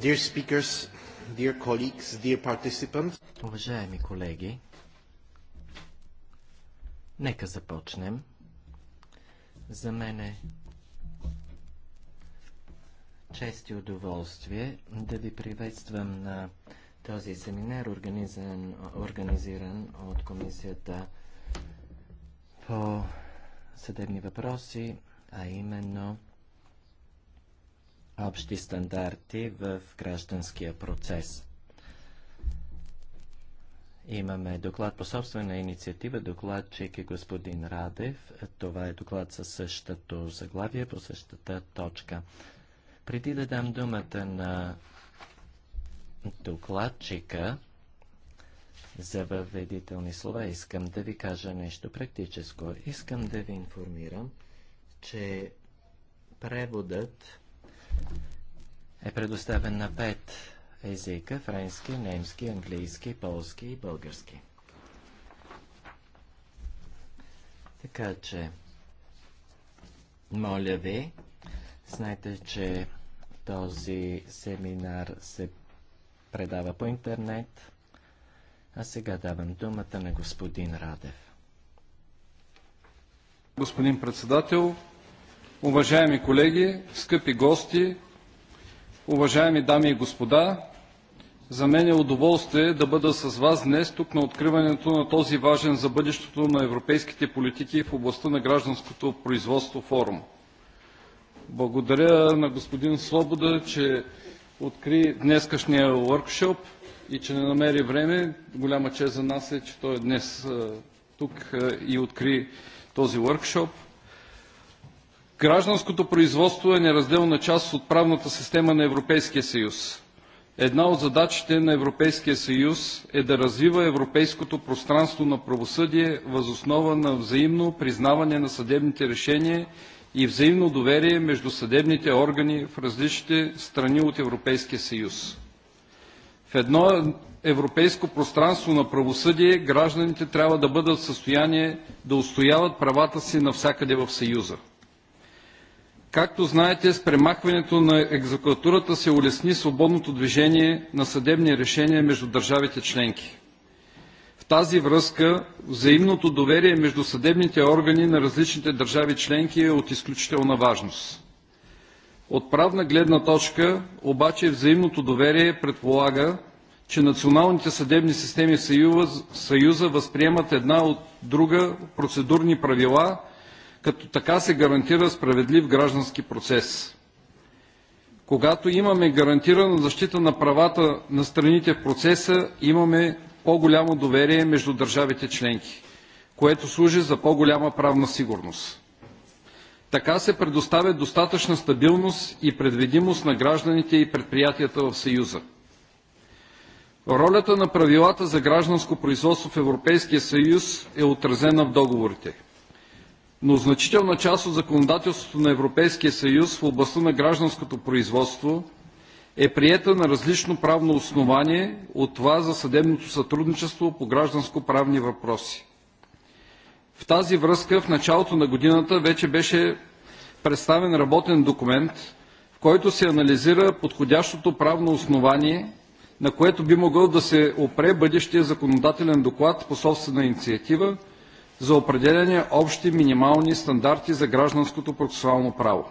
Dear speakers, dear colleagues, dear participants. Уважаеми колеги, нека започнем. За мен е чест и удоволствие да ви приветствам на този семинар, организиран, организиран от Комисията по съдебни въпроси, а именно – общи стандарти в гражданския процес. Имаме доклад по собствена инициатива, докладчик е господин Радев. Това е доклад със същото заглавие по същата точка. Преди да дам думата на докладчика за въведителни слова, искам да ви кажа нещо практическо. Искам да ви информирам, че преводът е предоставен на пет езика – френски, немски, английски, полски и български. Така че, моля ви, знайте, че този семинар се предава по интернет, а сега давам думата на господин Радев. Господин председател, уважаеми колеги, скъпи гости, уважаеми дами и господа! За мен е удоволствие да бъда с Вас днес тук на откриването на този важен за бъдещето на европейските политики в областта на гражданското производство форум. Благодаря на господин Свобода, че откри днескашния workshop и че не намери време. Голяма чест за нас е, че той е днес тук и откри този workshop. Гражданското производство е неразделна част от правната система на Европейския съюз. Една от задачите на Европейския съюз е да развива европейското пространство на правосъдие въз основа на взаимно признаване на съдебните решения и взаимно доверие между съдебните органи в различните страни от Европейския съюз. В едно европейско пространство на правосъдие гражданите трябва да бъдат в състояние да устояват правата си навсякъде в Съюза. Както знаете, с премахването на екзекватурата се улесни свободното движение на съдебни решения между държавите членки. В тази връзка взаимното доверие между съдебните органи на различните държави членки е от изключителна важност. От правна гледна точка обаче взаимното доверие предполага, че националните съдебни системи в Съюза възприемат една от друга процедурни правила – като така се гарантира справедлив граждански процес. Когато имаме гарантирана защита на правата на страните в процеса, имаме по-голямо доверие между държавите членки, което служи за по-голяма правна сигурност. Така се предоставя достатъчна стабилност и предвидимост на гражданите и предприятията в Съюза. Ролята на правилата за гражданско производство в Европейския съюз е отразена в договорите но значителна част от законодателството на Европейския съюз в областта на гражданското производство е приета на различно правно основание от това за съдебното сътрудничество по гражданско-правни въпроси. В тази връзка в началото на годината вече беше представен работен документ, в който се анализира подходящото правно основание, на което би могъл да се опре бъдещия законодателен доклад по собствена инициатива – за определяне общи минимални стандарти за гражданското процесуално право.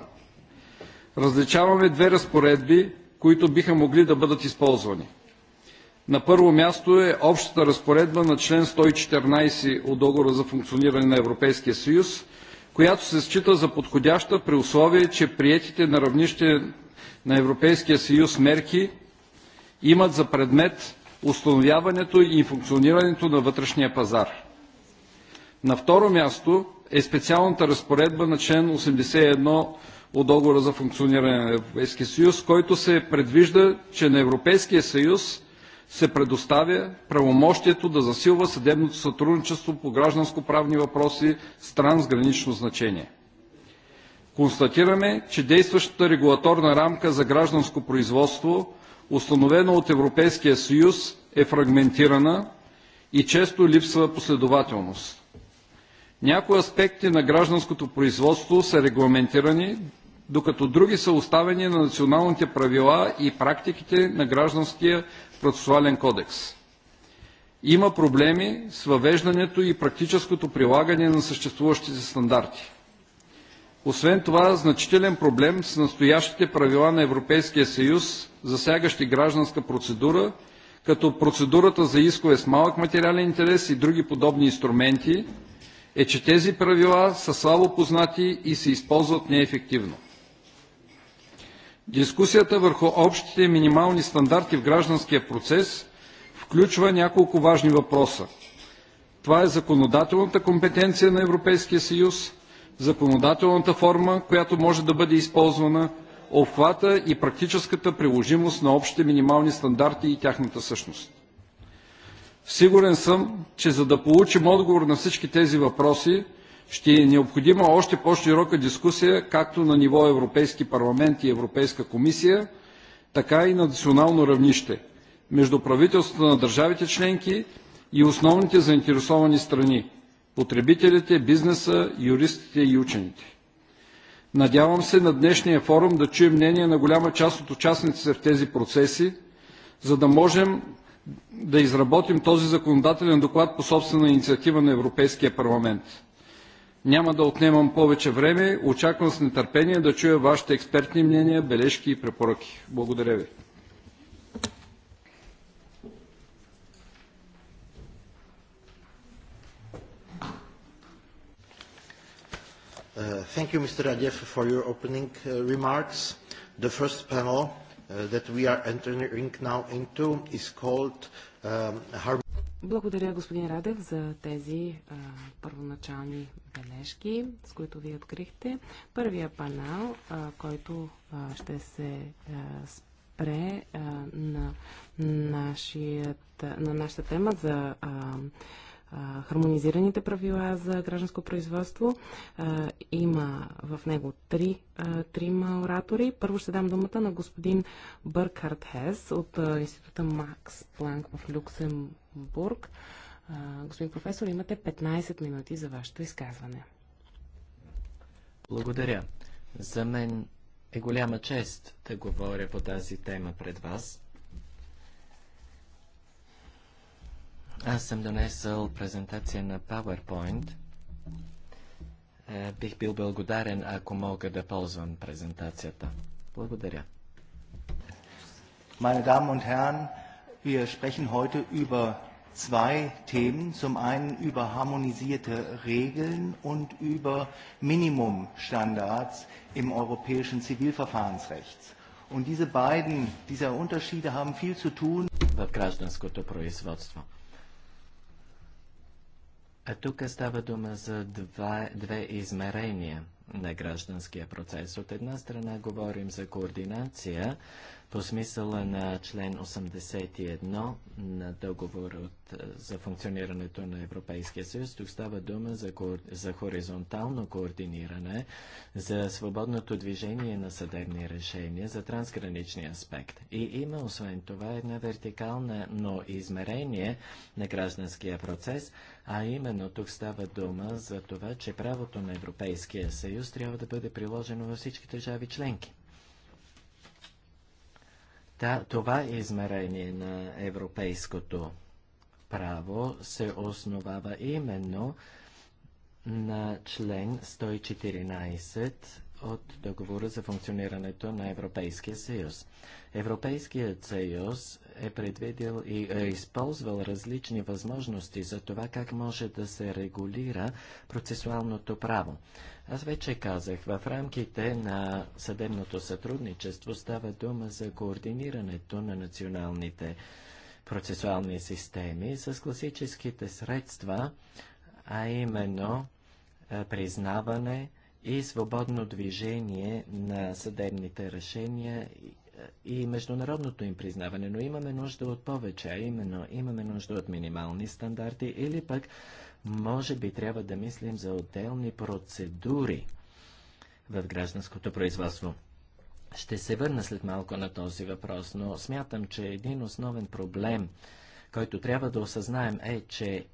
Различаваме две разпоредби, които биха могли да бъдат използвани. На първо място е общата разпоредба на член 114 от Договора за функциониране на Европейския съюз, която се счита за подходяща при условие, че приетите на равнище на Европейския съюз мерки имат за предмет установяването и функционирането на вътрешния пазар. На второ място е специалната разпоредба на член 81 от договора за функциониране на Европейския съюз, който се предвижда, че на Европейския съюз се предоставя правомощието да засилва съдебното сътрудничество по гражданско-правни въпроси с трансгранично значение. Констатираме, че действащата регулаторна рамка за гражданско производство, установена от Европейския съюз, е фрагментирана и често липсва последователност. Някои аспекти на гражданското производство са регламентирани, докато други са оставени на националните правила и практиките на Гражданския процесуален кодекс. Има проблеми с въвеждането и практическото прилагане на съществуващите стандарти. Освен това, значителен проблем с настоящите правила на Европейския съюз, засягащи гражданска процедура, като процедурата за искове с малък материален интерес и други подобни инструменти – е, че тези правила са слабо познати и се използват неефективно. Дискусията върху общите минимални стандарти в гражданския процес включва няколко важни въпроса. Това е законодателната компетенция на Европейския съюз, законодателната форма, която може да бъде използвана, обхвата и практическата приложимост на общите минимални стандарти и тяхната същност. Сигурен съм, че за да получим отговор на всички тези въпроси, ще е необходима още по-широка дискусия както на ниво Европейски парламент и Европейска комисия, така и на национално равнище, между правителствата на държавите членки и основните заинтересовани страни – потребителите, бизнеса, юристите и учените. Надявам се на днешния форум да чуем мнение на голяма част от участниците в тези процеси, за да можем да изработим този законодателен доклад по собствена инициатива на Европейския парламент. Няма да отнемам повече време. Очаквам с нетърпение да чуя вашите експертни мнения, бележки и препоръки. Благодаря ви. Uh, thank you, Mr. Radev, for your opening uh, remarks. The first panel Uh, that we are entering now into is called um, Благодаря, господин Радев, за тези а, първоначални бележки, с които ви открихте. Първия панел, а, който а, ще се а, спре а, на, нашият, на нашата тема за а, хармонизираните правила за гражданско производство. Има в него три, трима оратори. Първо ще дам думата на господин Бъркхард Хес от Института Макс Планк в Люксембург. Господин професор, имате 15 минути за вашето изказване. Благодаря. За мен е голяма чест да говоря по тази тема пред вас. Аз съм донесъл презентация на PowerPoint. бих бил благодарен, ако мога да ползвам презентацията. Благодаря. Meine Damen und Herren, wir sprechen heute über zwei Themen. Zum einen über harmonisierte Regeln und über Minimumstandards im europäischen Zivilverfahrensrecht. Und diese beiden, diese Unterschiede haben viel zu tun. в а тук става дума за два, две измерения на гражданския процес. От една страна говорим за координация по смисъла на член 81 на договор от, е, за функционирането на Европейския съюз. Тук става дума за, за хоризонтално координиране, за свободното движение на съдебни решения, за трансграничния аспект. И има освен това една вертикална, но измерение на гражданския процес, а именно тук става дума за това, че правото на Европейския съюз трябва да бъде приложено във всички държави членки. Та, това измерение на европейското право се основава именно на член 114 от договора за функционирането на Европейския съюз. Европейският съюз е предвидил и е използвал различни възможности за това как може да се регулира процесуалното право. Аз вече казах, в рамките на съдебното сътрудничество става дума за координирането на националните процесуални системи с класическите средства, а именно признаване и свободно движение на съдебните решения и международното им признаване, но имаме нужда от повече, а именно имаме нужда от минимални стандарти или пък може би трябва да мислим за отделни процедури в гражданското производство. Ще се върна след малко на този въпрос, но смятам, че един основен проблем, който трябва да осъзнаем е, че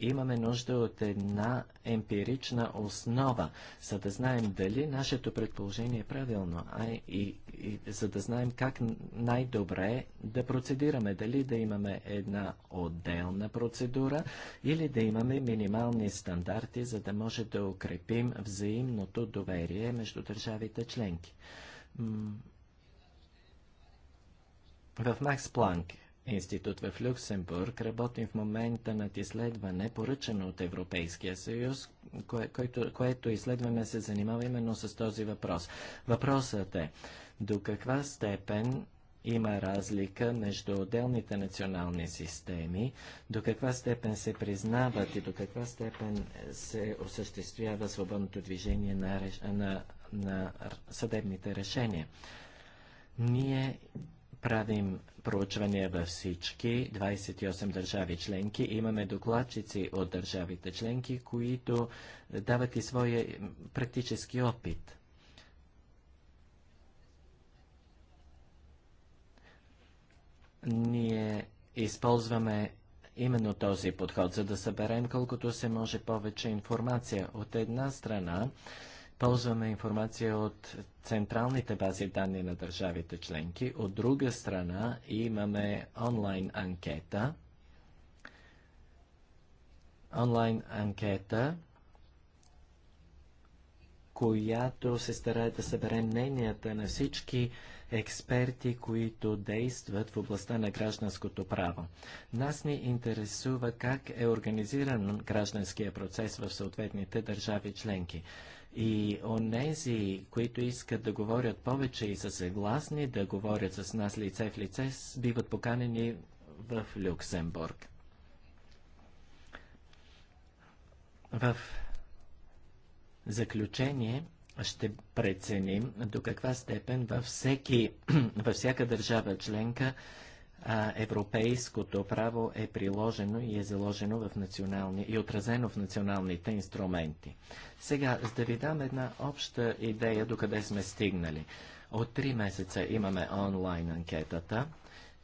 имаме нужда от една емпирична основа, за да знаем дали нашето предположение е правилно, а и, и, и за да знаем как най-добре да процедираме, дали да имаме една отделна процедура или да имаме минимални стандарти, за да може да укрепим взаимното доверие между държавите членки. в Макс Планке институт в Люксембург. Работим в момента над изследване, поръчано от Европейския съюз, кое, което, което изследване се занимава именно с този въпрос. Въпросът е до каква степен има разлика между отделните национални системи, до каква степен се признават и до каква степен се осъществява свободното движение на, на, на съдебните решения. Ние правим проучвания във всички 28 държави членки. Имаме докладчици от държавите членки, които дават и своя практически опит. Ние използваме именно този подход, за да съберем колкото се може повече информация. От една страна, ползваме информация от централните бази данни на държавите членки. От друга страна имаме онлайн анкета. Онлайн анкета, която се старае да събере мненията на всички експерти, които действат в областта на гражданското право. Нас ни интересува как е организиран гражданския процес в съответните държави членки. И онези, които искат да говорят повече и са съгласни да говорят с нас лице в лице, биват поканени в Люксембург. В заключение ще преценим до каква степен във, всеки, във всяка държава членка а, европейското право е приложено и е заложено в национални, и отразено в националните инструменти. Сега, за да ви дам една обща идея докъде сме стигнали. От три месеца имаме онлайн анкетата.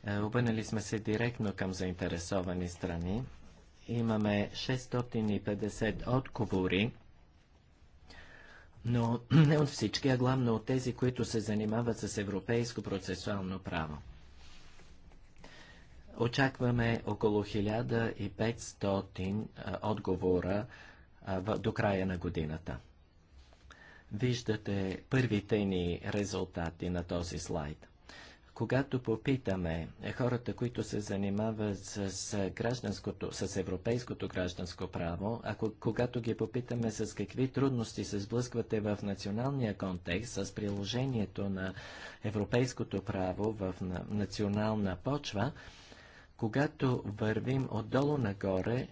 Е, обърнали сме се директно към заинтересовани страни. Имаме 650 отговори, но не от всички, а главно от тези, които се занимават с европейско процесуално право. Очакваме около 1500 отговора до края на годината. Виждате първите ни резултати на този слайд. Когато попитаме хората, които се занимават с, гражданското, с европейското гражданско право, ако когато ги попитаме с какви трудности се сблъсквате в националния контекст с приложението на европейското право в национална почва, когато вървим отдолу нагоре,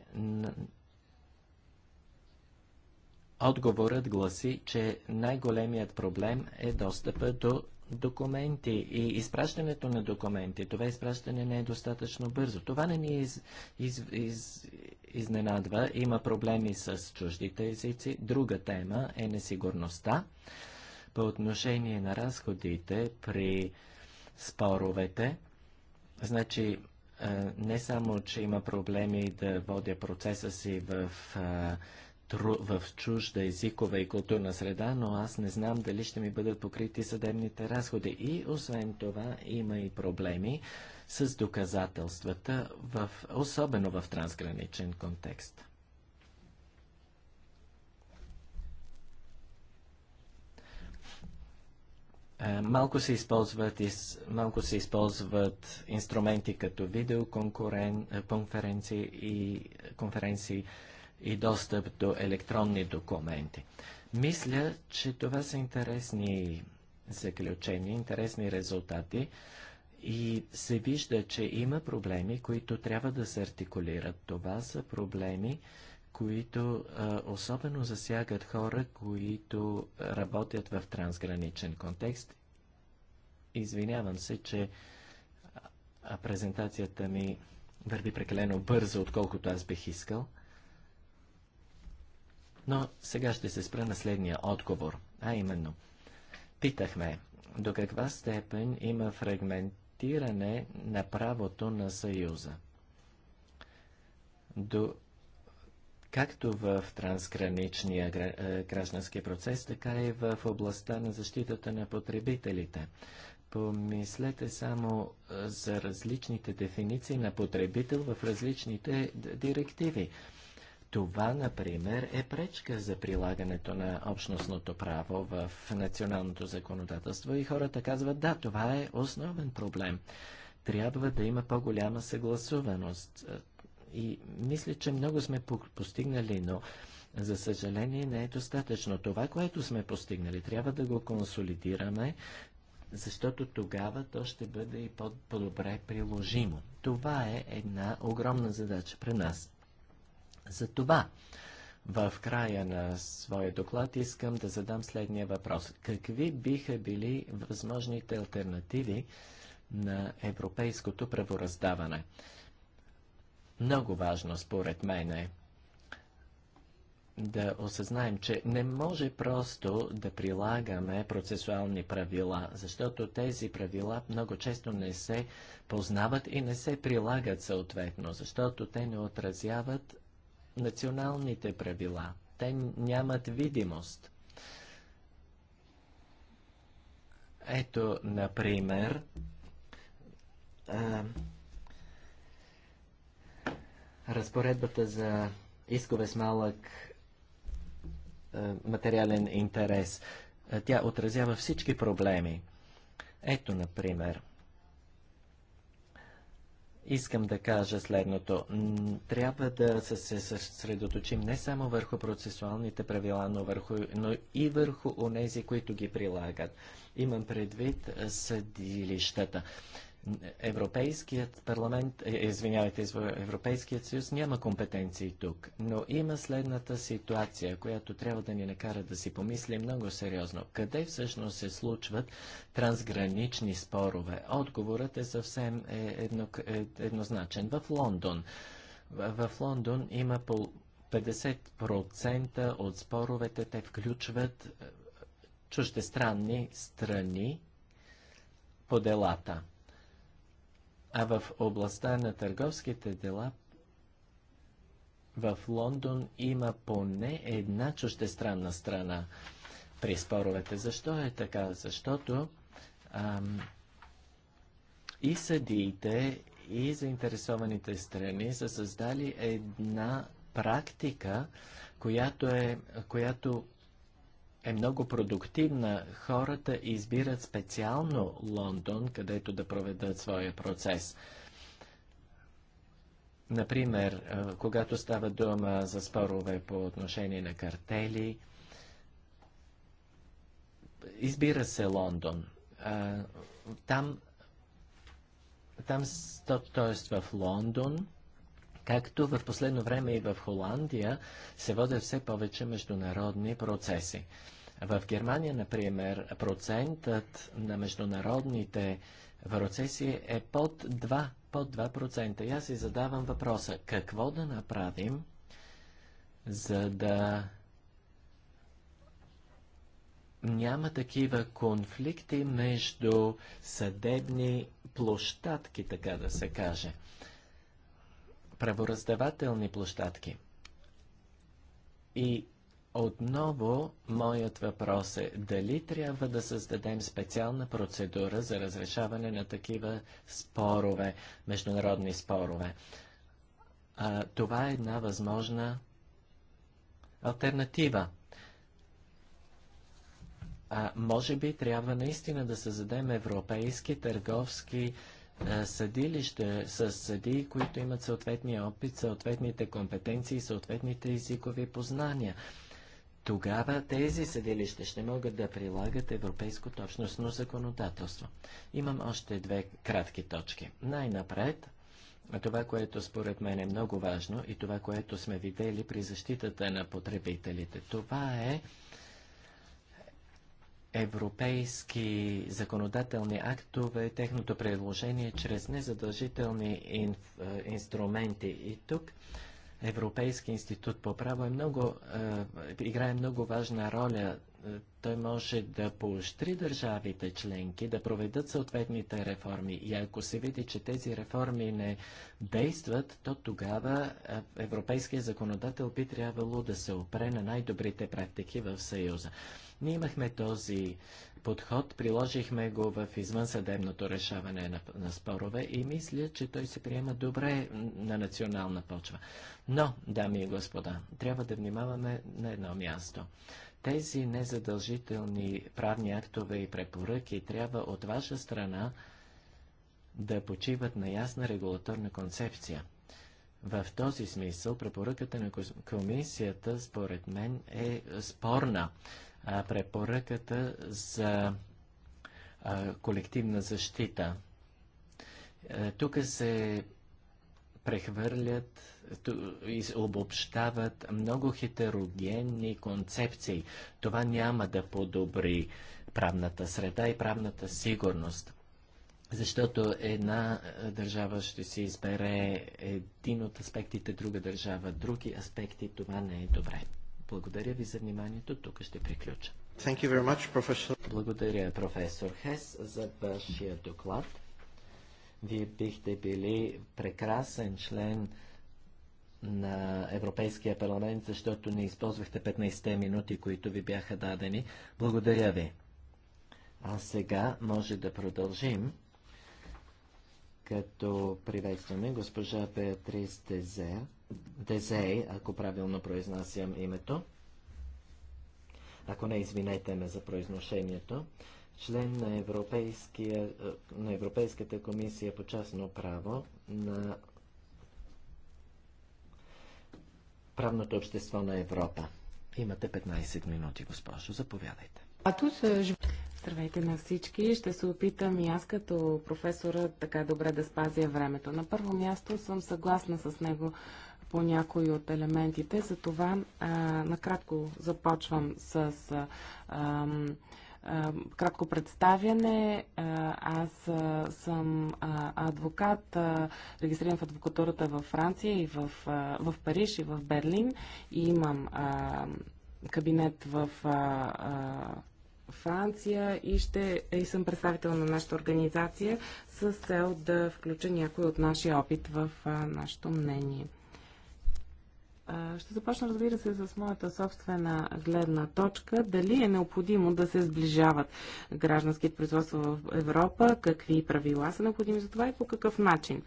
отговорът гласи, че най-големият проблем е достъпа до документи и изпращането на документи. Това изпращане не е достатъчно бързо. Това не ни из, из, из, изненадва. Има проблеми с чуждите езици. Друга тема е несигурността. По отношение на разходите при споровете, значи не само, че има проблеми да водя процеса си в, в чужда езикова и културна среда, но аз не знам дали ще ми бъдат покрити съдебните разходи. И освен това има и проблеми с доказателствата, в, особено в трансграничен контекст. Е, малко се използват, малко се използват инструменти като видеоконференции е, и конференции и достъп до електронни документи. Мисля, че това са интересни заключения, интересни резултати и се вижда, че има проблеми, които трябва да се артикулират. Това са проблеми, които а, особено засягат хора, които работят в трансграничен контекст. Извинявам се, че а, презентацията ми върви прекалено бързо, отколкото аз бих искал. Но сега ще се спра на следния отговор, а именно. Питахме, до каква степен има фрагментиране на правото на Съюза? До както в трансграничния е, граждански процес, така и в областта на защитата на потребителите. Помислете само е, за различните дефиниции на потребител в различните директиви. Това, например, е пречка за прилагането на общностното право в националното законодателство и хората казват, да, това е основен проблем. Трябва да има по-голяма съгласуваност. И мисля, че много сме постигнали, но за съжаление не е достатъчно. Това, което сме постигнали, трябва да го консолидираме, защото тогава то ще бъде и по-добре приложимо. Това е една огромна задача при нас. Затова в края на своя доклад искам да задам следния въпрос. Какви биха били възможните альтернативи на европейското правораздаване? Много важно, според мен, е да осъзнаем, че не може просто да прилагаме процесуални правила, защото тези правила много често не се познават и не се прилагат съответно, защото те не отразяват националните правила. Те нямат видимост. Ето, например, разпоредбата за искове с малък е, материален интерес. Е, тя отразява всички проблеми. Ето, например, искам да кажа следното. Трябва да се съсредоточим не само върху процесуалните правила, но, върху, но и върху онези, които ги прилагат. Имам предвид е, съдилищата. Европейският парламент, е, извинявайте, Европейският съюз няма компетенции тук, но има следната ситуация, която трябва да ни накара да си помисли много сериозно. Къде всъщност се случват трансгранични спорове? Отговорът е съвсем е едно, е еднозначен. В Лондон. В, в Лондон има по 50% от споровете, те включват чуждестранни страни по делата. А в областта на търговските дела в Лондон има поне една чуждестранна страна при споровете. Защо е така? Защото ам, и съдиите, и заинтересованите страни са създали една практика, която, е, която е много продуктивна. Хората избират специално Лондон, където да проведат своя процес. Например, когато става дума за спорове по отношение на картели, избира се Лондон. Там, там т.е. в Лондон, Както в последно време и в Холандия се водят все повече международни процеси. В Германия, например, процентът на международните процеси е под 2%. Под 2%. И аз си задавам въпроса, какво да направим, за да няма такива конфликти между съдебни площадки, така да се каже правораздавателни площадки. И отново моят въпрос е дали трябва да създадем специална процедура за разрешаване на такива спорове, международни спорове. А, това е една възможна альтернатива. А, може би трябва наистина да създадем европейски търговски е, съдилище с съдии, които имат съответния опит, съответните компетенции, съответните езикови познания. Тогава тези съдилища ще могат да прилагат европейското общностно законодателство. Имам още две кратки точки. Най-напред, това, което според мен е много важно и това, което сме видели при защитата на потребителите, това е европейски законодателни актове, техното предложение чрез незадължителни инф, е, инструменти. И тук Европейски институт по право е много, е, играе много важна роля. Е, той може да поощри държавите членки да проведат съответните реформи. И ако се види, че тези реформи не действат, то тогава е, европейският законодател би трябвало да се опре на най-добрите практики в Съюза. Ние имахме този подход, приложихме го в извънсъдебното решаване на, на спорове и мисля, че той се приема добре на национална почва. Но, дами и господа, трябва да внимаваме на едно място. Тези незадължителни правни актове и препоръки трябва от ваша страна да почиват на ясна регулаторна концепция. В този смисъл препоръката на комисията, според мен, е спорна а, препоръката за а, колективна защита. Тук се прехвърлят, обобщават много хетерогенни концепции. Това няма да подобри правната среда и правната сигурност. Защото една държава ще си избере един от аспектите, друга държава други аспекти. Това не е добре. Благодаря ви за вниманието. Тук ще приключа. Thank you very much, professor. Благодаря, професор Хес, за вашия доклад. Вие бихте били прекрасен член на Европейския парламент, защото не използвахте 15-те минути, които ви бяха дадени. Благодаря ви. А сега може да продължим, като приветстваме госпожа Беатрис Тезе. Дезей, ако правилно произнасям името. Ако не, извинете ме за произношението. Член на, Европейския, е, на Европейската комисия по частно право на правното общество на Европа. Имате 15 минути, госпожо. Заповядайте. А тук Здравейте на всички. Ще се опитам и аз като професора така добре да спазя времето. На първо място съм съгласна с него по някои от елементите. Затова а, накратко започвам с а, а, кратко представяне. Аз съм адвокат, регистриран в адвокатурата във Франция и в, в Париж и в Берлин. И имам кабинет в Франция и, ще, и съм представител на нашата организация с цел да включа някой от нашия опит в нашето мнение. Ще започна, разбира се, с моята собствена гледна точка. Дали е необходимо да се сближават гражданските производства в Европа, какви правила са необходими за това и по какъв начин.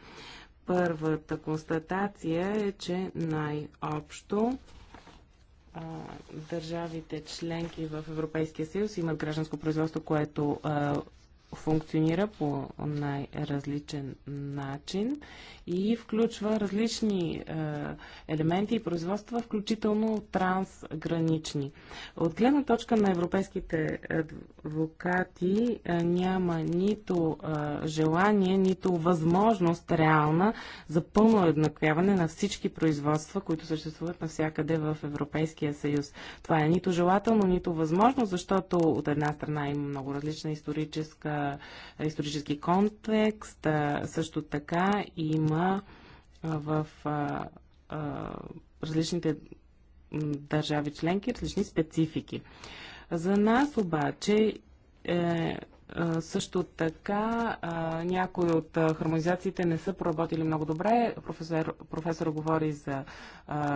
Първата констатация е, че най-общо държавите членки в Европейския съюз имат гражданско производство, което функционира по най-различен начин и включва различни е, елементи и производства, включително трансгранични. От гледна точка на европейските адвокати е, няма нито е, желание, нито възможност реална за пълно еднаквяване на всички производства, които съществуват навсякъде в Европейския съюз. Това е нито желателно, нито възможно, защото от една страна има много различна историческа е, исторически контекст. Също така има в различните държави членки различни специфики. За нас обаче е, също така, някои от хармонизациите не са проработили много добре. Професор, професор говори за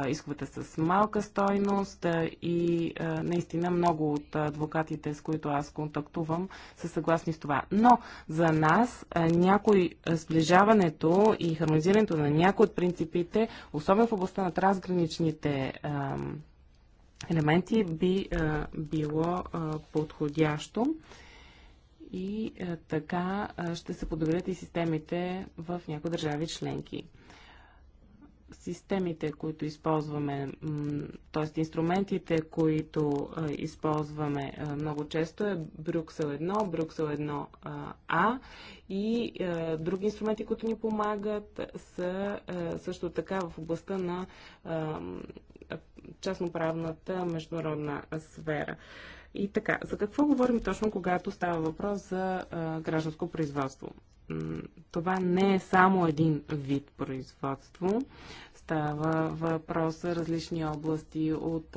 исковете с малка стойност и наистина много от адвокатите, с които аз контактувам, са съгласни с това. Но за нас някой сближаването и хармонизирането на някои от принципите, особено в областта на трансграничните елементи, би било подходящо и е, така е, ще се подобрят и системите в някои държави членки. Системите, които използваме, т.е. инструментите, които е, използваме много често е Брюксел 1, Брюксел 1А и други инструменти, които ни помагат са също така в областта на частноправната международна сфера. И така, за какво говорим точно, когато става въпрос за а, гражданско производство? Това не е само един вид производство. Става въпрос за различни области от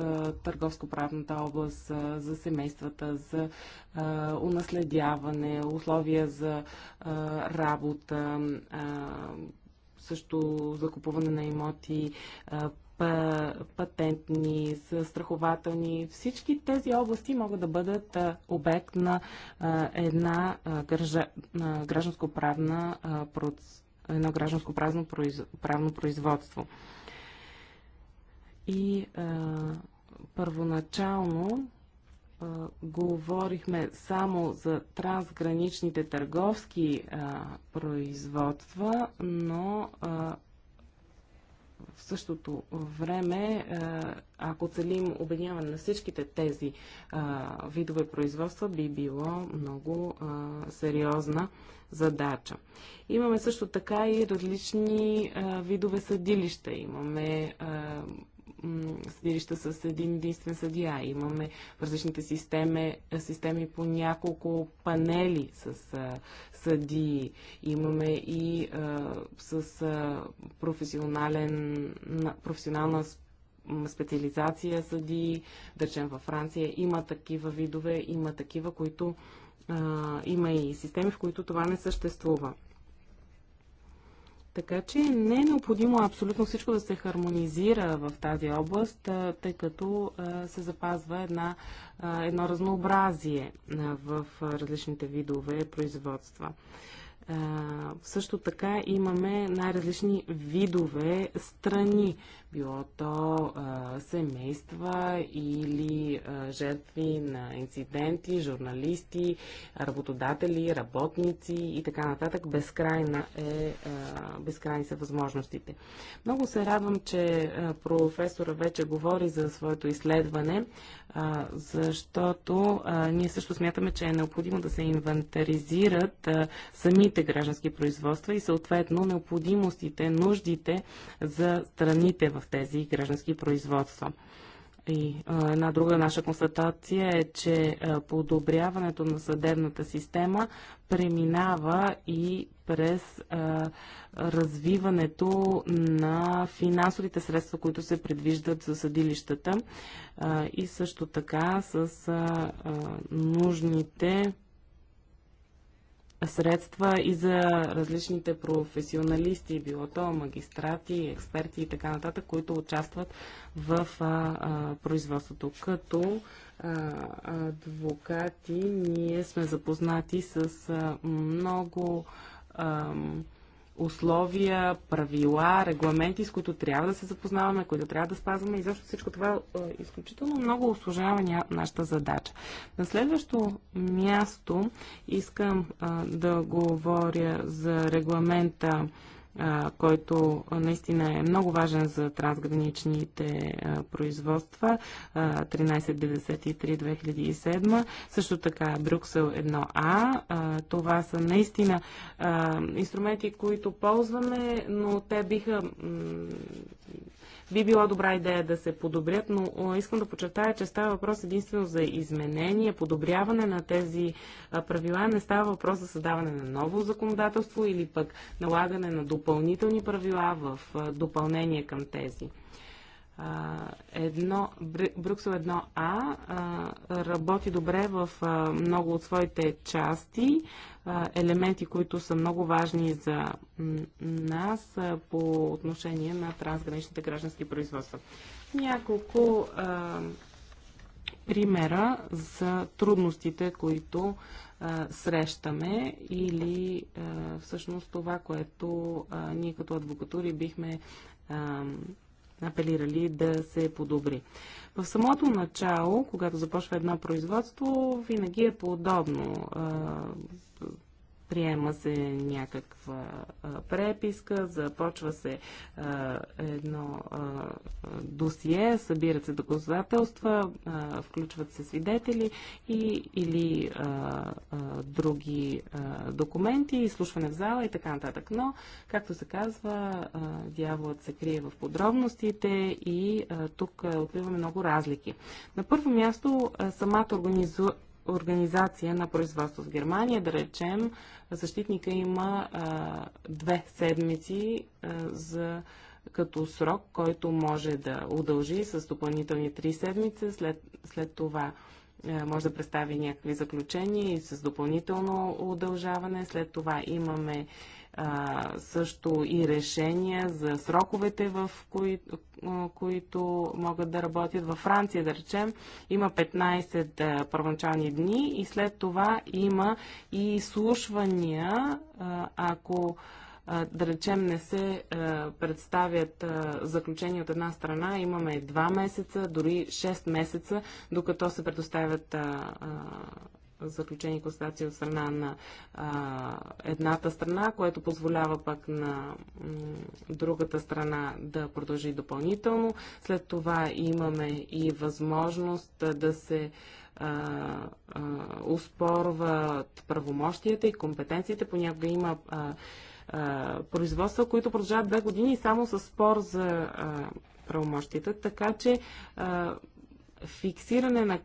търговско-правната област, а, за семействата, за а, унаследяване, условия за а, работа, също закупуване на имоти, патентни, страхователни. Всички тези области могат да бъдат обект на една гражданско-правна едно гражданско-правно правно производство. И а, първоначално а, говорихме само за трансграничните търговски а, производства, но а, в същото време, е, ако целим обединяване на всичките тези е, видове производства, би било много е, сериозна задача. Имаме също така и различни видове съдилища. Имаме съдилища с един единствен съдия. Имаме в различните системи, системи по няколко панели с а, съдии. Имаме и а, с а, професионален, професионална специализация съдии, да речем във Франция. Има такива видове, има такива, които а, има и системи, в които това не съществува. Така че не е необходимо абсолютно всичко да се хармонизира в тази област, тъй като се запазва една, едно разнообразие в различните видове производства. Също така имаме най-различни видове страни било то а, семейства или а, жертви на инциденти, журналисти, работодатели, работници и така нататък. Безкрайна е, а, безкрайни са възможностите. Много се радвам, че а, професора вече говори за своето изследване, а, защото а, ние също смятаме, че е необходимо да се инвентаризират а, самите граждански производства и съответно необходимостите, нуждите за страните в тези граждански производства. И а, една друга наша констатация е, че а, подобряването на съдебната система преминава и през а, развиването на финансовите средства, които се предвиждат за съдилищата а, и също така с а, а, нужните средства и за различните професионалисти, било то магистрати, експерти и така нататък, които участват в а, а, производството. Като а, адвокати ние сме запознати с а, много. А, условия, правила, регламенти, с които трябва да се запознаваме, които трябва да спазваме. И защо всичко това е, е, изключително много осложнява нашата задача. На следващо място искам да говоря за регламента който наистина е много важен за трансграничните производства 1393-2007. Също така Брюксел 1А. Това са наистина инструменти, които ползваме, но те биха би била добра идея да се подобрят, но искам да подчертая, че става въпрос единствено за изменение, подобряване на тези правила. Не става въпрос за създаване на ново законодателство или пък налагане на допълнителни правила в допълнение към тези едно, Брюксел 1А работи добре в много от своите части, елементи, които са много важни за нас по отношение на трансграничните граждански производства. Няколко а, примера за трудностите, които срещаме или всъщност това, което ние като адвокатури бихме апелирали да се подобри. В самото начало, когато започва едно производство, винаги е подобно приема се някаква преписка, започва се едно досие, събират се доказателства, включват се свидетели и, или други документи, изслушване в зала и така нататък. Но, както се казва, дяволът се крие в подробностите и тук откриваме много разлики. На първо място, самата организация организация на производство в Германия, да речем, защитника има а, две седмици а, за като срок, който може да удължи с допълнителни три седмици. След, след това а, може да представи някакви заключения и с допълнително удължаване. След това имаме а, също и решения за сроковете, в кои, които могат да работят. Във Франция, да речем, има 15 първоначални дни и след това има и слушвания, ако да речем, не се представят заключения от една страна, имаме 2 месеца, дори 6 месеца, докато се предоставят заключение и констатации от страна на а, едната страна, което позволява пък на другата страна да продължи допълнително. След това имаме и възможност да се а, а, успорват правомощията и компетенциите. Понякога има а, а, производства, които продължават две години само с спор за а, правомощията. Така че а, фиксиране на,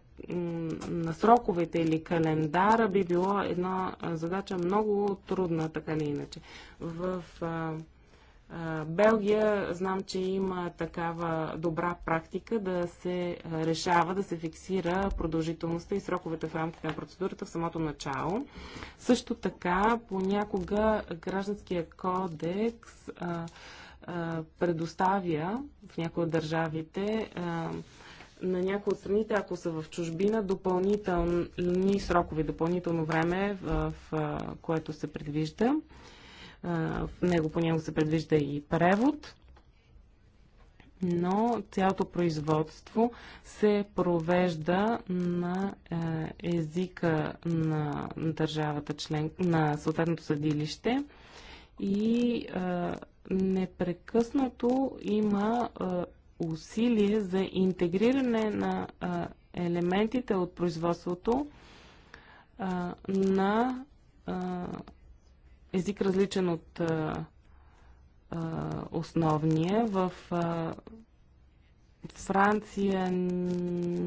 на сроковете или календара би било една задача много трудна, така или иначе. В а, а, Белгия знам, че има такава добра практика да се решава, да се фиксира продължителността и сроковете в рамките на процедурата в самото начало. Също така, понякога гражданския кодекс а, предоставя в някои от държавите на някои от страните, ако са в чужбина, допълнителни срокове, допълнително време, в, в което се предвижда. В него по него се предвижда и превод, но цялото производство се провежда на е, езика на държавата член, на съответното съдилище и е, непрекъснато има е, усилие за интегриране на а, елементите от производството а, на а, език различен от а, а, основния. В а, Франция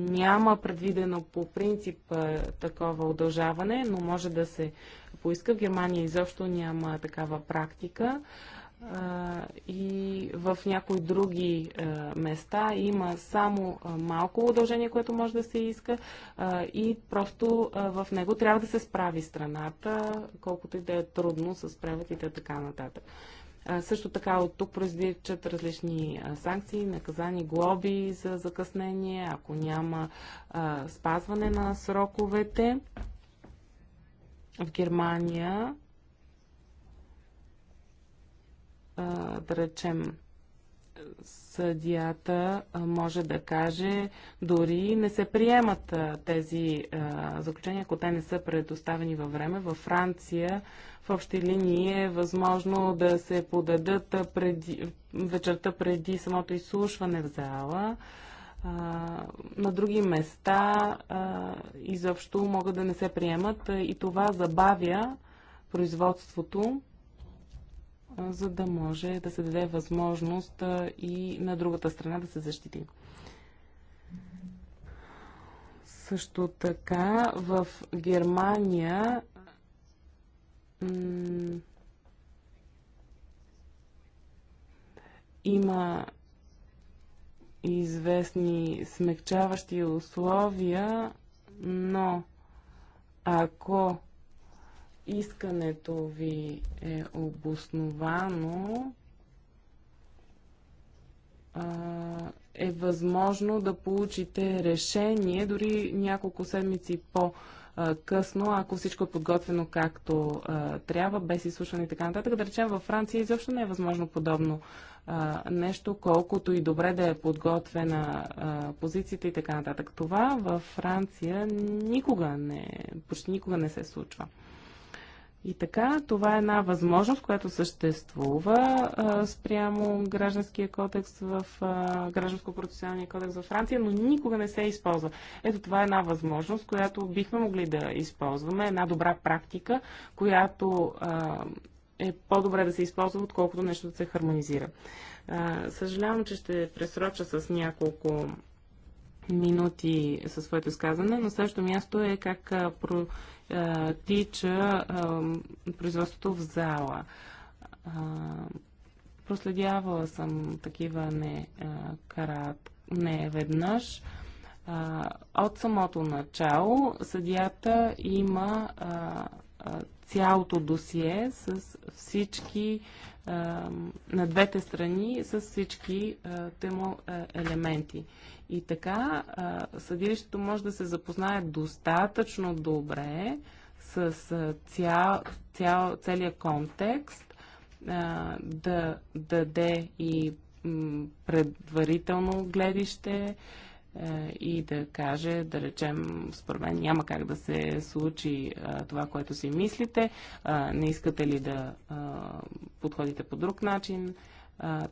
няма предвидено по принцип такова удължаване, но може да се поиска. В Германия изобщо няма такава практика. А, и в някои други места има само малко удължение, което може да се иска и просто в него трябва да се справи страната, колкото и да е трудно с преводите и така нататък. Също така от тук произвичат различни санкции, наказани глоби за закъснение, ако няма спазване на сроковете. В Германия да речем, съдията може да каже, дори не се приемат тези заключения, ако те не са предоставени във време. Във Франция в общи линии е възможно да се подадат преди, вечерта преди самото изслушване в зала. на други места изобщо могат да не се приемат и това забавя производството за да може да се даде възможност и на другата страна да се защити. Също така в Германия има известни смягчаващи условия, но ако искането ви е обосновано, е възможно да получите решение дори няколко седмици по- късно, ако всичко е подготвено както а, трябва, без изслушване и така нататък. Да речем, във Франция изобщо не е възможно подобно а, нещо, колкото и добре да е подготвена а, позицията и така нататък. Това във Франция никога не, почти никога не се случва. И така, това е една възможност, която съществува а, спрямо гражданския кодекс в гражданско-процесуалния кодекс във Франция, но никога не се използва. Ето това е една възможност, която бихме могли да използваме, една добра практика, която а, е по-добре да се използва, отколкото нещо да се хармонизира. А, съжалявам, че ще пресроча с няколко минути със своето изказване. На следващото място е как протича производството в зала. Проследявала съм такива не, карат, не веднъж. От самото начало съдията има цялото досие с всички на двете страни с всички тему елементи. И така съдилището може да се запознае достатъчно добре с цял, цял, целият контекст, да даде и предварително гледище е, и да каже, да речем, според мен няма как да се случи това, което си мислите, не искате ли да подходите по друг начин.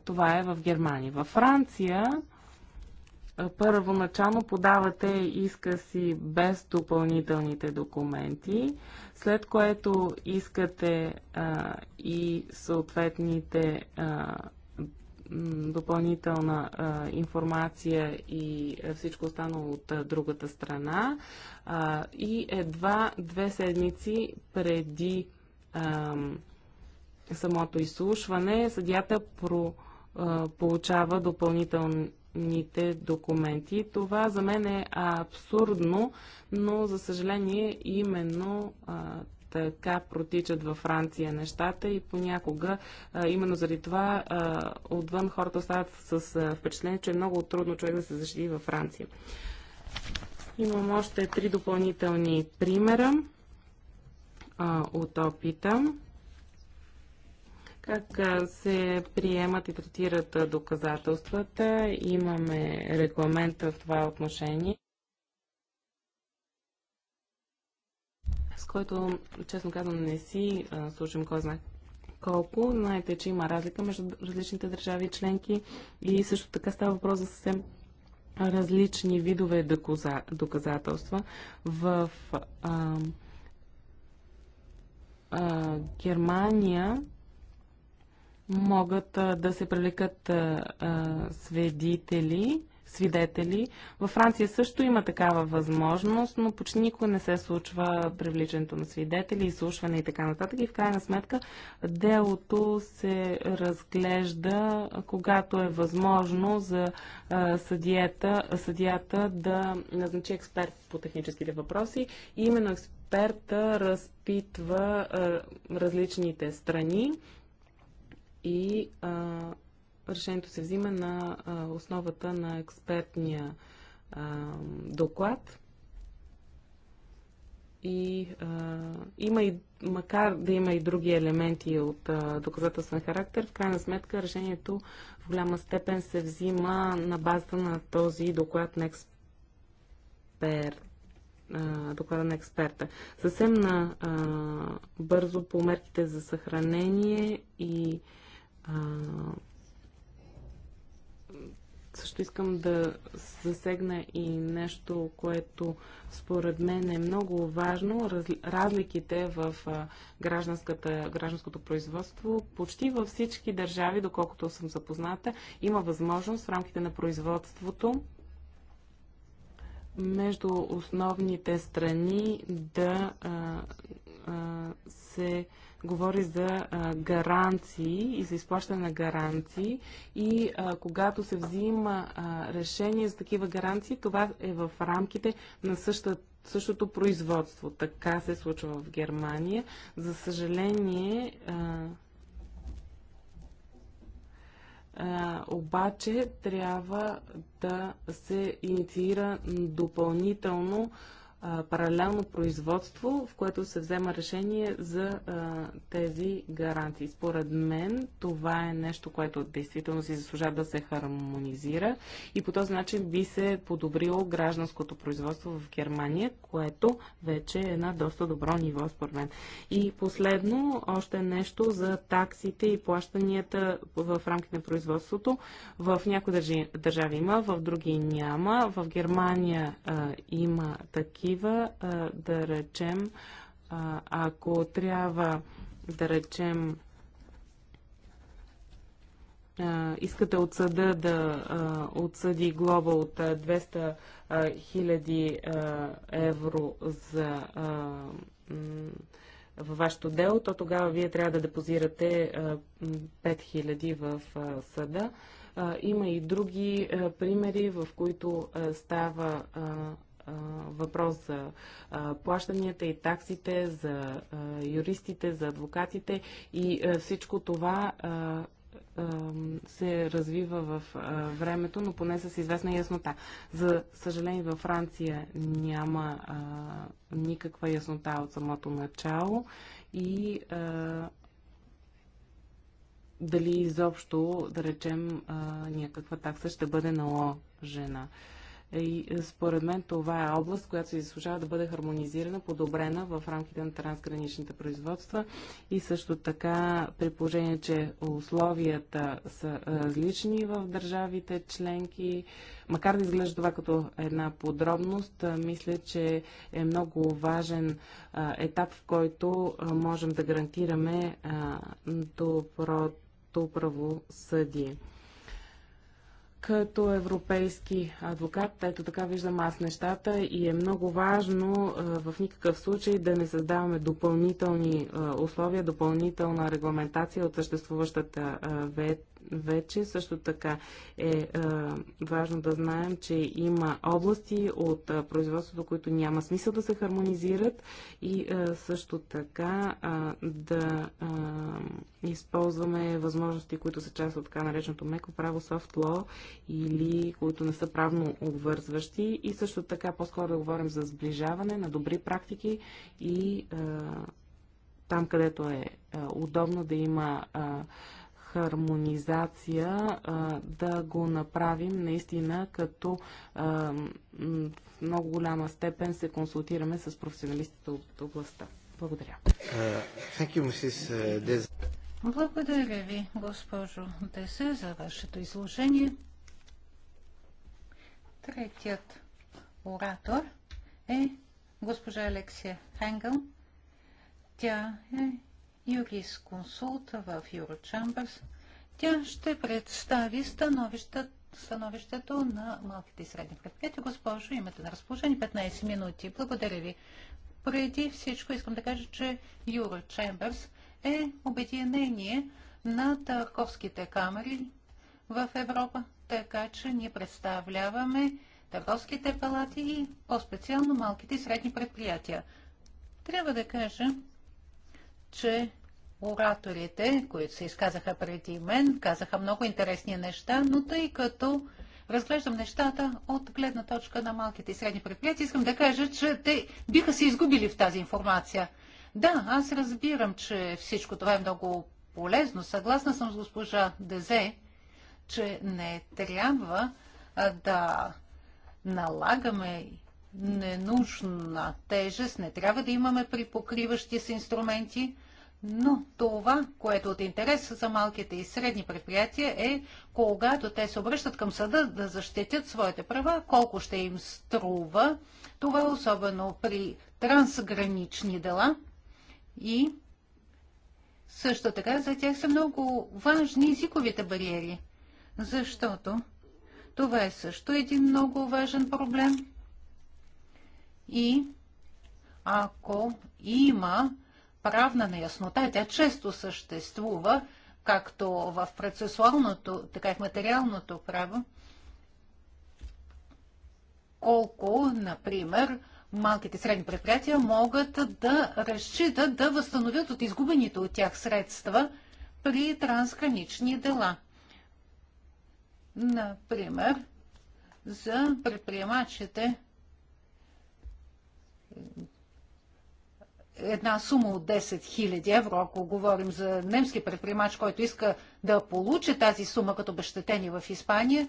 Това е в Германия. Във Франция първоначално подавате иска си без допълнителните документи, след което искате а, и съответните а, допълнителна а, информация и всичко останало от а, другата страна. А, и едва две седмици преди а, самото изслушване съдята про, а, получава допълнителни ните документи. Това за мен е абсурдно, но за съжаление именно а, така протичат във Франция нещата и понякога а, именно заради това а, отвън хората остават с а, впечатление, че е много трудно човек да се защити във Франция. Имам още три допълнителни примера а, от опита как се приемат и третират доказателствата. Имаме регламента в това отношение, с който, честно казвам, не си слушам кой знае колко. Знаете, че има разлика между различните държави и членки и също така става въпрос за съвсем различни видове доказателства. В а, а, Германия могат да се привлекат свидетели, свидетели. Във Франция също има такава възможност, но почти никога не се случва привличането на свидетели, изслушване и така нататък. И в крайна сметка делото се разглежда, когато е възможно за съдията, съдията да назначи експерт по техническите въпроси. И именно експерта разпитва различните страни и а, решението се взима на а, основата на експертния а, доклад. И а, има и, макар да има и други елементи от а, доказателствен характер, в крайна сметка решението в голяма степен се взима на базата на този доклад на експерт доклада на експерта. Съвсем на а, бързо по мерките за съхранение и а, също искам да засегна и нещо, което според мен е много важно. Раз, разликите в гражданското производство. Почти във всички държави, доколкото съм запозната, има възможност в рамките на производството между основните страни да а, а, се а, говори за гаранции и за изплащане на гаранции и когато се взима решение за такива гаранции, това е в рамките на същата същото производство. Така се случва в Германия. За съжаление, а, а, обаче трябва да се инициира допълнително паралелно производство, в което се взема решение за а, тези гаранции. Според мен това е нещо, което действително си заслужава да се хармонизира и по този начин би се подобрило гражданското производство в Германия, което вече е на доста добро ниво, според мен. И последно, още нещо за таксите и плащанията в рамките на производството. В някои държави има, в други няма. В Германия а, има такива такива, да речем, ако трябва да речем, искате от съда да отсъди глоба от 200 000 евро за във вашето дело, то тогава вие трябва да депозирате 5000 в съда. Има и други примери, в които става въпрос за плащанията и таксите, за юристите, за адвокатите и всичко това се развива в времето, но поне с известна яснота. За съжаление, във Франция няма а, никаква яснота от самото начало и а, дали изобщо, да речем, някаква такса ще бъде наложена. жена. Е, и е, според мен това е област, която се заслужава да бъде хармонизирана, подобрена в рамките на трансграничните производства и също така при положение, че условията са е, различни в държавите членки, макар да изглежда това като една подробност, мисля, че е много важен етап, в който можем да гарантираме доброто правосъдие като европейски адвокат, ето така виждам аз нещата и е много важно в никакъв случай да не създаваме допълнителни условия, допълнителна регламентация от съществуващата вече. Също така е а, е, важно да знаем, че има области от а, е, производството, които няма смисъл да се хармонизират и а, е, също така а, да а, използваме възможности, които са част от така нареченото меко право, soft law или които не са правно обвързващи и също така по-скоро да говорим за сближаване на добри практики и а, там, където е а, удобно да има а, хармонизация да го направим наистина като в много голяма степен се консултираме с професионалистите от областта. Благодаря. Uh, uh, Благодаря ви, госпожо Десе, за вашето изложение. Третият оратор е госпожа Алексия Хенгъл. Тя е Консулт в Чамбърс. Тя ще представи становищата становището на малките и средни предприятия. Госпожо, имате на разположение 15 минути. Благодаря ви. Преди всичко искам да кажа, че Юро Чамбърс е обединение на търговските камери в Европа, така че ние представляваме търговските палати и по-специално малките и средни предприятия. Трябва да кажа, че ораторите, които се изказаха преди мен, казаха много интересни неща, но тъй като разглеждам нещата от гледна точка на малките и средни предприятия, искам да кажа, че те биха се изгубили в тази информация. Да, аз разбирам, че всичко това е много полезно. Съгласна съм с госпожа Дезе, че не трябва да налагаме ненужна тежест, не трябва да имаме при покриващи се инструменти, но това, което е от интерес за малките и средни предприятия е, когато те се обръщат към съда да защитят своите права, колко ще им струва. Това е особено при трансгранични дела и също така за тях са много важни езиковите бариери, защото това е също един много важен проблем и ако има правна неяснота, тя често съществува, както в процесуалното, така и в материалното право, колко, например, малките и средни предприятия могат да разчитат да възстановят от изгубените от тях средства при трансгранични дела. Например, за предприемачите – една сума от 10 000 евро, ако говорим за немски предприемач, който иска да получи тази сума като обещетение в Испания,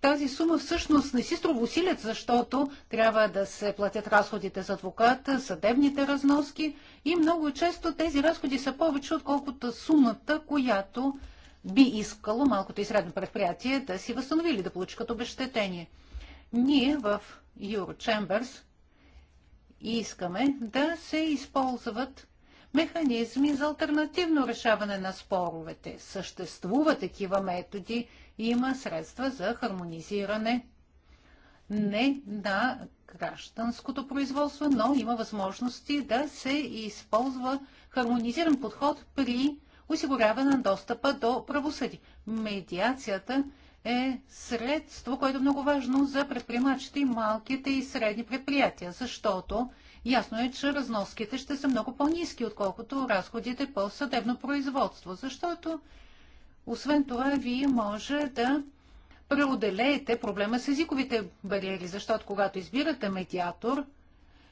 тази сума всъщност не си струва усилят, защото трябва да се платят разходите за адвоката, съдебните разноски и много често тези разходи са повече, отколкото сумата, която би искало малкото и средно предприятие да си възстанови или да получи като обещетение. Ние в Eurochamberс и искаме да се използват механизми за альтернативно решаване на споровете. Съществува такива методи и има средства за хармонизиране не на гражданското производство, но има възможности да се използва хармонизиран подход при осигуряване на достъпа до правосъдие. Медиацията – е средство, което е много важно за предприемачите и малките и средни предприятия, защото ясно е, че разноските ще са много по-низки, отколкото разходите по съдебно производство, защото освен това вие може да преоделеете проблема с езиковите бариери, защото когато избирате медиатор,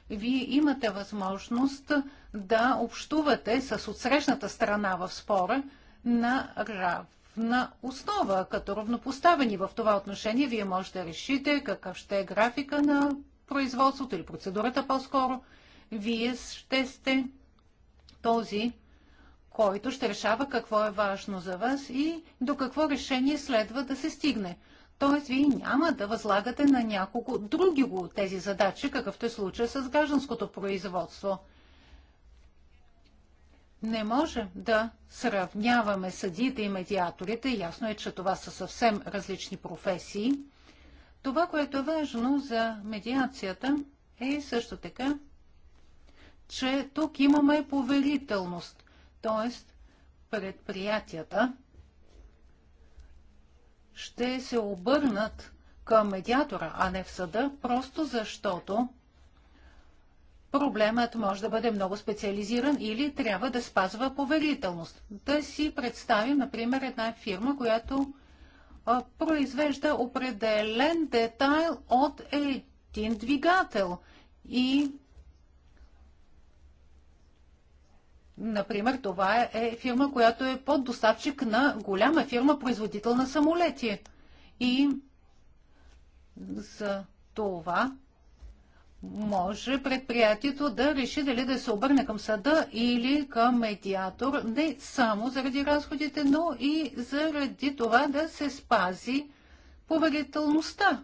вие имате възможност да общувате с отсрещната страна в спора на рав на основа, като равнопоставени в това отношение, вие може да решите какъв ще е графика на производството или процедурата по-скоро. Вие ще сте този, който ще решава какво е важно за вас и до какво решение следва да се стигне. Тоест, вие няма да възлагате на няколко други го тези задачи, какъвто е случай с гражданското производство – не можем да сравняваме съдиите и медиаторите. Ясно е, че това са съвсем различни професии. Това, което е важно за медиацията, е също така, че тук имаме поверителност, т.е. предприятията ще се обърнат към медиатора, а не в съда, просто защото проблемът може да бъде много специализиран или трябва да спазва поверителност. Да си представим, например, една фирма, която произвежда определен детайл от един двигател и Например, това е фирма, която е поддоставчик на голяма фирма, производител на самолети. И за това може предприятието да реши дали да се обърне към съда или към медиатор, не само заради разходите, но и заради това да се спази поверителността.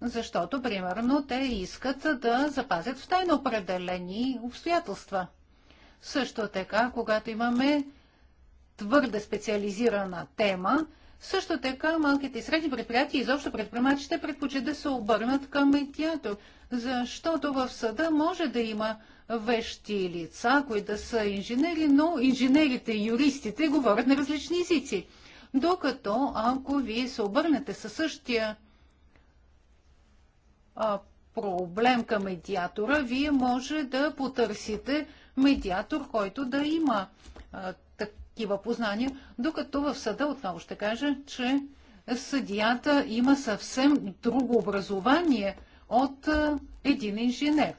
Защото, примерно, те искат да запазят в тайно определени обстоятелства. Също така, когато имаме твърде специализирана тема, също така малките и средни предприятия, изобщо предприемачите, предпочитат да се обърнат към медиатор, защото в съда може да има вещи лица, които да са инженери, но инженерите и юристите говорят на различни езици. Докато ако вие се обърнете със същия а, проблем към медиатора, вие може да потърсите медиатор, който да има а, такива познания, докато в съда отново ще кажа, че съдията има съвсем друго образование от един инженер.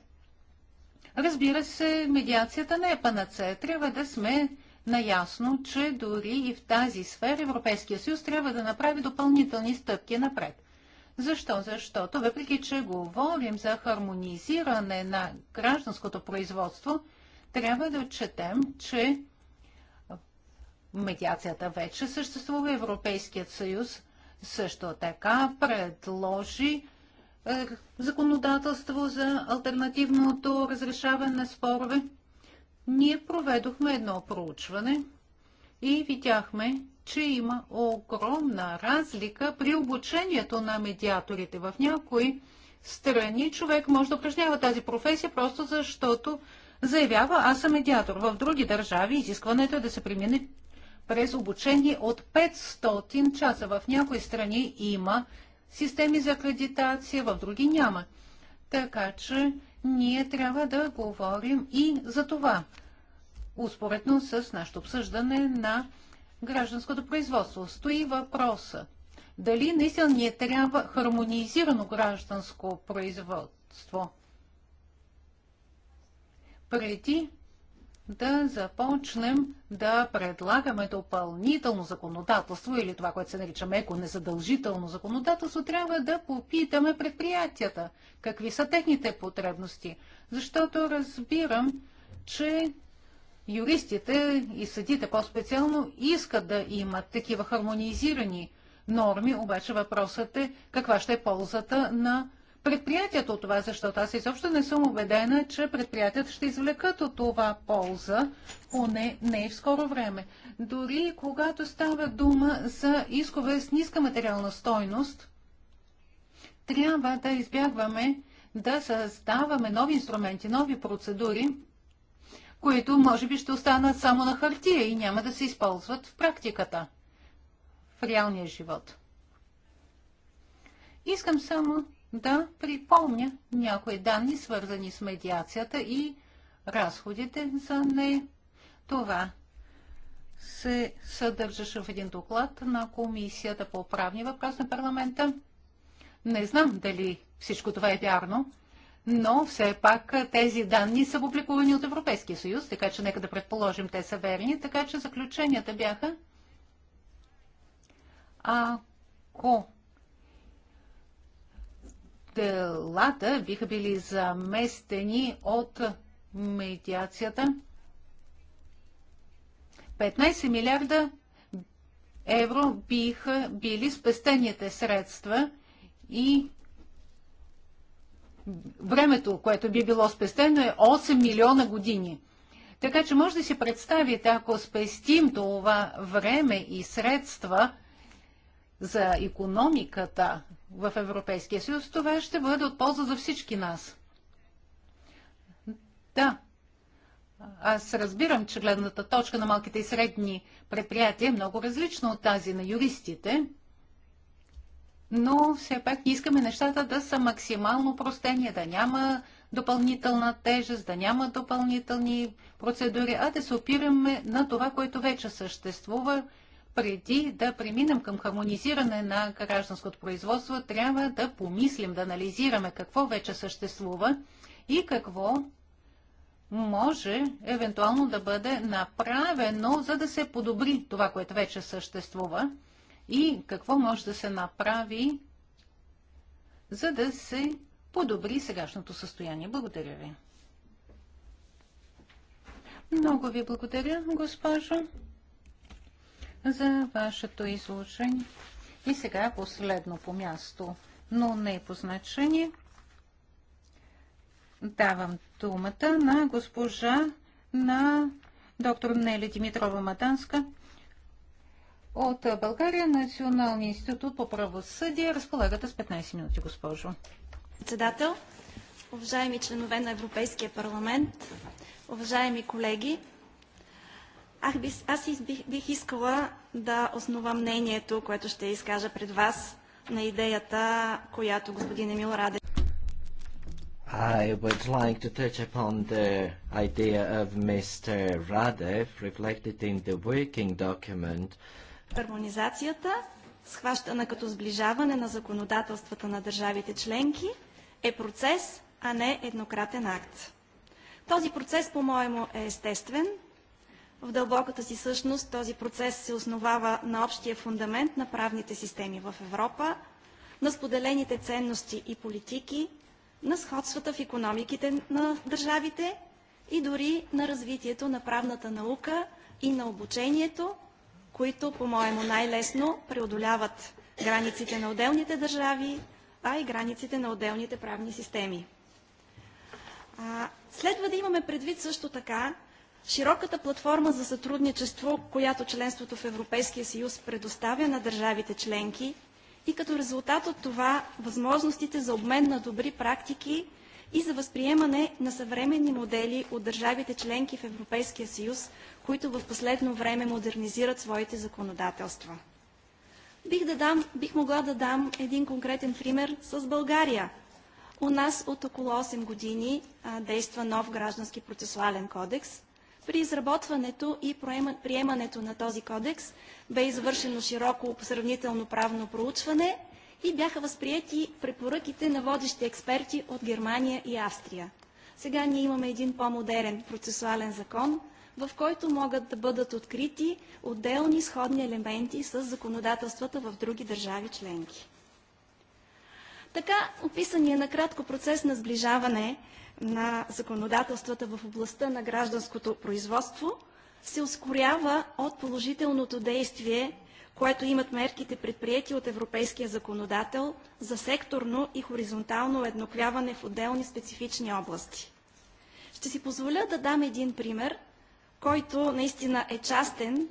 Разбира се, медиацията не е панацея. Трябва да сме наясно, че дори и в тази сфера Европейския съюз трябва да направи допълнителни стъпки напред. Защо? Защото, въпреки че говорим за хармонизиране на гражданското производство, трябва да отчетем, че медиацията вече съществува. Европейският съюз също така предложи е, законодателство за альтернативното разрешаване на спорове. Ние проведохме едно проучване и видяхме, че има огромна разлика при обучението на медиаторите. В някои страни човек може да упражнява тази професия просто защото заявява аз съм медиатор. В други държави изискването е да се премине през обучение от 500 часа. В някои страни има системи за акредитация, в други няма. Така че ние трябва да говорим и за това, успоредно с нашето обсъждане на гражданското производство. Стои въпроса дали наистина ни трябва хармонизирано гражданско производство. Преди да започнем да предлагаме допълнително законодателство или това, което се нарича меко незадължително законодателство, трябва да попитаме предприятията какви са техните потребности. Защото разбирам, че юристите и съдите по-специално искат да имат такива хармонизирани норми, обаче въпросът е каква ще е ползата на предприятията от това, защото аз изобщо не съм убедена, че предприятията ще извлекат от това полза, поне не в скоро време. Дори когато става дума за искове с ниска материална стойност, трябва да избягваме да създаваме нови инструменти, нови процедури, които може би ще останат само на хартия и няма да се използват в практиката, в реалния живот. Искам само да припомня някои данни, свързани с медиацията и разходите за нея. Това се съдържаше в един доклад на Комисията по правни въпроси на парламента. Не знам дали всичко това е вярно, но все пак тези данни са публикувани от Европейския съюз, така че нека да предположим те са верни, така че заключенията бяха ако Телата биха били заместени от медиацията. 15 милиарда евро биха били спестените средства и времето, което би било спестено е 8 милиона години. Така че може да си представите, ако спестим това време и средства за економиката в Европейския съюз, това ще бъде от полза за всички нас. Да, аз разбирам, че гледната точка на малките и средни предприятия е много различна от тази на юристите, но все пак не искаме нещата да са максимално простени, да няма допълнителна тежест, да няма допълнителни процедури, а да се опираме на това, което вече съществува преди да преминем към хармонизиране на гражданското производство, трябва да помислим, да анализираме какво вече съществува и какво може евентуално да бъде направено, за да се подобри това, което вече съществува и какво може да се направи, за да се подобри сегашното състояние. Благодаря ви. Много ви благодаря, госпожо за вашето изложение. И сега последно по място, но не по значение. Давам думата на госпожа на доктор Нели Димитрова Матанска от България Националния институт по правосъдие. Разполагате с 15 минути, госпожо. Председател, уважаеми членове на Европейския парламент, уважаеми колеги, Ах, аз бих, бих искала да основа мнението, което ще изкажа пред вас на идеята, която господин Емил Раде. I would like to touch upon the idea of Mr. Radev reflected in the working document. Хармонизацията, схващана като сближаване на законодателствата на държавите членки, е процес, а не еднократен акт. Този процес, по-моему, е естествен – в дълбоката си същност този процес се основава на общия фундамент на правните системи в Европа, на споделените ценности и политики, на сходствата в економиките на държавите и дори на развитието на правната наука и на обучението, които, по-моему, най-лесно преодоляват границите на отделните държави, а и границите на отделните правни системи. Следва да имаме предвид също така, Широката платформа за сътрудничество, която членството в Европейския съюз предоставя на държавите членки и като резултат от това възможностите за обмен на добри практики и за възприемане на съвременни модели от държавите членки в Европейския съюз, които в последно време модернизират своите законодателства. Бих, да дам, бих могла да дам един конкретен пример с България. У нас от около 8 години а, действа нов граждански процесуален кодекс, при изработването и приемането на този кодекс бе извършено широко сравнително правно проучване и бяха възприяти препоръките на водещи експерти от Германия и Австрия. Сега ние имаме един по-модерен процесуален закон, в който могат да бъдат открити отделни сходни елементи с законодателствата в други държави членки. Така описания кратко процес на сближаване на законодателствата в областта на гражданското производство се ускорява от положителното действие, което имат мерките предприяти от европейския законодател за секторно и хоризонтално еднокляване в отделни специфични области. Ще си позволя да дам един пример, който наистина е частен,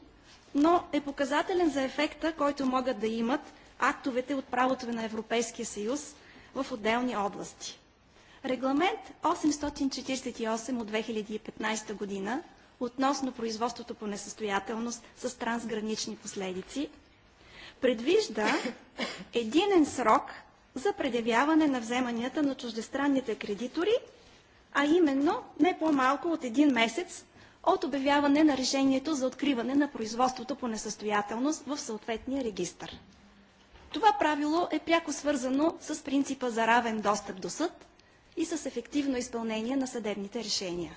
но е показателен за ефекта, който могат да имат актовете от правото на Европейския съюз в отделни области. Регламент 848 от 2015 година относно производството по несъстоятелност с трансгранични последици предвижда единен срок за предявяване на вземанията на чуждестранните кредитори, а именно не по-малко от един месец от обявяване на решението за откриване на производството по несъстоятелност в съответния регистр. Това правило е пряко свързано с принципа за равен достъп до съд, и с ефективно изпълнение на съдебните решения.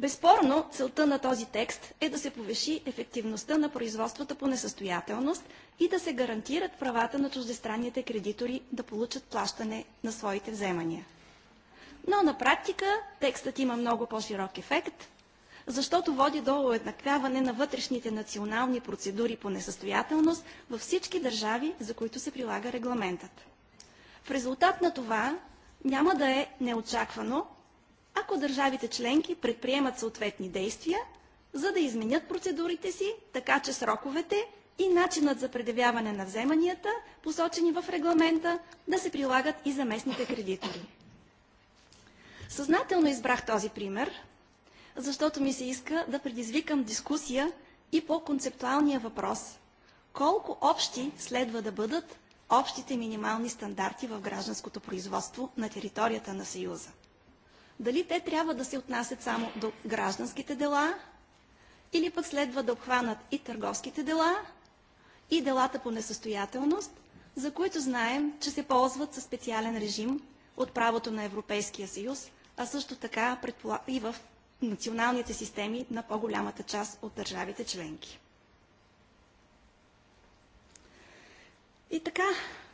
Безспорно, целта на този текст е да се повиши ефективността на производствата по несъстоятелност и да се гарантират правата на чуждестранните кредитори да получат плащане на своите вземания. Но на практика текстът има много по-широк ефект, защото води до уеднаквяване на вътрешните национални процедури по несъстоятелност във всички държави, за които се прилага регламентът. В резултат на това няма да е неочаквано, ако държавите членки предприемат съответни действия, за да изменят процедурите си, така че сроковете и начинът за предявяване на вземанията, посочени в регламента, да се прилагат и за местните кредитори. Съзнателно избрах този пример, защото ми се иска да предизвикам дискусия и по концептуалния въпрос – колко общи следва да бъдат общите минимални стандарти в гражданското производство на територията на Съюза. Дали те трябва да се отнасят само до гражданските дела, или пък следва да обхванат и търговските дела, и делата по несъстоятелност, за които знаем, че се ползват със специален режим от правото на Европейския съюз, а също така и в националните системи на по-голямата част от държавите членки. И така,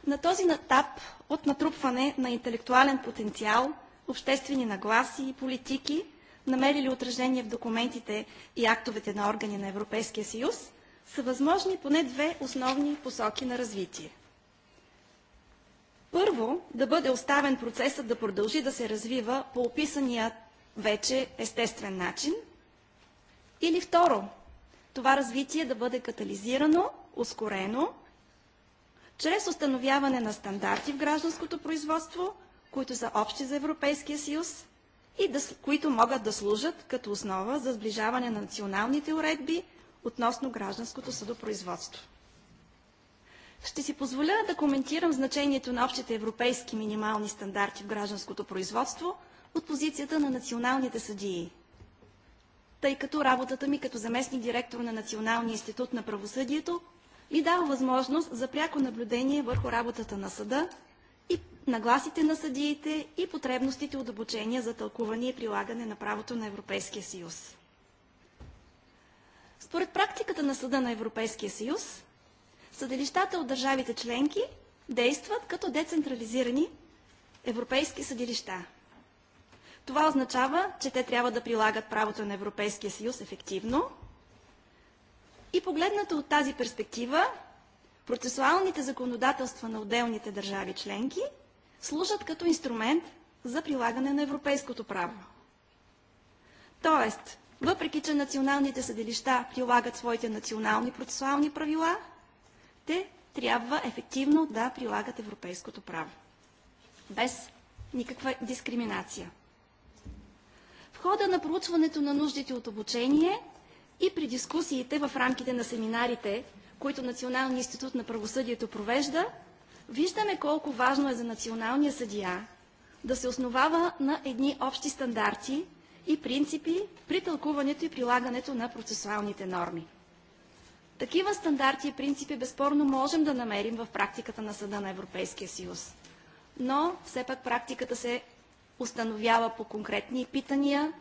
на този етап от натрупване на интелектуален потенциал, обществени нагласи и политики, намерили отражение в документите и актовете на органи на Европейския съюз, са възможни поне две основни посоки на развитие. Първо, да бъде оставен процесът да продължи да се развива по описания вече естествен начин. Или второ, това развитие да бъде катализирано, ускорено чрез установяване на стандарти в гражданското производство, които са общи за Европейския съюз и да, които могат да служат като основа за сближаване на националните уредби относно гражданското съдопроизводство. Ще си позволя да коментирам значението на общите европейски минимални стандарти в гражданското производство от позицията на националните съдии, тъй като работата ми като заместник директор на Националния институт на правосъдието и дава възможност за пряко наблюдение върху работата на съда и нагласите на съдиите и потребностите от обучение за тълкуване и прилагане на правото на Европейския съюз. Според практиката на Съда на Европейския съюз, съдилищата от държавите членки действат като децентрализирани европейски съдилища. Това означава, че те трябва да прилагат правото на Европейския съюз ефективно – и погледнато от тази перспектива, процесуалните законодателства на отделните държави членки служат като инструмент за прилагане на европейското право. Тоест, въпреки че националните съдилища прилагат своите национални процесуални правила, те трябва ефективно да прилагат европейското право. Без никаква дискриминация. В хода на проучването на нуждите от обучение и при дискусиите в рамките на семинарите, които Националния институт на правосъдието провежда, виждаме колко важно е за националния съдия да се основава на едни общи стандарти и принципи при тълкуването и прилагането на процесуалните норми. Такива стандарти и принципи безспорно можем да намерим в практиката на Съда на Европейския съюз. Но все пак практиката се установява по конкретни питания,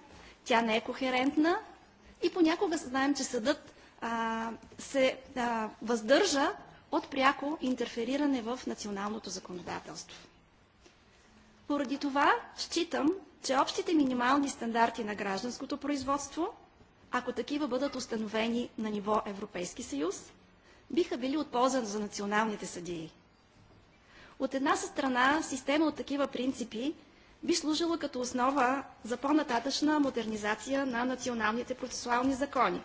тя не е кохерентна и понякога знаем, че съдът а, се а, въздържа от пряко интерфериране в националното законодателство. Поради това считам, че общите минимални стандарти на гражданското производство, ако такива бъдат установени на ниво Европейски съюз, биха били от полза за националните съдии. От една страна, система от такива принципи би служило като основа за по-нататъчна модернизация на националните процесуални закони,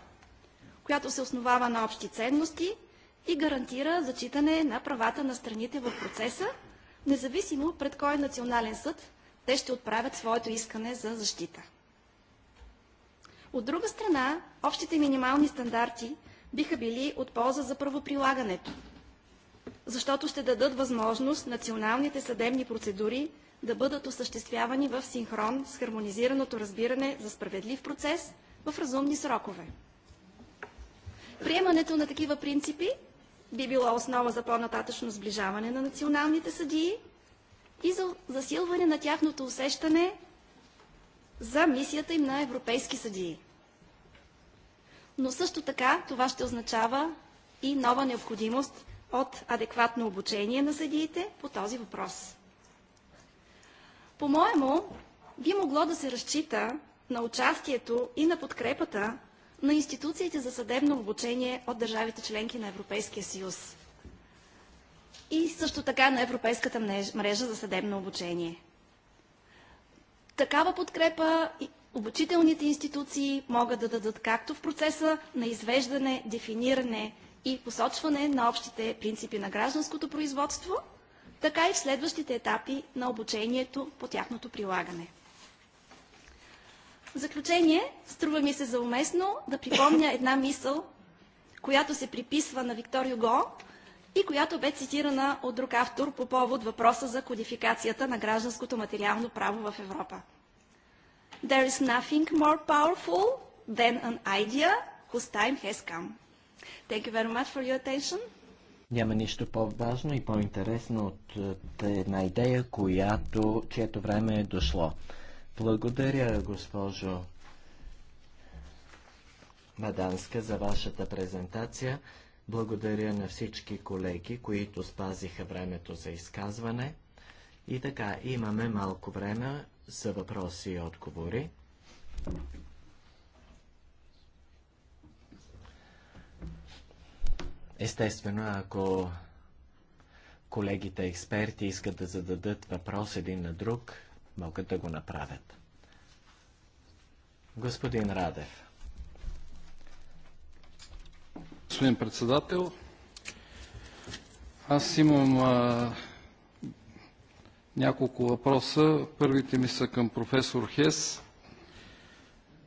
която се основава на общи ценности и гарантира зачитане на правата на страните в процеса, независимо пред кой национален съд те ще отправят своето искане за защита. От друга страна, общите минимални стандарти биха били от полза за правоприлагането, защото ще дадат възможност националните съдебни процедури да бъдат осъществявани в синхрон с хармонизираното разбиране за справедлив процес в разумни срокове. Приемането на такива принципи би било основа за по-нататъчно сближаване на националните съдии и за засилване на тяхното усещане за мисията им на европейски съдии. Но също така това ще означава и нова необходимост от адекватно обучение на съдиите по този въпрос. По-моему, би могло да се разчита на участието и на подкрепата на институциите за съдебно обучение от държавите членки на Европейския съюз и също така на Европейската мрежа за съдебно обучение. Такава подкрепа обучителните институции могат да дадат както в процеса на извеждане, дефиниране и посочване на общите принципи на гражданското производство – така и в следващите етапи на обучението по тяхното прилагане. В заключение, струва ми се зауместно да припомня една мисъл, която се приписва на Виктор Юго и която бе цитирана от друг автор по повод въпроса за кодификацията на гражданското материално право в Европа. There is nothing more powerful than an idea whose time has come. Thank you very much for your attention. Няма нищо по-важно и по-интересно от е, една идея, която, чието време е дошло. Благодаря, госпожо Маданска, за вашата презентация. Благодаря на всички колеги, които спазиха времето за изказване. И така, имаме малко време за въпроси и отговори. Естествено, ако колегите експерти искат да зададат въпрос един на друг, могат да го направят. Господин Радев. Господин председател, аз имам а, няколко въпроса. Първите ми са към професор Хес.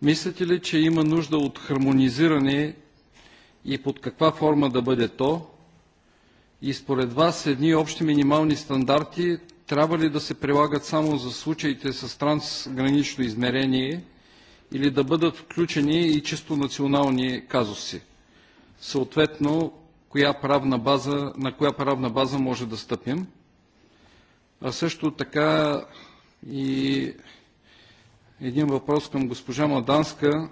Мислите ли, че има нужда от хармонизиране и под каква форма да бъде то? И според Вас едни общи минимални стандарти трябва ли да се прилагат само за случаите с трансгранично измерение или да бъдат включени и чисто национални казуси? Съответно, коя правна база, на коя правна база може да стъпим? А също така и един въпрос към госпожа Маданска.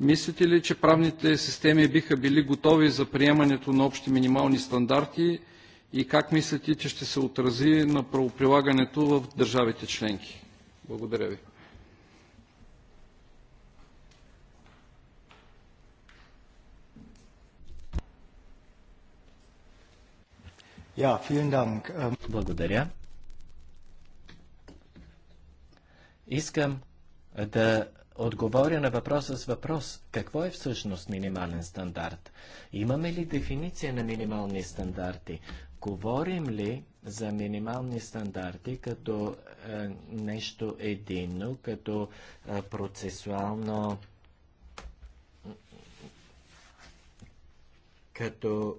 Мислите ли, че правните системи биха били готови за приемането на общи минимални стандарти и как мислите, че ще се отрази на правоприлагането в държавите членки? Благодаря ви. Ähm, Благодаря. Искам да отговоря на въпроса с въпрос, какво е всъщност минимален стандарт? Имаме ли дефиниция на минимални стандарти? Говорим ли за минимални стандарти като е, нещо единно, като е, процесуално, като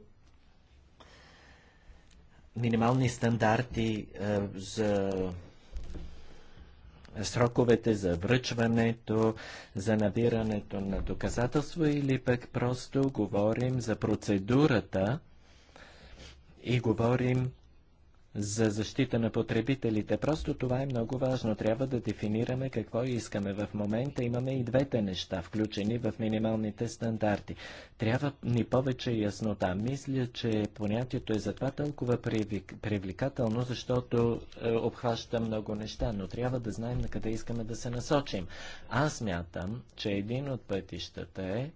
минимални стандарти е, за сроковете за връчването, за набирането на доказателство или пък просто говорим за процедурата и говорим за защита на потребителите. Просто това е много важно. Трябва да дефинираме какво искаме. В момента имаме и двете неща, включени в минималните стандарти. Трябва ни повече яснота. Мисля, че понятието е затова толкова привлекателно, защото е, обхваща много неща, но трябва да знаем на къде искаме да се насочим. Аз мятам, че един от пътищата е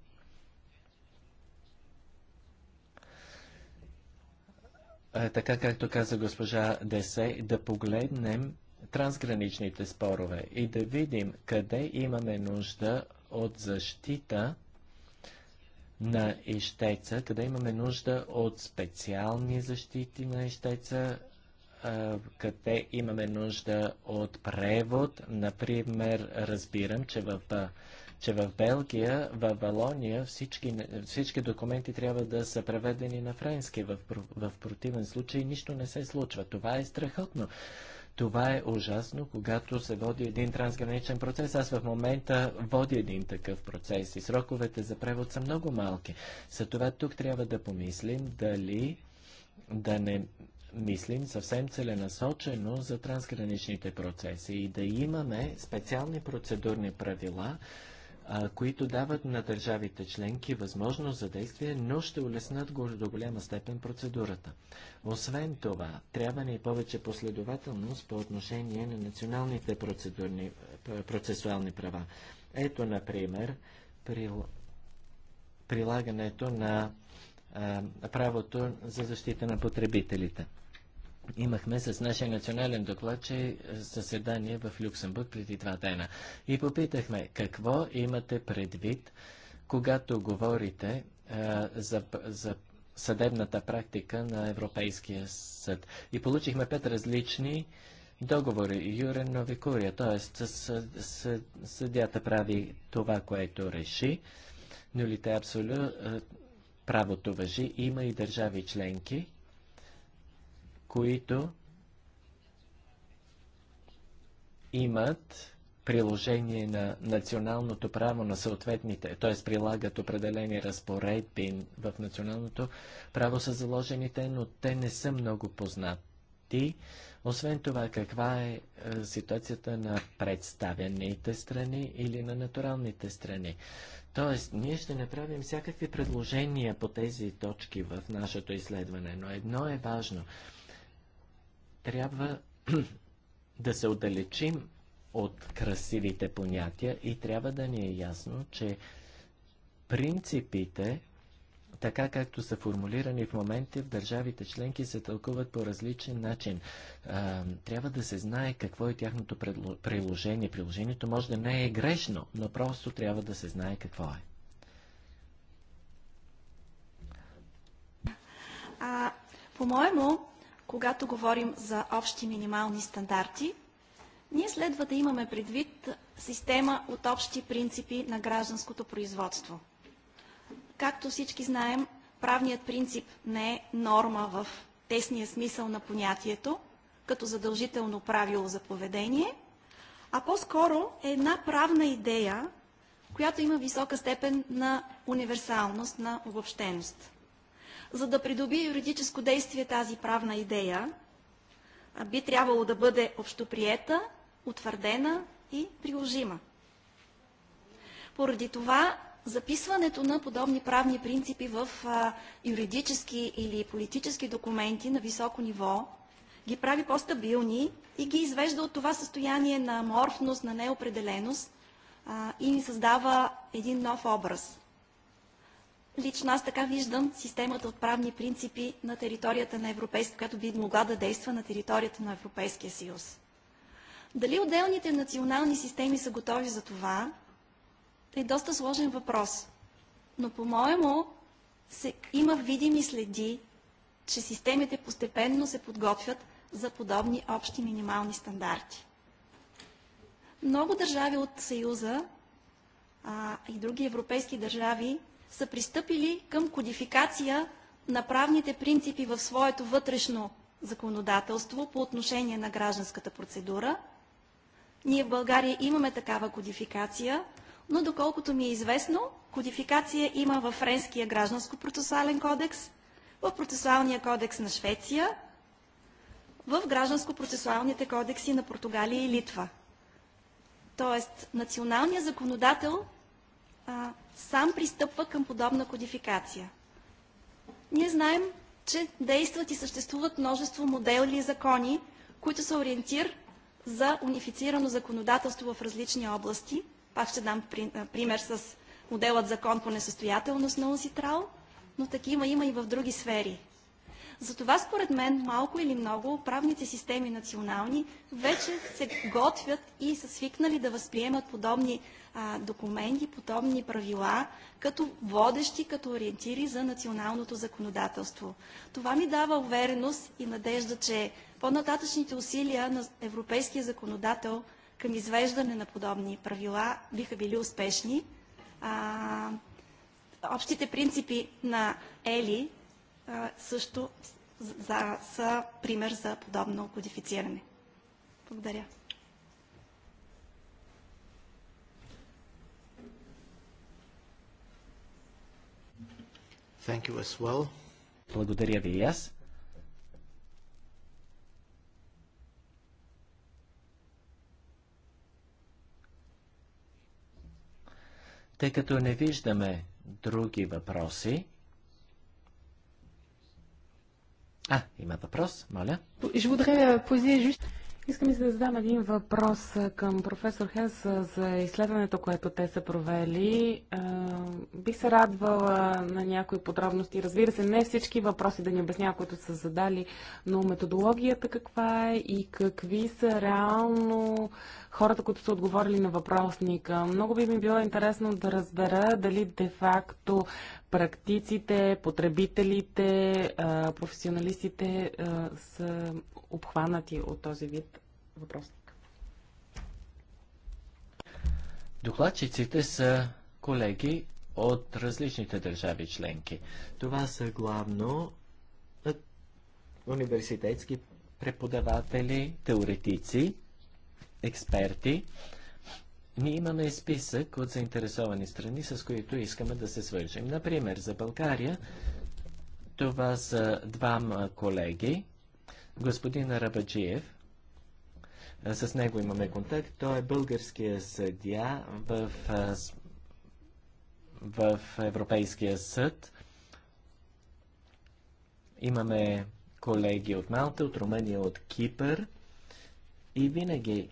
така както каза госпожа Десе, да погледнем трансграничните спорове и да видим къде имаме нужда от защита на ищеца, къде имаме нужда от специални защити на ищеца, къде имаме нужда от превод. Например, разбирам, че в че в Белгия, в Валония всички, всички документи трябва да са преведени на френски. В, в противен случай нищо не се случва. Това е страхотно. Това е ужасно, когато се води един трансграничен процес. Аз в момента водя един такъв процес и сроковете за превод са много малки. За това тук трябва да помислим дали да не мислим съвсем целенасочено за трансграничните процеси и да имаме специални процедурни правила, които дават на държавите членки възможност за действие, но ще улеснат го до голяма степен процедурата. Освен това, трябва ни повече последователност по отношение на националните процесуални права. Ето, например, при прилагането на правото за защита на потребителите. Имахме с нашия национален доклад, че заседание в Люксембург преди два дена. И попитахме, какво имате предвид, когато говорите а, е, за, за съдебната практика на Европейския съд. И получихме пет различни договори. Юрен Новикурия, т.е. съдята прави това, което реши. Нулите абсолютно е, правото въжи. Има и държави членки, които имат приложение на националното право на съответните, т.е. прилагат определени разпоредби в националното право са заложените, но те не са много познати. Освен това, каква е, е, ситуацията на представените страни или на натуралните страни? Тоест, ние ще направим всякакви предложения по тези точки в нашето изследване, но едно е важно – трябва да се отдалечим от красивите понятия и трябва да ни е ясно, че принципите, така както са формулирани в моменти в държавите членки, се тълкуват по различен начин. трябва да се знае какво е тяхното приложение. Приложението може да не е грешно, но просто трябва да се знае какво е. по-моему, когато говорим за общи минимални стандарти, ние следва да имаме предвид система от общи принципи на гражданското производство. Както всички знаем, правният принцип не е норма в тесния смисъл на понятието, като задължително правило за поведение, а по-скоро е една правна идея, която има висока степен на универсалност, на обобщеност за да придобие юридическо действие тази правна идея, би трябвало да бъде общоприета, утвърдена и приложима. Поради това записването на подобни правни принципи в юридически или политически документи на високо ниво ги прави по-стабилни и ги извежда от това състояние на аморфност, на неопределеност и ни създава един нов образ. Лично аз така виждам системата от правни принципи на територията на Европейския, която би могла да действа на територията на Европейския съюз. Дали отделните национални системи са готови за това, е доста сложен въпрос. Но по-моему се, има видими следи, че системите постепенно се подготвят за подобни общи минимални стандарти. Много държави от Съюза а, и други европейски държави са пристъпили към кодификация на правните принципи в своето вътрешно законодателство по отношение на гражданската процедура. Ние в България имаме такава кодификация, но доколкото ми е известно, кодификация има във Френския гражданско-процесуален кодекс, в процесуалния кодекс на Швеция, в гражданско-процесуалните кодекси на Португалия и Литва. Тоест, националният законодател а, сам пристъпва към подобна кодификация. Ние знаем, че действат и съществуват множество модели и закони, които са ориентир за унифицирано законодателство в различни области. Пак ще дам при, а, пример с моделът закон по несъстоятелност на УНСИТРАЛ, но такива има и в други сфери – затова според мен малко или много правните системи национални вече се готвят и са свикнали да възприемат подобни а, документи, подобни правила като водещи, като ориентири за националното законодателство. Това ми дава увереност и надежда, че по-нататъчните усилия на европейския законодател към извеждане на подобни правила биха били успешни. А, общите принципи на ЕЛИ също за, са пример за подобно кодифициране. Благодаря. Thank you as well. Благодаря ви и аз. Тъй като не виждаме други въпроси, А, има въпрос, моля. Je voudrais poser juste... Искам и да задам един въпрос към професор Хенс за изследването, което те са провели. Бих се радвала на някои подробности. Разбира се, не всички въпроси да ни обяснява, които са задали, но методологията каква е и какви са реално хората, които са отговорили на въпросника. Много би ми било интересно да разбера дали де-факто практиците, потребителите, професионалистите са обхванати от този вид въпросник. Докладчиците са колеги от различните държави членки. Това са главно университетски преподаватели, теоретици, експерти. Ние имаме списък от заинтересовани страни, с които искаме да се свържим. Например, за България това са двама колеги, Господин Арабаджиев, с него имаме контакт, той е българския съдия в, в Европейския съд. Имаме колеги от Малта, от Румъния, от Кипър и винаги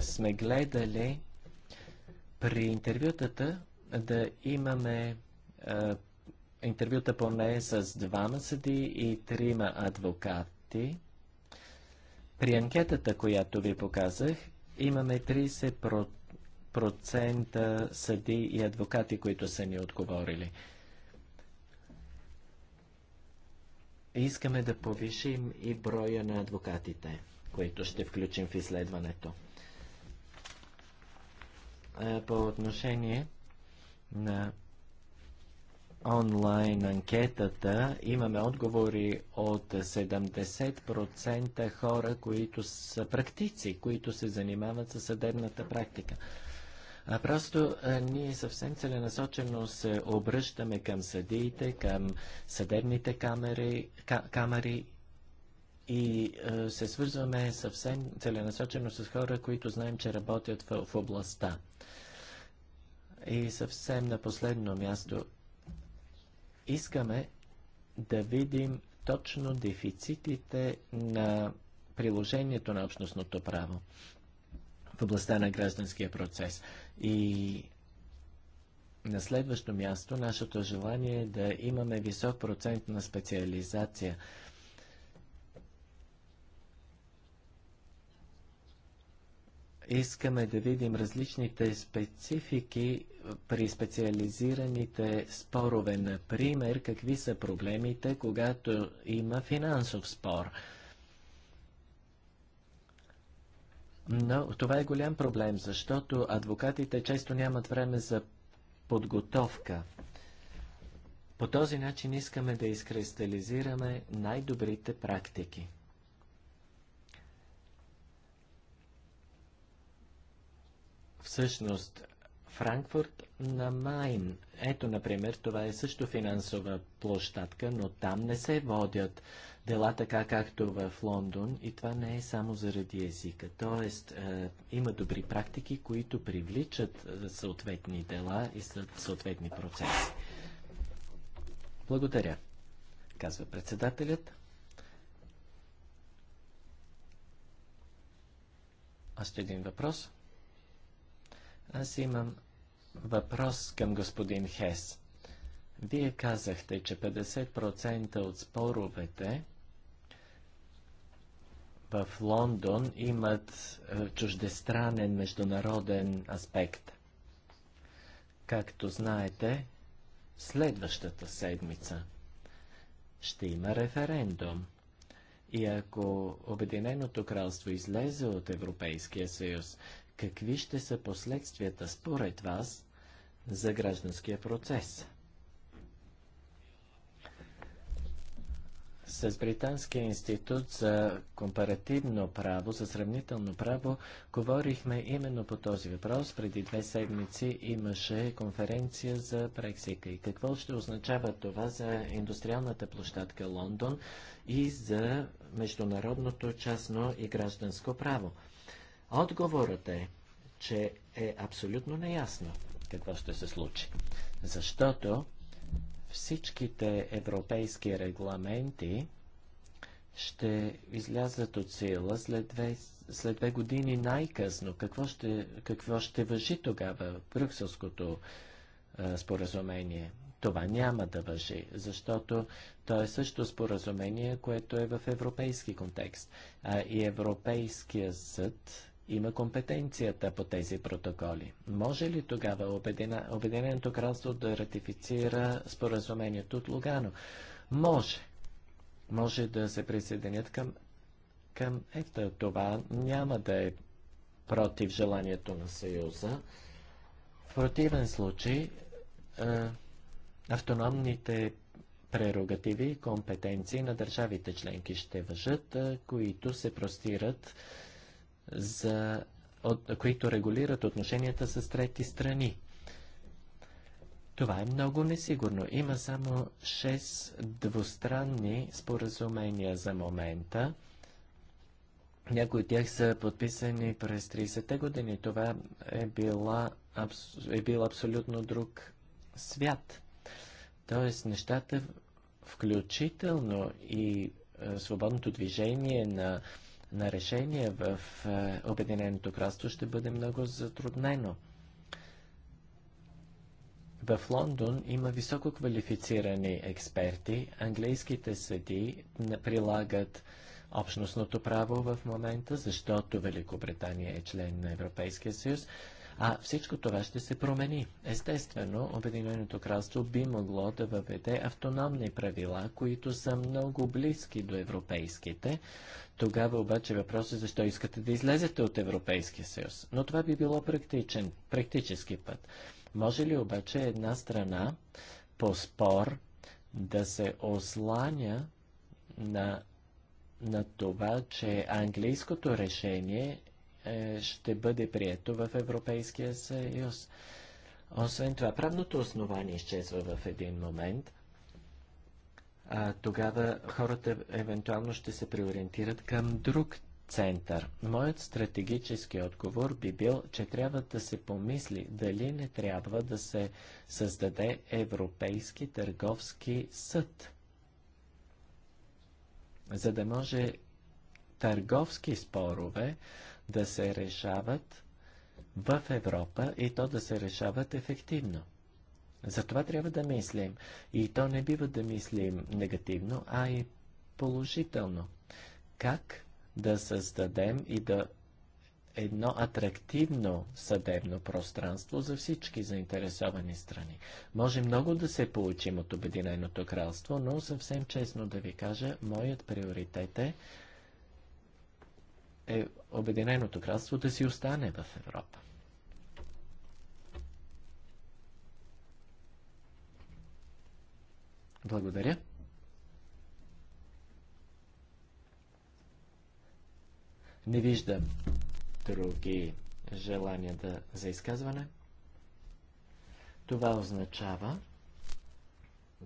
сме гледали при интервютата да имаме интервюта поне с двама съди и трима адвокати. При анкетата, която ви показах, имаме 30% съди и адвокати, които са ни отговорили. Искаме да повишим и броя на адвокатите, които ще включим в изследването. По отношение на онлайн анкетата имаме отговори от 70% хора, които са практици, които се занимават със съдебната практика. А просто а, ние съвсем целенасочено се обръщаме към съдиите, към съдебните камери, ка, камери и а, се свързваме съвсем целенасочено с хора, които знаем, че работят в, в областта. И съвсем на последно място Искаме да видим точно дефицитите на приложението на общностното право в областта на гражданския процес. И на следващо място, нашето желание е да имаме висок процент на специализация. Искаме да видим различните специфики при специализираните спорове, например, какви са проблемите, когато има финансов спор. Но това е голям проблем, защото адвокатите често нямат време за подготовка. По този начин искаме да изкристализираме най-добрите практики. Всъщност, Франкфурт на Майн. Ето, например, това е също финансова площадка, но там не се водят дела така, както в Лондон и това не е само заради езика. Тоест, е, има добри практики, които привличат е, съответни дела и съответни процеси. Благодаря, казва председателят. Още един въпрос. Аз имам въпрос към господин Хес. Вие казахте, че 50% от споровете в Лондон имат е, чуждестранен международен аспект. Както знаете, следващата седмица ще има референдум. И ако Обединеното кралство излезе от Европейския съюз, какви ще са последствията според вас за гражданския процес. С Британския институт за компаративно право, за сравнително право, говорихме именно по този въпрос. Преди две седмици имаше конференция за Брексика. И какво ще означава това за индустриалната площадка Лондон и за международното частно и гражданско право? Отговорът е, че е абсолютно неясно какво ще се случи. Защото всичките европейски регламенти ще излязат от сила след две, след две години най-късно. Какво ще, какво ще въжи тогава Брюкселското а, споразумение? Това няма да въжи, защото то е също споразумение, което е в европейски контекст. А и Европейския съд има компетенцията по тези протоколи. Може ли тогава Обединеното кралство да ратифицира споразумението от Лугано? Може. Може да се присъединят към, към ЕФТА. Това няма да е против желанието на Съюза. В противен случай, автономните прерогативи и компетенции на държавите членки ще въжат, които се простират за, от, които регулират отношенията с трети страни. Това е много несигурно. Има само 6 двустранни споразумения за момента. Някои от тях са подписани през 30-те години. Това е, била, е бил абсолютно друг свят. Тоест, нещата, включително и е, свободното движение на на решение в е, Обединеното кралство ще бъде много затруднено. В Лондон има високо квалифицирани експерти. Английските съди прилагат общностното право в момента, защото Великобритания е член на Европейския съюз. А всичко това ще се промени. Естествено, Обединеното кралство би могло да въведе автономни правила, които са много близки до европейските. Тогава обаче въпросът е защо искате да излезете от Европейския съюз. Но това би било практичен, практически път. Може ли обаче една страна по спор да се осланя на, на това, че английското решение е, ще бъде прието в Европейския съюз. Освен това, правното основание изчезва в един момент. А, тогава хората евентуално ще се преориентират към друг център. Моят стратегически отговор би бил, че трябва да се помисли дали не трябва да се създаде Европейски търговски съд, за да може търговски спорове да се решават в Европа и то да се решават ефективно. За това трябва да мислим. И то не бива да мислим негативно, а и положително. Как да създадем и да едно атрактивно съдебно пространство за всички заинтересовани страни. Може много да се получим от Обединеното кралство, но съвсем честно да ви кажа, моят приоритет е е Обединеното кралство да си остане в Европа. Благодаря. Не виждам други желания да, за изказване. Това означава,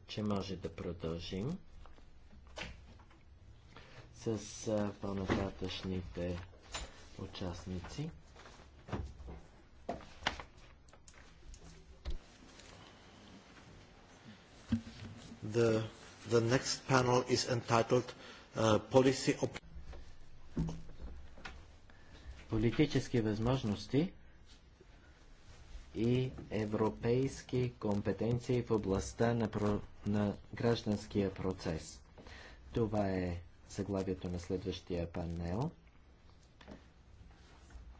че може да продължим с по-нататъчните участници. The, the next panel is entitled uh, Policy op- Политически възможности и европейски компетенции в областта на, про... на гражданския процес. Това е заглавието на следващия панел.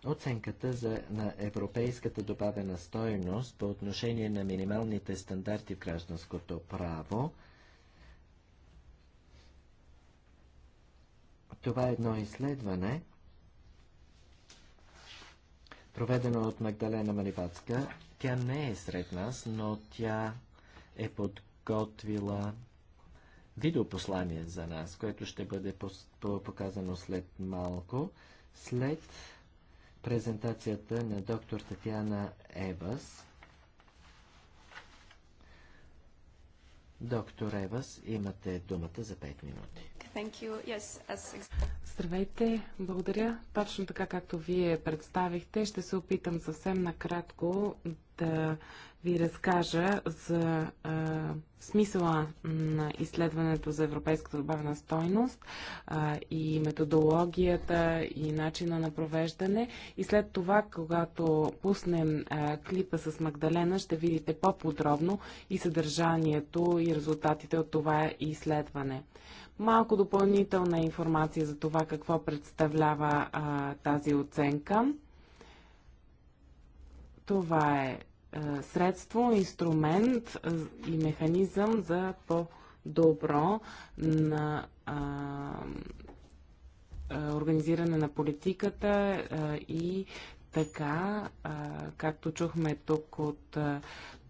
Оценката за, на европейската добавена стойност по отношение на минималните стандарти в гражданското право. Това е едно изследване, проведено от Магдалена Маливацка. Тя не е сред нас, но тя е подготвила видеопослание за нас, което ще бъде показано след малко, след презентацията на доктор Татьяна Ебас. Доктор Евас, имате думата за 5 минути. Yes, as... Здравейте, благодаря. Точно така, както вие представихте, ще се опитам съвсем накратко да ви разкажа за а, смисъла на изследването за европейската добавена стойност а, и методологията и начина на провеждане. И след това, когато пуснем а, клипа с Магдалена, ще видите по-подробно и съдържанието и резултатите от това изследване. Малко допълнителна информация за това какво представлява а, тази оценка. Това е е, средство, инструмент е, и механизъм за по-добро на организиране на политиката е, и така, както чухме тук от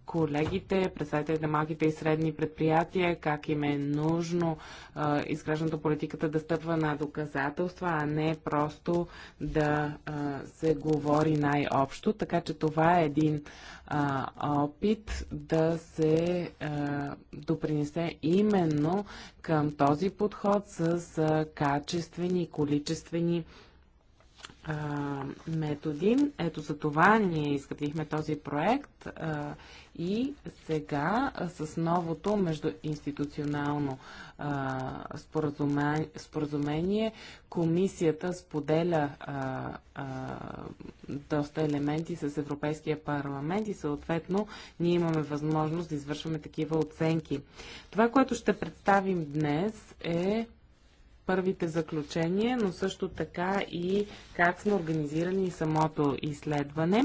колегите, представители на малките и средни предприятия, как им е нужно а, изграждането политиката да стъпва на доказателства, а не просто да а, се говори най-общо. Така че това е един а, опит да се а, допринесе именно към този подход с а, качествени и количествени а, методи. Ето за това ние изградихме този проект а, и сега а, с новото междуинституционално споразумение, споразумение комисията споделя доста елементи с Европейския парламент и съответно ние имаме възможност да извършваме такива оценки. Това, което ще представим днес е първите заключения, но също така и как сме организирали самото изследване.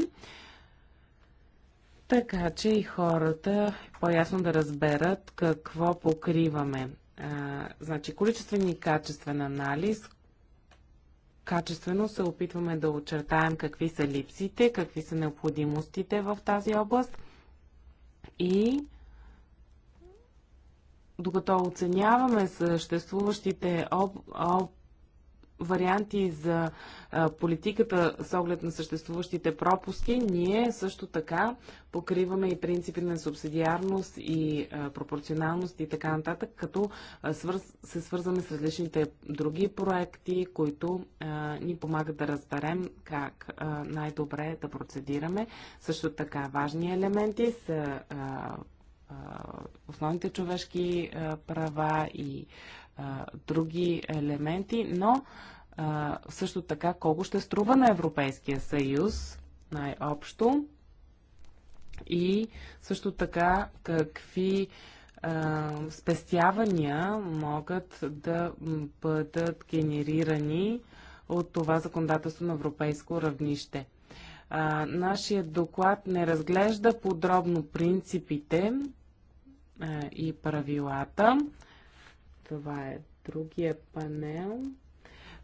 Така че и хората по-ясно да разберат какво покриваме. А, значи количествен и качествен анализ. Качествено се опитваме да очертаем какви са липсите, какви са необходимостите в тази област и докато оценяваме съществуващите об, об, варианти за а, политиката с оглед на съществуващите пропуски, ние също така покриваме и принципи на субсидиарност и а, пропорционалност и така нататък, като а, свърз, се свързваме с различните други проекти, които ни помагат да разберем как най-добре да процедираме. Също така важни елементи са основните човешки права и други елементи, но също така колко ще струва на Европейския съюз най-общо и също така какви спестявания могат да бъдат генерирани от това законодателство на европейско равнище. Нашият доклад не разглежда подробно принципите, е, и правилата. Това е другия панел.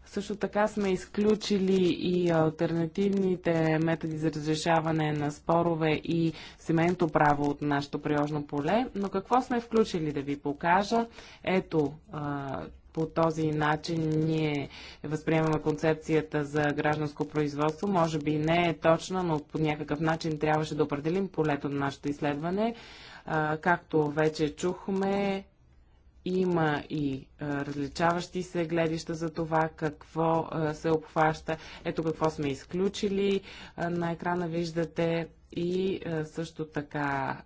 Също така сме изключили и альтернативните методи за разрешаване на спорове и семейното право от нашето приложно поле. Но какво сме включили да ви покажа? Ето, по този начин ние възприемаме концепцията за гражданско производство. Може би не е точно, но по някакъв начин трябваше да определим полето на нашето изследване както вече чухме, има и различаващи се гледища за това какво се обхваща. Ето какво сме изключили. на екрана виждате и също така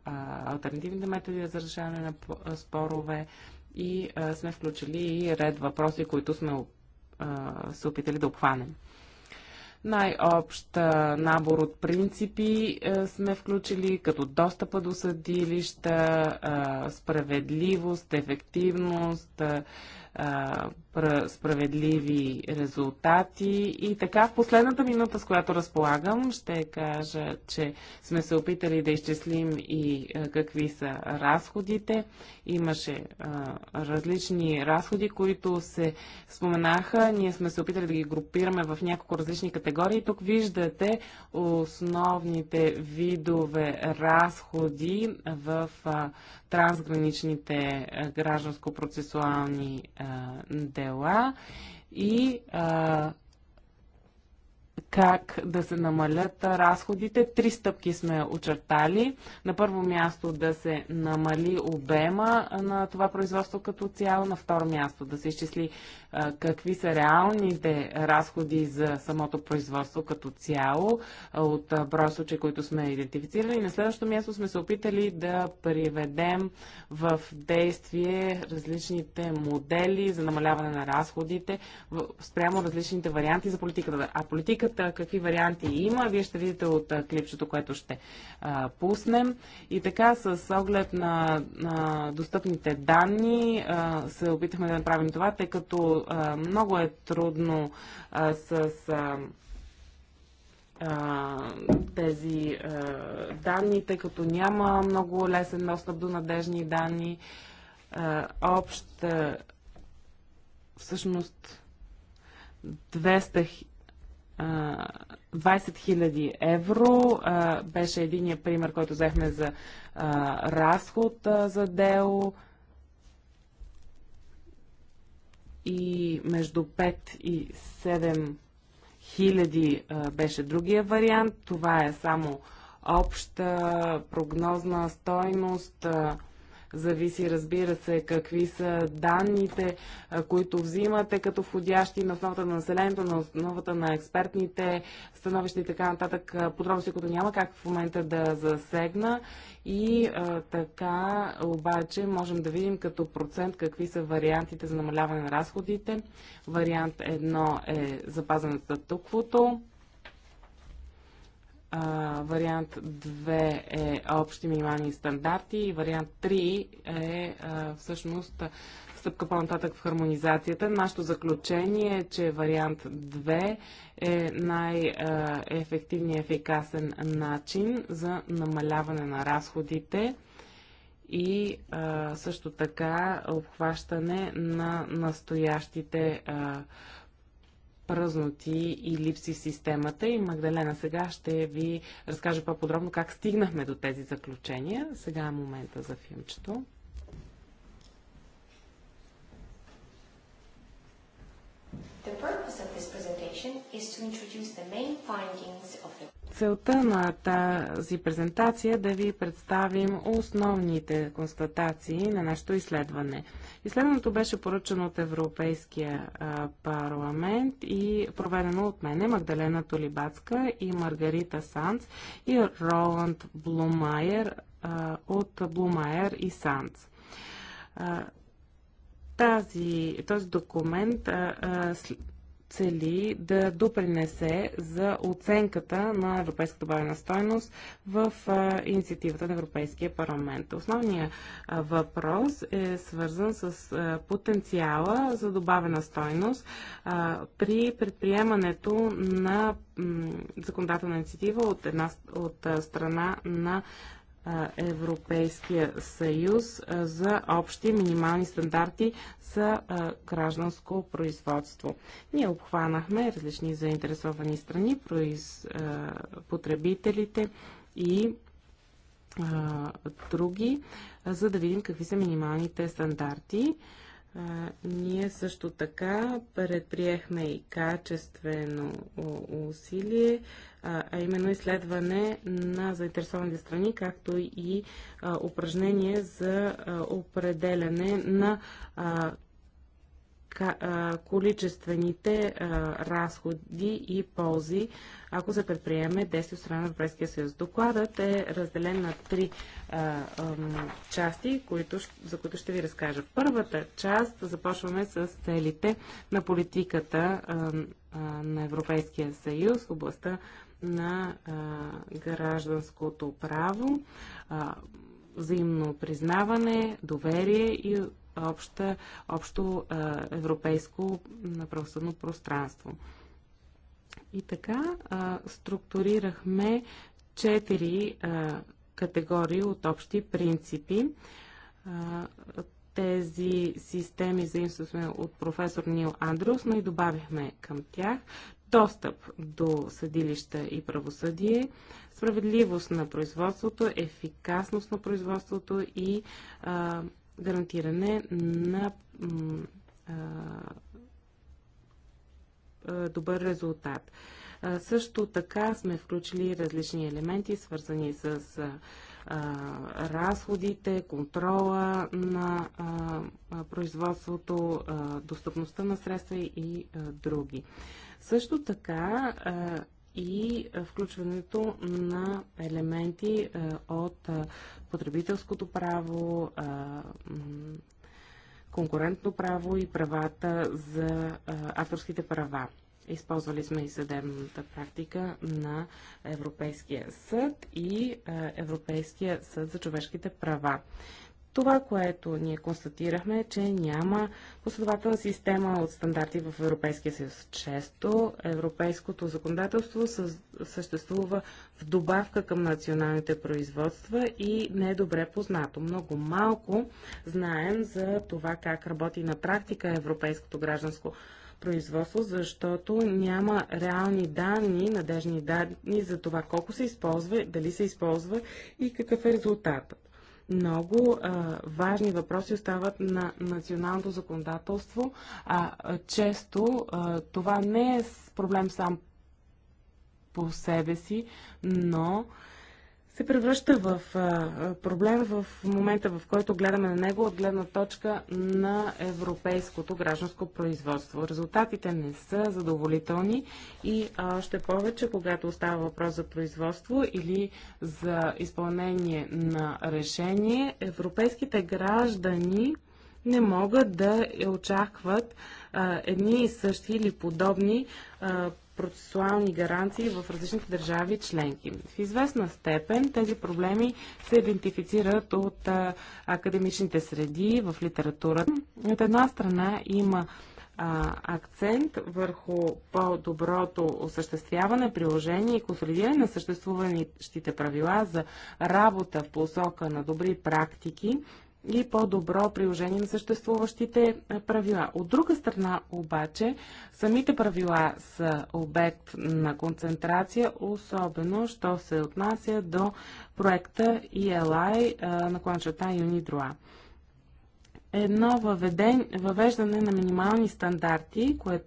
альтернативните методи за разрешаване на спорове и сме включили и ред въпроси, които сме се опитали да обхванем. Най-общ набор от принципи е, сме включили, като достъпа до съдилища, е, справедливост, ефективност, е, справедливи резултати. И така, в последната минута, с която разполагам, ще кажа, че сме се опитали да изчислим и какви са разходите. Имаше различни разходи, които се споменаха. Ние сме се опитали да ги групираме в няколко различни категории. Тук виждате основните видове разходи в трансграничните гражданско-процесуални а, дела и а, как да се намалят разходите. Три стъпки сме очертали. На първо място да се намали обема на това производство като цяло, на второ място да се изчисли какви са реалните разходи за самото производство като цяло от брой случаи, които сме идентифицирали. На следващото място сме се опитали да приведем в действие различните модели за намаляване на разходите спрямо различните варианти за политиката. А политиката какви варианти има, вие ще видите от клипчето, което ще пуснем. И така, с оглед на, на достъпните данни, се опитахме да направим това, тъй като много е трудно с. тези данни, тъй като няма много лесен достъп до надежни данни. общ всъщност 200, 20 000 евро беше единия пример, който взехме за разход за дело. и между 5 и 7 хиляди беше другия вариант. Това е само обща прогнозна стойност. А, зависи, разбира се, какви са данните, които взимате като входящи на основата на населението, на основата на експертните становища и така нататък. Подробности, които няма как в момента да засегна. И а, така обаче можем да видим като процент какви са вариантите за намаляване на разходите. Вариант едно е запазването на тъквото а, вариант 2 е общи минимални стандарти и вариант 3 е а, всъщност стъпка по-нататък в хармонизацията. Нашето заключение е, че вариант 2 е най-ефективният ефикасен начин за намаляване на разходите и а, също така обхващане на настоящите а, празноти и липси в системата. И Магдалена сега ще ви разкаже по-подробно как стигнахме до тези заключения. Сега е момента за филмчето. The purpose of this presentation is to introduce the main findings целта на тази презентация е да ви представим основните констатации на нашето изследване. Изследването беше поръчено от Европейския парламент и проведено от мене Магдалена Толибацка и Маргарита Санц и Роланд Блумайер от Блумайер и Санц. Тази, този документ цели да допринесе за оценката на европейската добавена стойност в инициативата на Европейския парламент. Основният въпрос е свързан с потенциала за добавена стойност при предприемането на законодателна инициатива от една от страна на Европейския съюз за общи минимални стандарти за гражданско производство. Ние обхванахме различни заинтересовани страни, произ... потребителите и други, за да видим какви са минималните стандарти. ние също така предприехме и качествено усилие а именно изследване на заинтересованите страни, както и упражнение за определяне на количествените разходи и ползи, ако се предприеме действие от страна на Европейския съюз. Докладът е разделен на три а, а, части, които, за които ще ви разкажа. Първата част започваме с целите на политиката а, а, на Европейския съюз в областта на а, гражданското право, а, взаимно признаване, доверие и обща, общо а, европейско правосъдно пространство. И така а, структурирахме четири а, категории от общи принципи. А, тези системи заимствахме от професор Нил Андрюс, но и добавихме към тях достъп до съдилища и правосъдие, справедливост на производството, ефикасност на производството и а, гарантиране на а, а, добър резултат. А, също така сме включили различни елементи, свързани с разходите, контрола на производството, достъпността на средства и други. Също така и включването на елементи от потребителското право, конкурентно право и правата за авторските права. Използвали сме и съдебната практика на Европейския съд и Европейския съд за човешките права. Това, което ние констатирахме е, че няма последователна система от стандарти в Европейския съюз. Често европейското законодателство съществува в добавка към националните производства и не е добре познато. Много малко знаем за това как работи на практика европейското гражданско производство, защото няма реални данни, надежни данни за това колко се използва, дали се използва и какъв е резултатът много а, важни въпроси остават на националното законодателство, а, а често а, това не е проблем сам по себе си, но а, се превръща в проблем в момента, в който гледаме на него от гледна точка на европейското гражданско производство. Резултатите не са задоволителни и още повече, когато остава въпрос за производство или за изпълнение на решение, европейските граждани не могат да очакват а, едни и същи или подобни а, процесуални гаранции в различните държави членки. В известна степен тези проблеми се идентифицират от а, академичните среди в литературата. От една страна има а, акцент върху по-доброто осъществяване, приложение и консолидиране на съществуващите правила за работа в посока на добри практики и по-добро приложение на съществуващите е, правила. От друга страна обаче, самите правила са обект на концентрация, особено що се отнася до проекта ELI е, на кончата е Юнидроа едно въведен, въвеждане на минимални стандарти, което,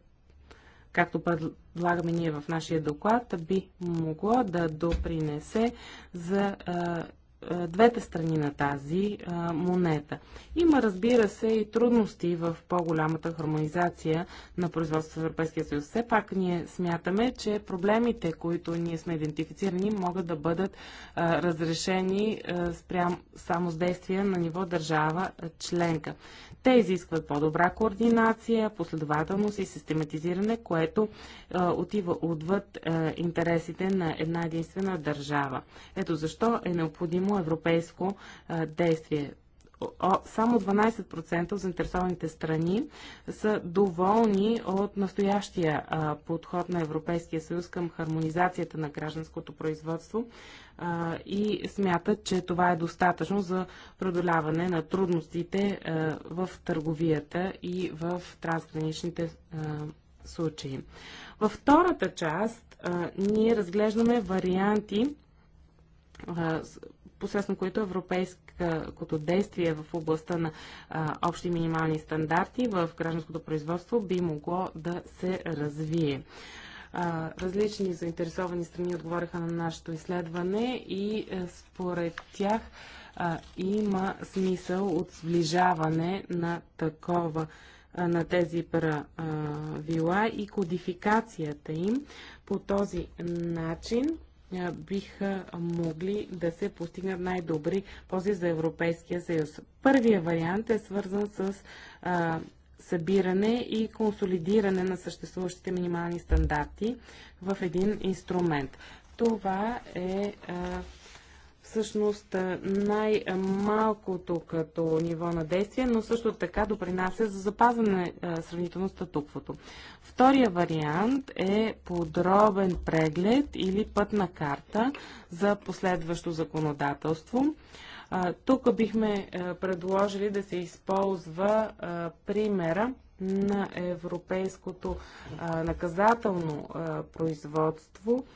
както предлагаме ние в нашия доклад, би могло да допринесе за а, е, двете страни на тази е, монета. Има, разбира се, и трудности в по-голямата хармонизация на производството в Европейския съюз. Все пак ние смятаме, че проблемите, които ние сме идентифицирани, могат да бъдат е, разрешени спрям, само с действия на ниво държава членка. Те изискват по-добра координация, последователност и систематизиране, което отива отвъд интересите на една единствена държава. Ето защо е необходимо само европейско действие само 12% от заинтересованите страни са доволни от настоящия подход на Европейския съюз към хармонизацията на гражданското производство и смятат, че това е достатъчно за преодоляване на трудностите в търговията и в трансграничните случаи. Във втората част ние разглеждаме варианти посредством които европейското действие в областта на а, общи минимални стандарти в гражданското производство би могло да се развие. А, различни заинтересовани страни отговаряха на нашето изследване и а, е, според тях има смисъл от сближаване на такова на тези правила и кодификацията им. По този начин биха могли да се постигнат най-добри пози за Европейския съюз. Първия вариант е свързан с събиране и консолидиране на съществуващите минимални стандарти в един инструмент. Това е а, всъщност най-малкото като ниво на действие, но също така допринася за запазване сравнително статуквото. Втория вариант е подробен преглед или пътна карта за последващо законодателство. Тук бихме предложили да се използва примера на европейското наказателно производство –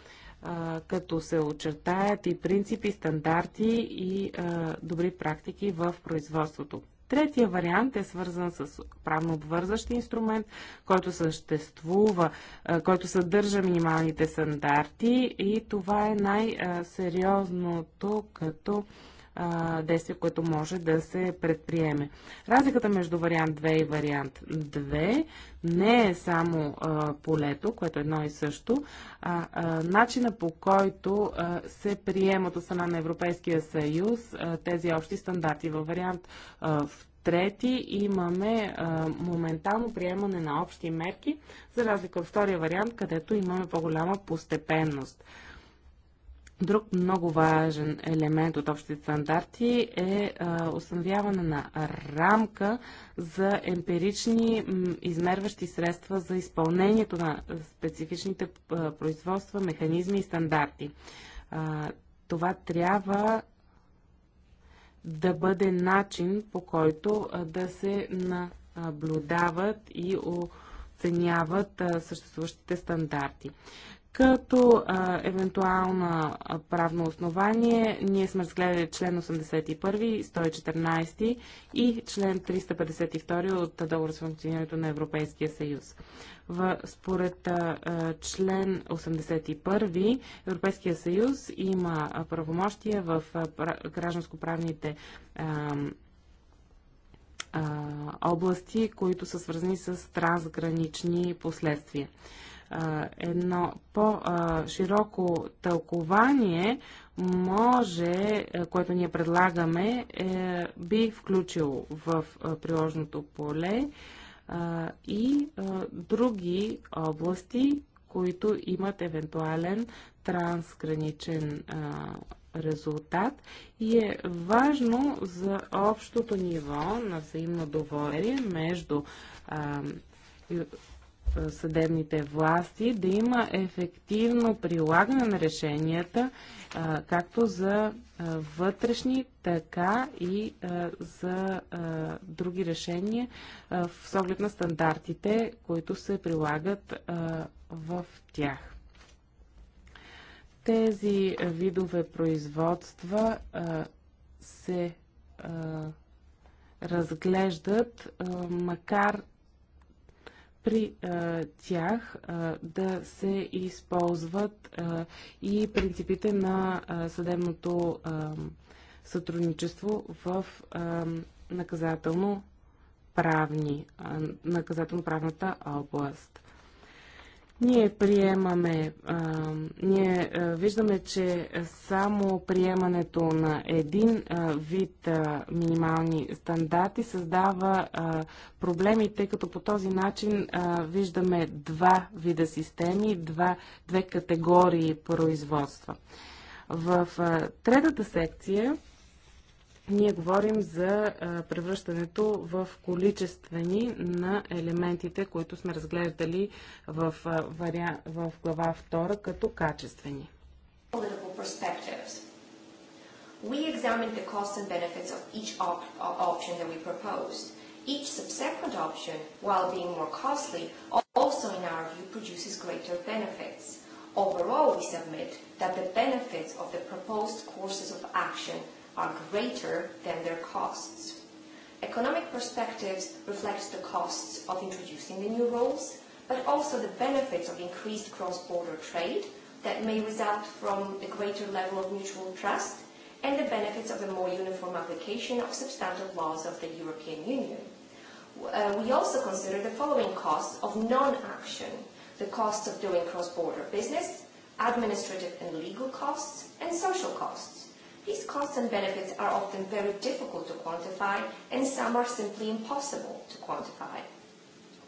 като се очертаят и принципи, стандарти и добри практики в производството. Третия вариант е свързан с правно обвързащ инструмент, който съществува, който съдържа минималните стандарти и това е най-сериозното като а, действие, което може да се предприеме. Разликата между вариант 2 и вариант 2 не е само а, полето, което е едно и също, а, а начина по който а, се приемат от страна на Европейския съюз а, тези общи стандарти. Във вариант а, трети имаме а, моментално приемане на общи мерки, за разлика от втория вариант, където имаме по-голяма постепенност. Друг много важен елемент от общите стандарти е установяване на рамка за емпирични измерващи средства за изпълнението на специфичните производства, механизми и стандарти. Това трябва да бъде начин по който да се наблюдават и оценяват съществуващите стандарти. Като а, евентуална а, правно основание, ние сме разгледали член 81, 114 и член 352 от договор за функционирането на Европейския съюз. В, според а, член 81 Европейския съюз има правомощия в гражданско-правните области, които са свързани с трансгранични последствия едно по-широко тълкование може, което ние предлагаме, е, би включило в приложното поле и други области, които имат евентуален трансграничен резултат и е важно за общото ниво на взаимно доверие между съдебните власти, да има ефективно прилагане на решенията, както за вътрешни, така и за други решения в оглед на стандартите, които се прилагат в тях тези видове производства се разглеждат, макар при а, тях а, да се използват а, и принципите на а, съдебното а, сътрудничество в а, наказателно правни, наказателно-правната област. Ние приемаме, а, ние а, виждаме, че само приемането на един а, вид а, минимални стандарти създава а, проблеми, тъй като по този начин а, виждаме два вида системи, два, две категории производства. В а, третата секция ние говорим за превръщането в количествени на елементите, които сме разглеждали в, вариа... в глава 2 като качествени. We examined the costs and benefits of each op- option that we proposed. Each subsequent option, while being more costly, also in our view produces greater benefits. Overall, we submit that the benefits of the proposed courses of action are greater than their costs. Economic perspectives reflect the costs of introducing the new rules, but also the benefits of increased cross-border trade that may result from a greater level of mutual trust and the benefits of a more uniform application of substantive laws of the European Union. Uh, we also consider the following costs of non-action, the costs of doing cross-border business, administrative and legal costs, and social costs. These costs and benefits are often very difficult to quantify, and some are simply impossible to quantify.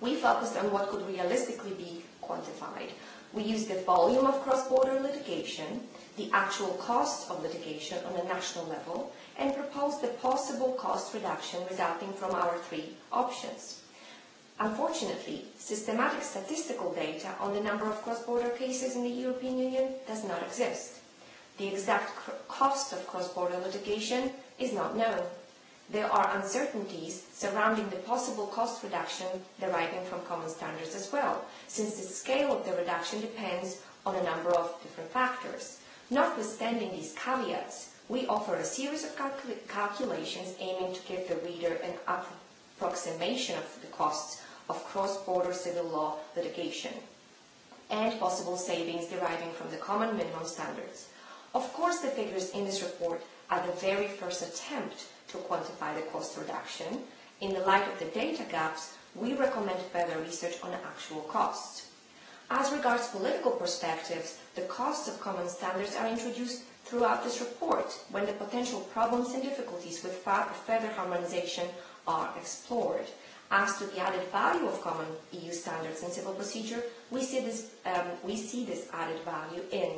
We focused on what could realistically be quantified. We used the volume of cross-border litigation, the actual cost of litigation on a national level, and proposed the possible cost reduction resulting from our three options. Unfortunately, systematic statistical data on the number of cross-border cases in the European Union does not exist. The exact cost of cross-border litigation is not known. There are uncertainties surrounding the possible cost reduction deriving from common standards as well, since the scale of the reduction depends on a number of different factors. Notwithstanding these caveats, we offer a series of calcul calculations aiming to give the reader an approximation of the costs of cross-border civil law litigation and possible savings deriving from the common minimum standards. Of course, the figures in this report are the very first attempt to quantify the cost reduction. In the light of the data gaps, we recommend further research on actual costs. As regards political perspectives, the costs of common standards are introduced throughout this report when the potential problems and difficulties with further harmonization are explored. As to the added value of common EU standards in civil procedure, we see this, um, we see this added value in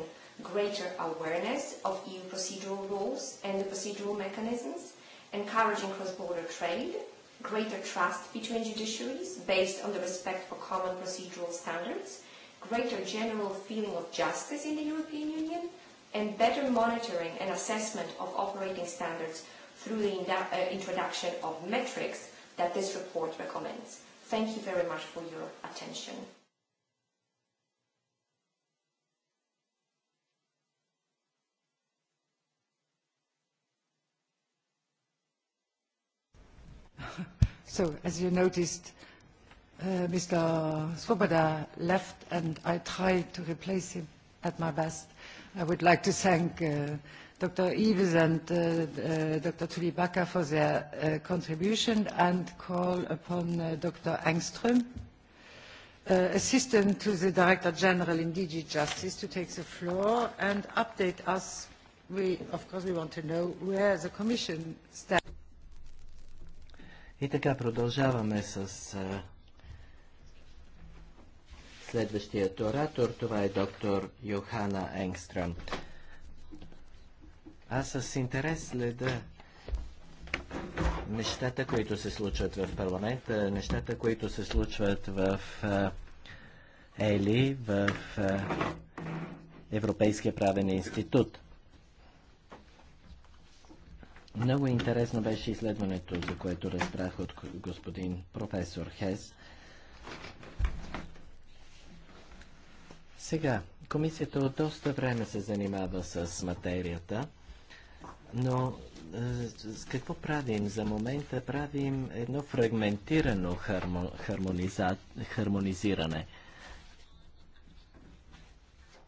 greater awareness of EU procedural rules and the procedural mechanisms, encouraging cross-border trade, greater trust between judiciaries based on the respect for common procedural standards, greater general feeling of justice in the European Union, and better monitoring and assessment of operating standards through the introduction of metrics that this report recommends. Thank you very much for your attention. So, as you noticed, uh, Mr. Swoboda left and I tried to replace him at my best. I would like to thank uh, Dr. Eves and uh, uh, Dr. Tulibaka for their uh, contribution and call upon uh, Dr. Engström, uh, Assistant to the Director General in DG Justice, to take the floor and update us. We, of course, we want to know where the Commission stands. И така продължаваме с а, следващият оратор. Това е доктор Йохана Енгстрам. Аз с интерес следа нещата, които се случват в парламента, нещата, които се случват в а, ЕЛИ, в а, Европейския правен институт. Много интересно беше изследването, за което разбрах от господин професор Хес. Сега, комисията от доста време се занимава с материята, но е, с какво правим? За момента правим едно фрагментирано хармо, хармониза, хармонизиране.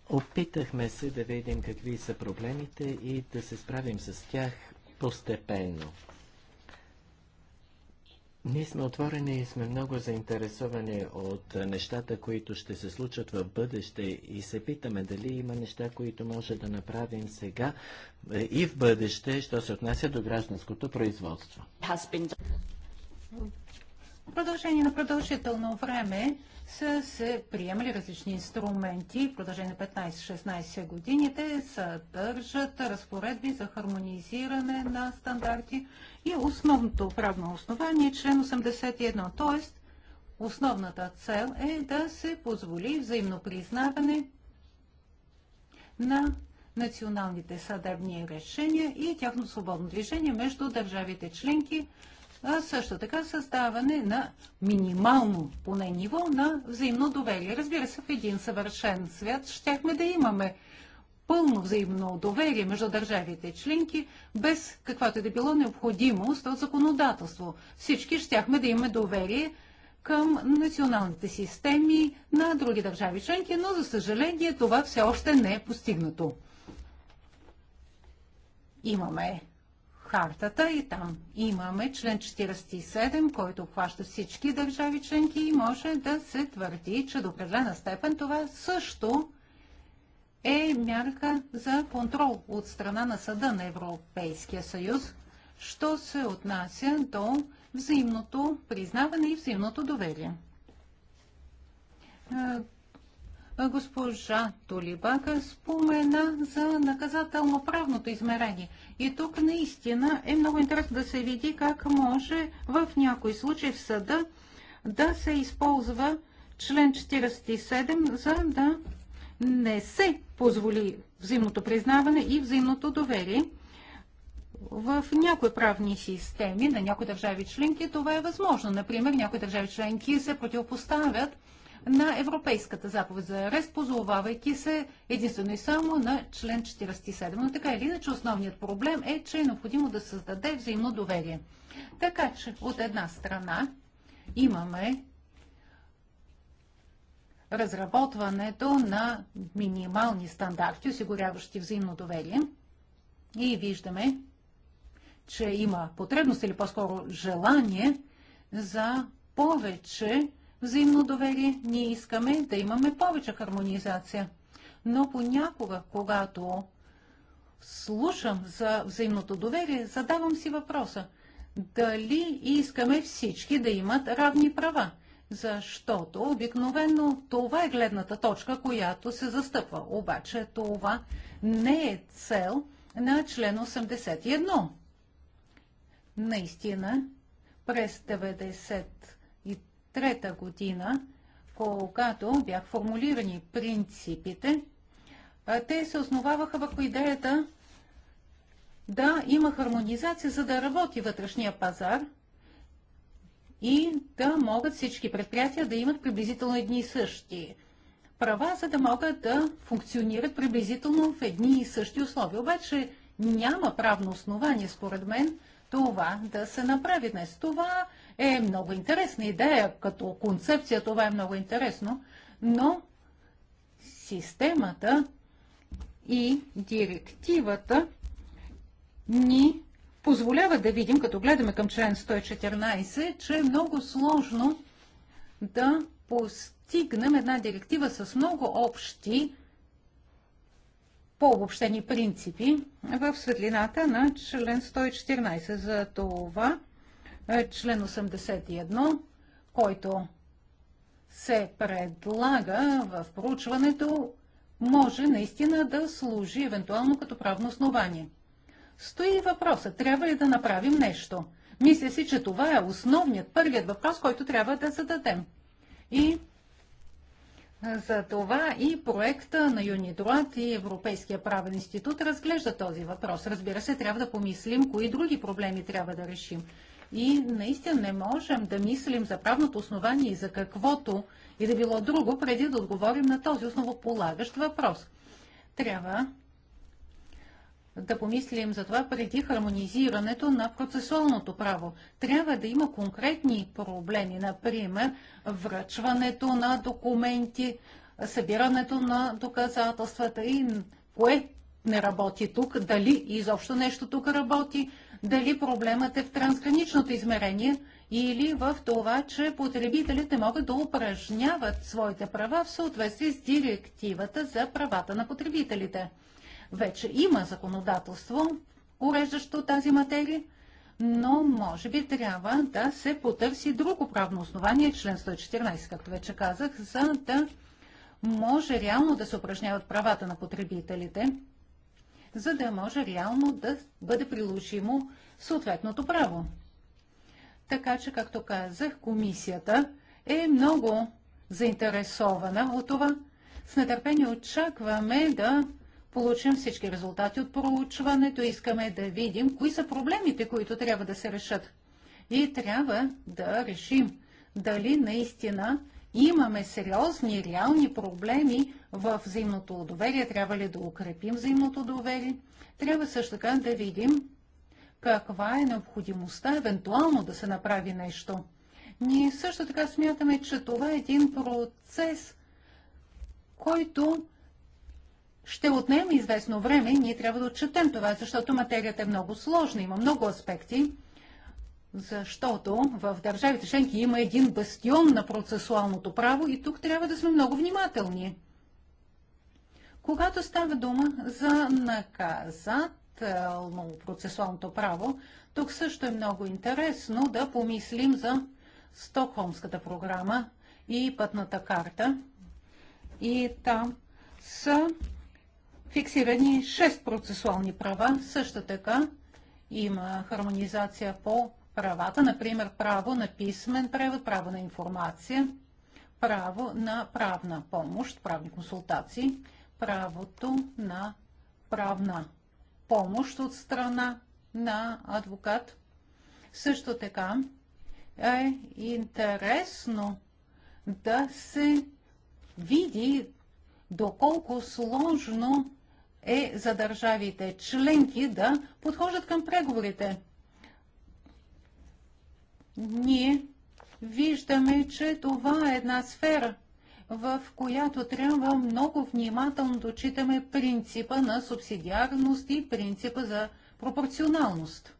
Опитахме се да видим какви са проблемите и да се справим с тях постепенно. Ние сме отворени и сме много заинтересовани от нещата, които ще се случат в бъдеще и се питаме дали има неща, които може да направим сега е, и в бъдеще, що се отнася до гражданското производство. В продължение на продължително време са се приемали различни инструменти. В продължение на 15-16 години те съдържат разпоредби за хармонизиране на стандарти и основното правно основание е член 81, т.е. основната цел е да се позволи взаимно признаване на националните съдебни решения и тяхно свободно движение между държавите членки а също така създаване на минимално поне ниво на взаимно доверие. Разбира се, в един съвършен свят щяхме да имаме пълно взаимно доверие между държавите членки, без каквато и да било необходимост от законодателство. Всички щяхме да имаме доверие към националните системи на други държави членки, но за съжаление това все още не е постигнато. Имаме картата и там имаме член 47, който обхваща всички държави членки и може да се твърди, че до определена степен това също е мярка за контрол от страна на Съда на Европейския съюз, що се отнася до взаимното признаване и взаимното доверие. Е, Госпожа Толибака спомена за наказателно-правното измерение. И тук наистина е много интересно да се види как може в някои случаи в съда да се използва член 47, за да не се позволи взаимното признаване и взаимното доверие. В някои правни системи на някои държави членки това е възможно. Например, някои държави членки се противопоставят на Европейската заповед за арест, позовавайки се единствено и само на член 47. Но така или иначе основният проблем е, че е необходимо да създаде взаимно доверие. Така че от една страна имаме разработването на минимални стандарти, осигуряващи взаимно доверие. И виждаме, че има потребност или по-скоро желание за повече взаимно доверие, ние искаме да имаме повече хармонизация. Но понякога, когато слушам за взаимното доверие, задавам си въпроса дали искаме всички да имат равни права. Защото обикновено това е гледната точка, която се застъпва. Обаче това не е цел на член 81. Наистина, през 90 Трета година, когато бях формулирани принципите, те се основаваха върху идеята да има хармонизация, за да работи вътрешния пазар и да могат всички предприятия да имат приблизително едни и същи права, за да могат да функционират приблизително в едни и същи условия. Обаче няма правно основание, според мен, това да се направи днес. Това е много интересна идея, като концепция това е много интересно, но системата и директивата ни позволява да видим, като гледаме към член 114, че е много сложно да постигнем една директива с много общи, по-обобщени принципи в светлината на член 114. За това е, член 81, който се предлага в проучването, може наистина да служи евентуално като правно основание. Стои въпроса, трябва ли да направим нещо? Мисля си, че това е основният, първият въпрос, който трябва да зададем. И за това и проекта на Юнидроат и Европейския правен институт разглежда този въпрос. Разбира се, трябва да помислим кои други проблеми трябва да решим. И наистина не можем да мислим за правното основание и за каквото и да било друго, преди да отговорим на този основополагащ въпрос. Трябва да помислим за това преди хармонизирането на процесуалното право. Трябва да има конкретни проблеми, например връчването на документи, събирането на доказателствата и кое не работи тук, дали изобщо нещо тук работи, дали проблемът е в трансграничното измерение или в това, че потребителите могат да упражняват своите права в съответствие с директивата за правата на потребителите. Вече има законодателство, уреждащо тази материя, но може би трябва да се потърси друго правно основание, член 114, както вече казах, за да може реално да се упражняват правата на потребителите за да може реално да бъде приложимо съответното право. Така че, както казах, комисията е много заинтересована от това. С нетърпение очакваме да получим всички резултати от проучването. Искаме да видим кои са проблемите, които трябва да се решат. И трябва да решим дали наистина имаме сериозни, реални проблеми в взаимното доверие. Трябва ли да укрепим взаимното доверие? Трябва също така да видим каква е необходимостта евентуално да се направи нещо. Ние също така смятаме, че това е един процес, който ще отнеме известно време и ние трябва да отчетем това, защото материята е много сложна, има много аспекти. Защото в държавите членки има един бастион на процесуалното право и тук трябва да сме много внимателни. Когато става дума за наказателно процесуалното право, тук също е много интересно да помислим за Стокхолмската програма и пътната карта. И там са фиксирани 6 процесуални права. Също така има хармонизация по правата, например право на писмен превод, право на информация, право на правна помощ, правни консултации, правото на правна помощ от страна на адвокат. Също така е интересно да се види доколко сложно е за държавите членки да подхождат към преговорите ние виждаме, че това е една сфера, в която трябва много внимателно да отчитаме принципа на субсидиарност и принципа за пропорционалност.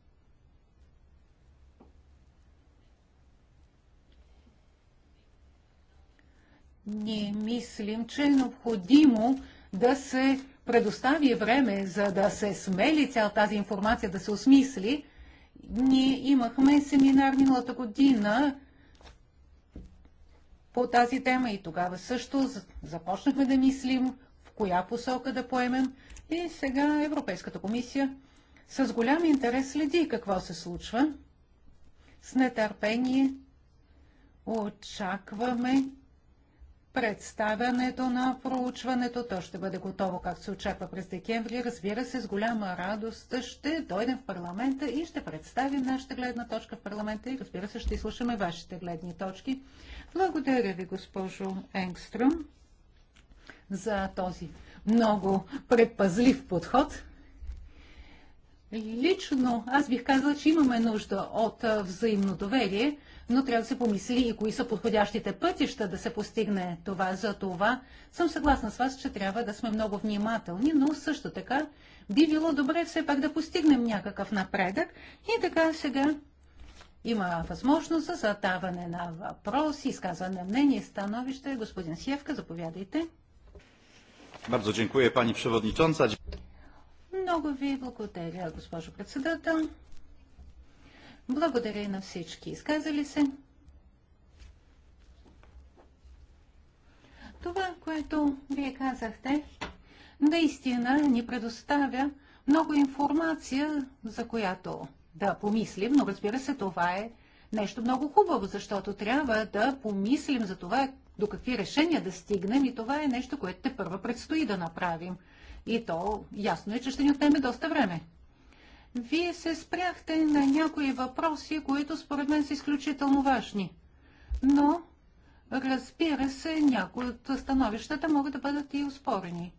Ние мислим, че е необходимо да се предостави време, за да се смели цял тази информация, да се осмисли, ние имахме семинар миналата година по тази тема и тогава също започнахме да мислим в коя посока да поемем и сега Европейската комисия с голям интерес следи какво се случва. С нетърпение очакваме представянето на проучването. То ще бъде готово, както се очаква през декември. Разбира се, с голяма радост ще дойдем в парламента и ще представим нашата гледна точка в парламента и разбира се, ще изслушаме вашите гледни точки. Благодаря ви, госпожо Енгстрюм, за този много предпазлив подход. Лично аз бих казала, че имаме нужда от взаимно доверие, но трябва да се помисли и кои са подходящите пътища да се постигне това. За това съм съгласна с вас, че трябва да сме много внимателни, но също така би било добре все пак да постигнем някакъв напредък. И така сега има възможност за задаване на въпроси, изказване на мнение и становище. Господин Сиевка, заповядайте. Bardzo dziękuję Pani Przewodnicząca. Много ви благодаря, госпожо председател. Благодаря на всички изказали се. Това, което вие казахте, наистина ни предоставя много информация, за която да помислим, но разбира се, това е нещо много хубаво, защото трябва да помислим за това, до какви решения да стигнем и това е нещо, което те първо предстои да направим. И то ясно е, че ще ни отнеме доста време. Вие се спряхте на някои въпроси, които според мен са изключително важни. Но, разбира се, някои от становищата могат да бъдат и успорени.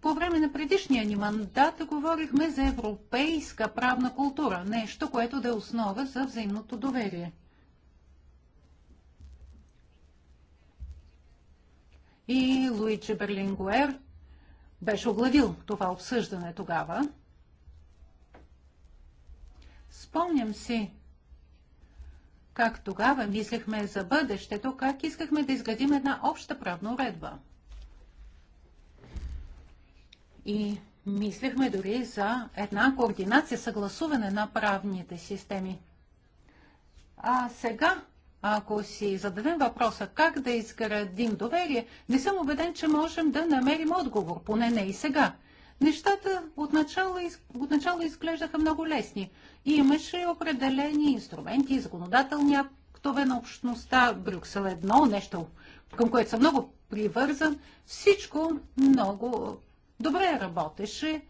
По време на предишния ни мандат говорихме за европейска правна култура, нещо, което да е основа за взаимното доверие. И Луиджи Берлингуер беше оглавил това обсъждане тогава. Спомням си как тогава мислехме за бъдещето, как искахме да изградим една обща правна уредба. И мислехме дори за една координация, съгласуване на правните системи. А сега ако си зададем въпроса как да изградим доверие, не съм убеден, че можем да намерим отговор, поне не и сега. Нещата отначало, отначало изглеждаха много лесни. И имаше определени инструменти, законодателни актове на общността, Брюксел едно, нещо към което съм много привързан. Всичко много добре работеше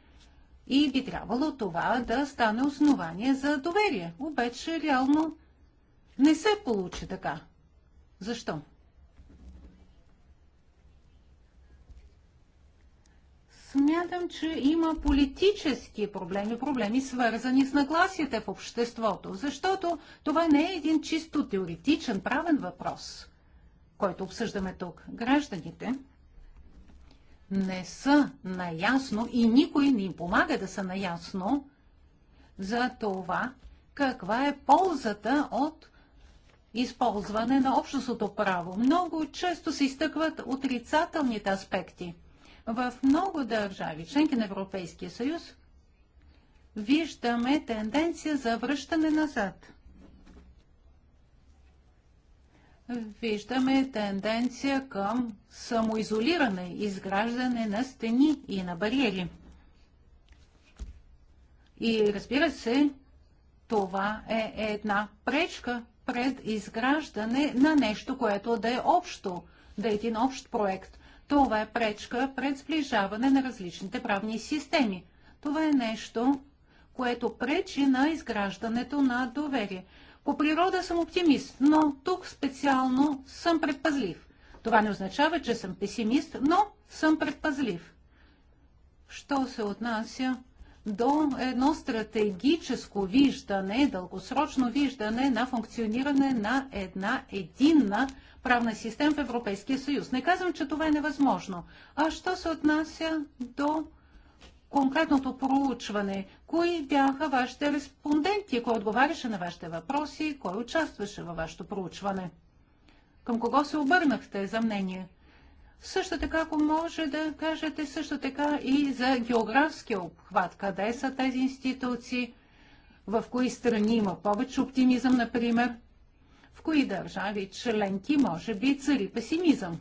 и би трябвало това да стане основание за доверие. Обече реално не се получи така. Защо? Смятам, че има политически проблеми, проблеми свързани с нагласите в обществото, защото това не е един чисто теоретичен правен въпрос, който обсъждаме тук. Гражданите не са наясно и никой не им помага да са наясно за това каква е ползата от използване на общностното право. Много често се изтъкват отрицателните аспекти. В много държави, членки на Европейския съюз, виждаме тенденция за връщане назад. Виждаме тенденция към самоизолиране, изграждане на стени и на бариери. И разбира се, това е една пречка пред изграждане на нещо, което да е общо, да е един общ проект. Това е пречка пред сближаване на различните правни системи. Това е нещо, което пречи на изграждането на доверие. По природа съм оптимист, но тук специално съм предпазлив. Това не означава, че съм песимист, но съм предпазлив. Що се отнася до едно стратегическо виждане, дългосрочно виждане на функциониране на една единна правна система в Европейския съюз. Не казвам, че това е невъзможно. А що се отнася до конкретното проучване? Кои бяха вашите респонденти? Кой отговаряше на вашите въпроси? Кой участваше във вашето проучване? Към кого се обърнахте за мнение? Също така, ако може да кажете също така и за географския обхват, къде са тези институции, в кои страни има повече оптимизъм, например, в кои държави членки може би цари песимизъм.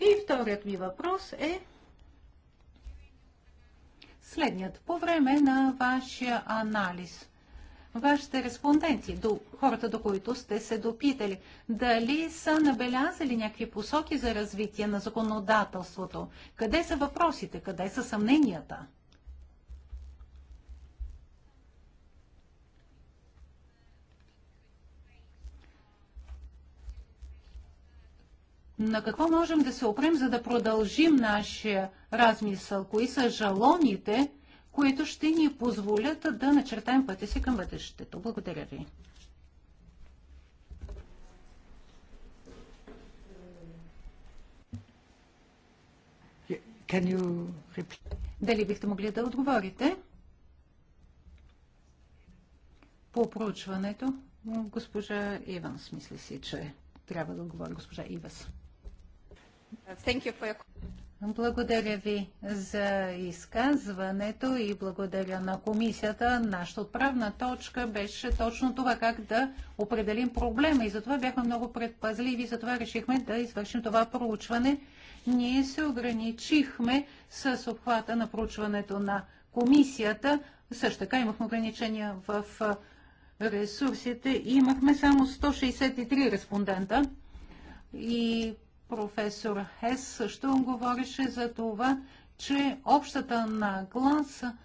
И вторият ми въпрос е следният. По време на вашия анализ – вашите респонденти, до хората, до които сте се допитали, дали са набелязали някакви посоки за развитие на законодателството? Къде са въпросите? Къде са съмненията? На какво можем да се опрем, за да продължим нашия размисъл? Кои са жалоните, които ще ни позволят да начертаем пътя си към бъдещето. Благодаря ви. You... Дали бихте могли да отговорите по проучването? Госпожа Иванс, мисли си, че трябва да отговори госпожа Ивас. Your... Благодаря ви за изказването и благодаря на комисията. Нашата отправна точка беше точно това как да определим проблема и затова бяхме много предпазливи, затова решихме да извършим това проучване. Ние се ограничихме с обхвата на проучването на комисията. Също така имахме ограничения в ресурсите. Имахме само 163 респондента и професор Хес също говореше за това, че общата нагласа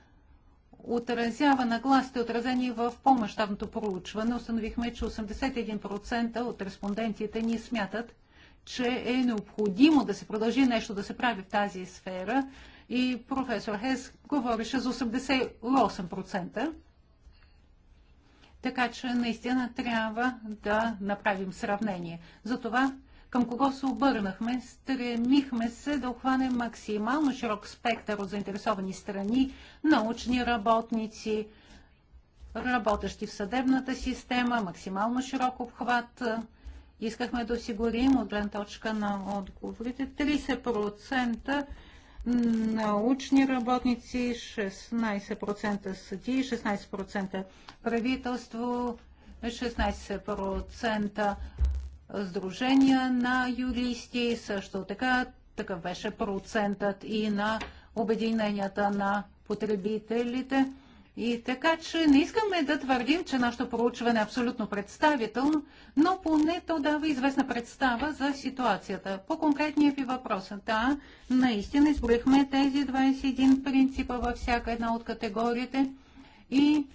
отразява нагласите, отразени в по-масштабното проучване. Установихме, че 81% от респондентите ни смятат, че е необходимо да се продължи нещо да се прави в тази сфера и професор Хес говореше за 88%. Така че наистина трябва да направим сравнение. Затова към кого се обърнахме. Стремихме се да охванем максимално широк спектър от заинтересовани страни, научни работници, работещи в съдебната система, максимално широк обхват. Искахме да осигурим от гледна точка на отговорите 30% научни работници, 16% съди, 16% правителство, 16% сдружения на юристи, също така такъв беше процентът и на обединенията на потребителите. И така, че не искаме да твърдим, че нашето проучване е абсолютно представително, но поне то дава известна представа за ситуацията. По конкретния е ви въпрос, да, наистина изборихме тези 21 принципа във всяка една от категориите и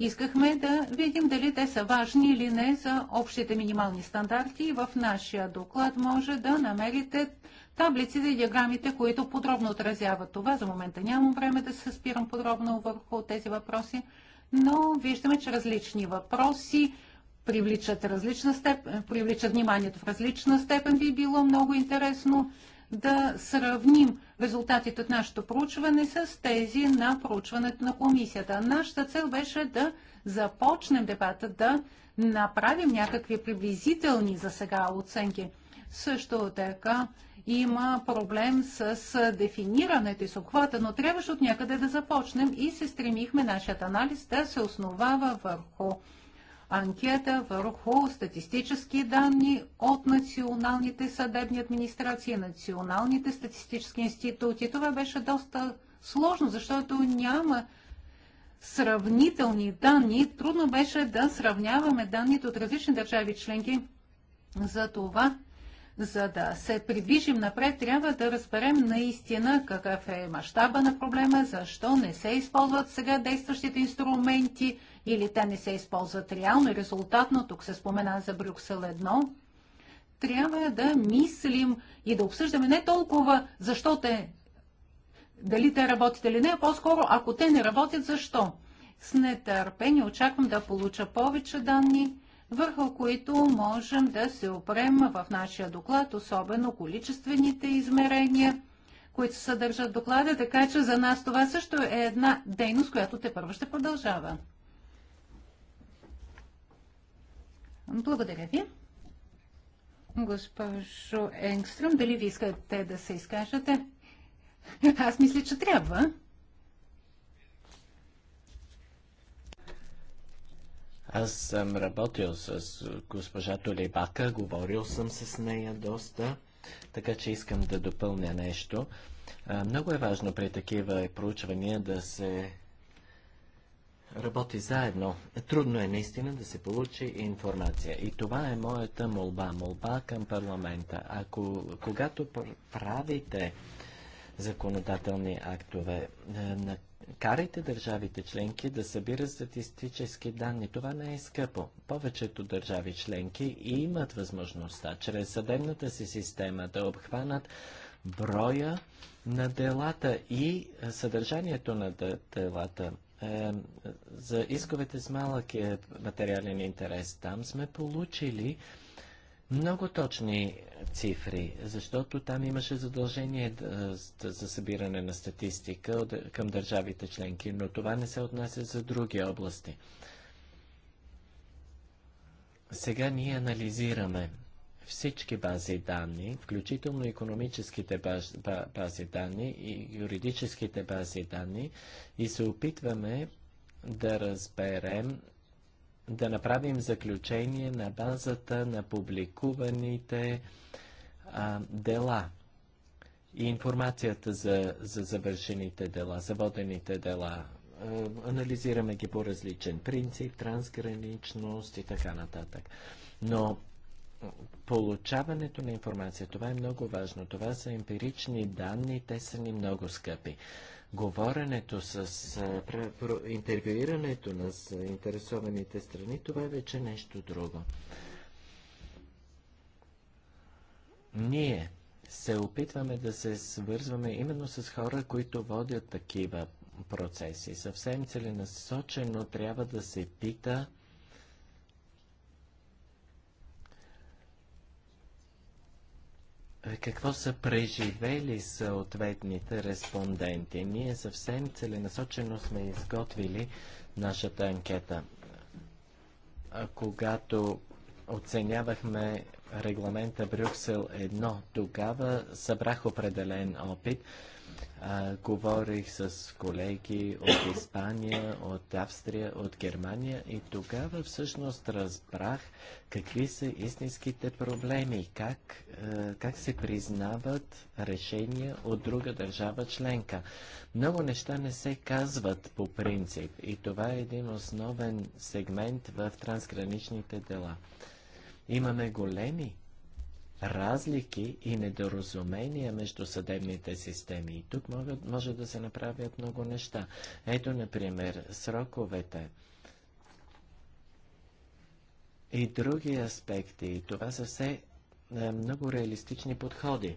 Искахме да видим дали те са важни или не за общите минимални стандарти и в нашия доклад може да намерите таблиците и диаграмите, които подробно отразяват това. За момента нямам време да се спирам подробно върху тези въпроси, но виждаме, че различни въпроси привличат, различна степ... привличат вниманието в различна степен. Би било много интересно да сравним резултатите от нашето проучване с тези на проучването на комисията. Нашата цел беше да започнем дебата, да направим някакви приблизителни за сега оценки. Също така има проблем с дефинирането и с обхвата, но трябваше от някъде да започнем и се стремихме нашият анализ да се основава върху анкета върху статистически данни от националните съдебни администрации, националните статистически институти. Това беше доста сложно, защото няма сравнителни данни. Трудно беше да сравняваме данните от различни държави членки. За това за да се придвижим напред, трябва да разберем наистина какъв е мащаба на проблема, защо не се използват сега действащите инструменти или те не се използват реално и резултатно. Тук се спомена за Брюксел 1. Трябва да мислим и да обсъждаме не толкова защо те, дали те работят или не, а по-скоро ако те не работят, защо. С нетърпение очаквам да получа повече данни върху които можем да се опрем в нашия доклад, особено количествените измерения, които съдържат доклада, така че за нас това също е една дейност, която те първо ще продължава. Благодаря ви. Госпожо Енгстрюм, дали ви искате да се изкажете? Аз мисля, че трябва. Аз съм работил с госпожа Толибака, говорил съм с нея доста, така че искам да допълня нещо. много е важно при такива проучвания да се работи заедно. Трудно е наистина да се получи информация. И това е моята молба. Молба към парламента. Ако, когато правите законодателни актове, на Карайте държавите членки да събират статистически данни. Това не е скъпо. Повечето държави членки имат възможността чрез съдебната си система да обхванат броя на делата и съдържанието на делата. Е, за исковете с малък е материален интерес там сме получили много точни цифри, защото там имаше задължение е, за събиране на статистика към държавите членки, но това не се отнася за други области. Сега ние анализираме всички бази данни, включително економическите бази данни и юридическите бази данни и се опитваме да разберем да направим заключение на базата на публикуваните а, дела и информацията за, за завършените дела, за водените дела. анализираме ги по различен принцип, трансграничност и така нататък. Но получаването на информация, това е много важно. Това са емпирични данни, те са ни много скъпи говоренето, с интервюирането на заинтересованите страни, това е вече нещо друго. Ние се опитваме да се свързваме именно с хора, които водят такива процеси. Съвсем целенасочено трябва да се пита Е, какво са преживели съответните респонденти. Ние съвсем целенасочено сме изготвили нашата анкета. А когато оценявахме регламента Брюксел 1, тогава събрах определен опит говорих с колеги от Испания, от Австрия, от Германия и тогава всъщност разбрах какви са истинските проблеми, как, как се признават решения от друга държава членка. Много неща не се казват по принцип и това е един основен сегмент в трансграничните дела. Имаме големи разлики и недоразумения между съдебните системи. И тук могат, може да се направят много неща. Ето, например, сроковете и други аспекти. Това са все е, много реалистични подходи.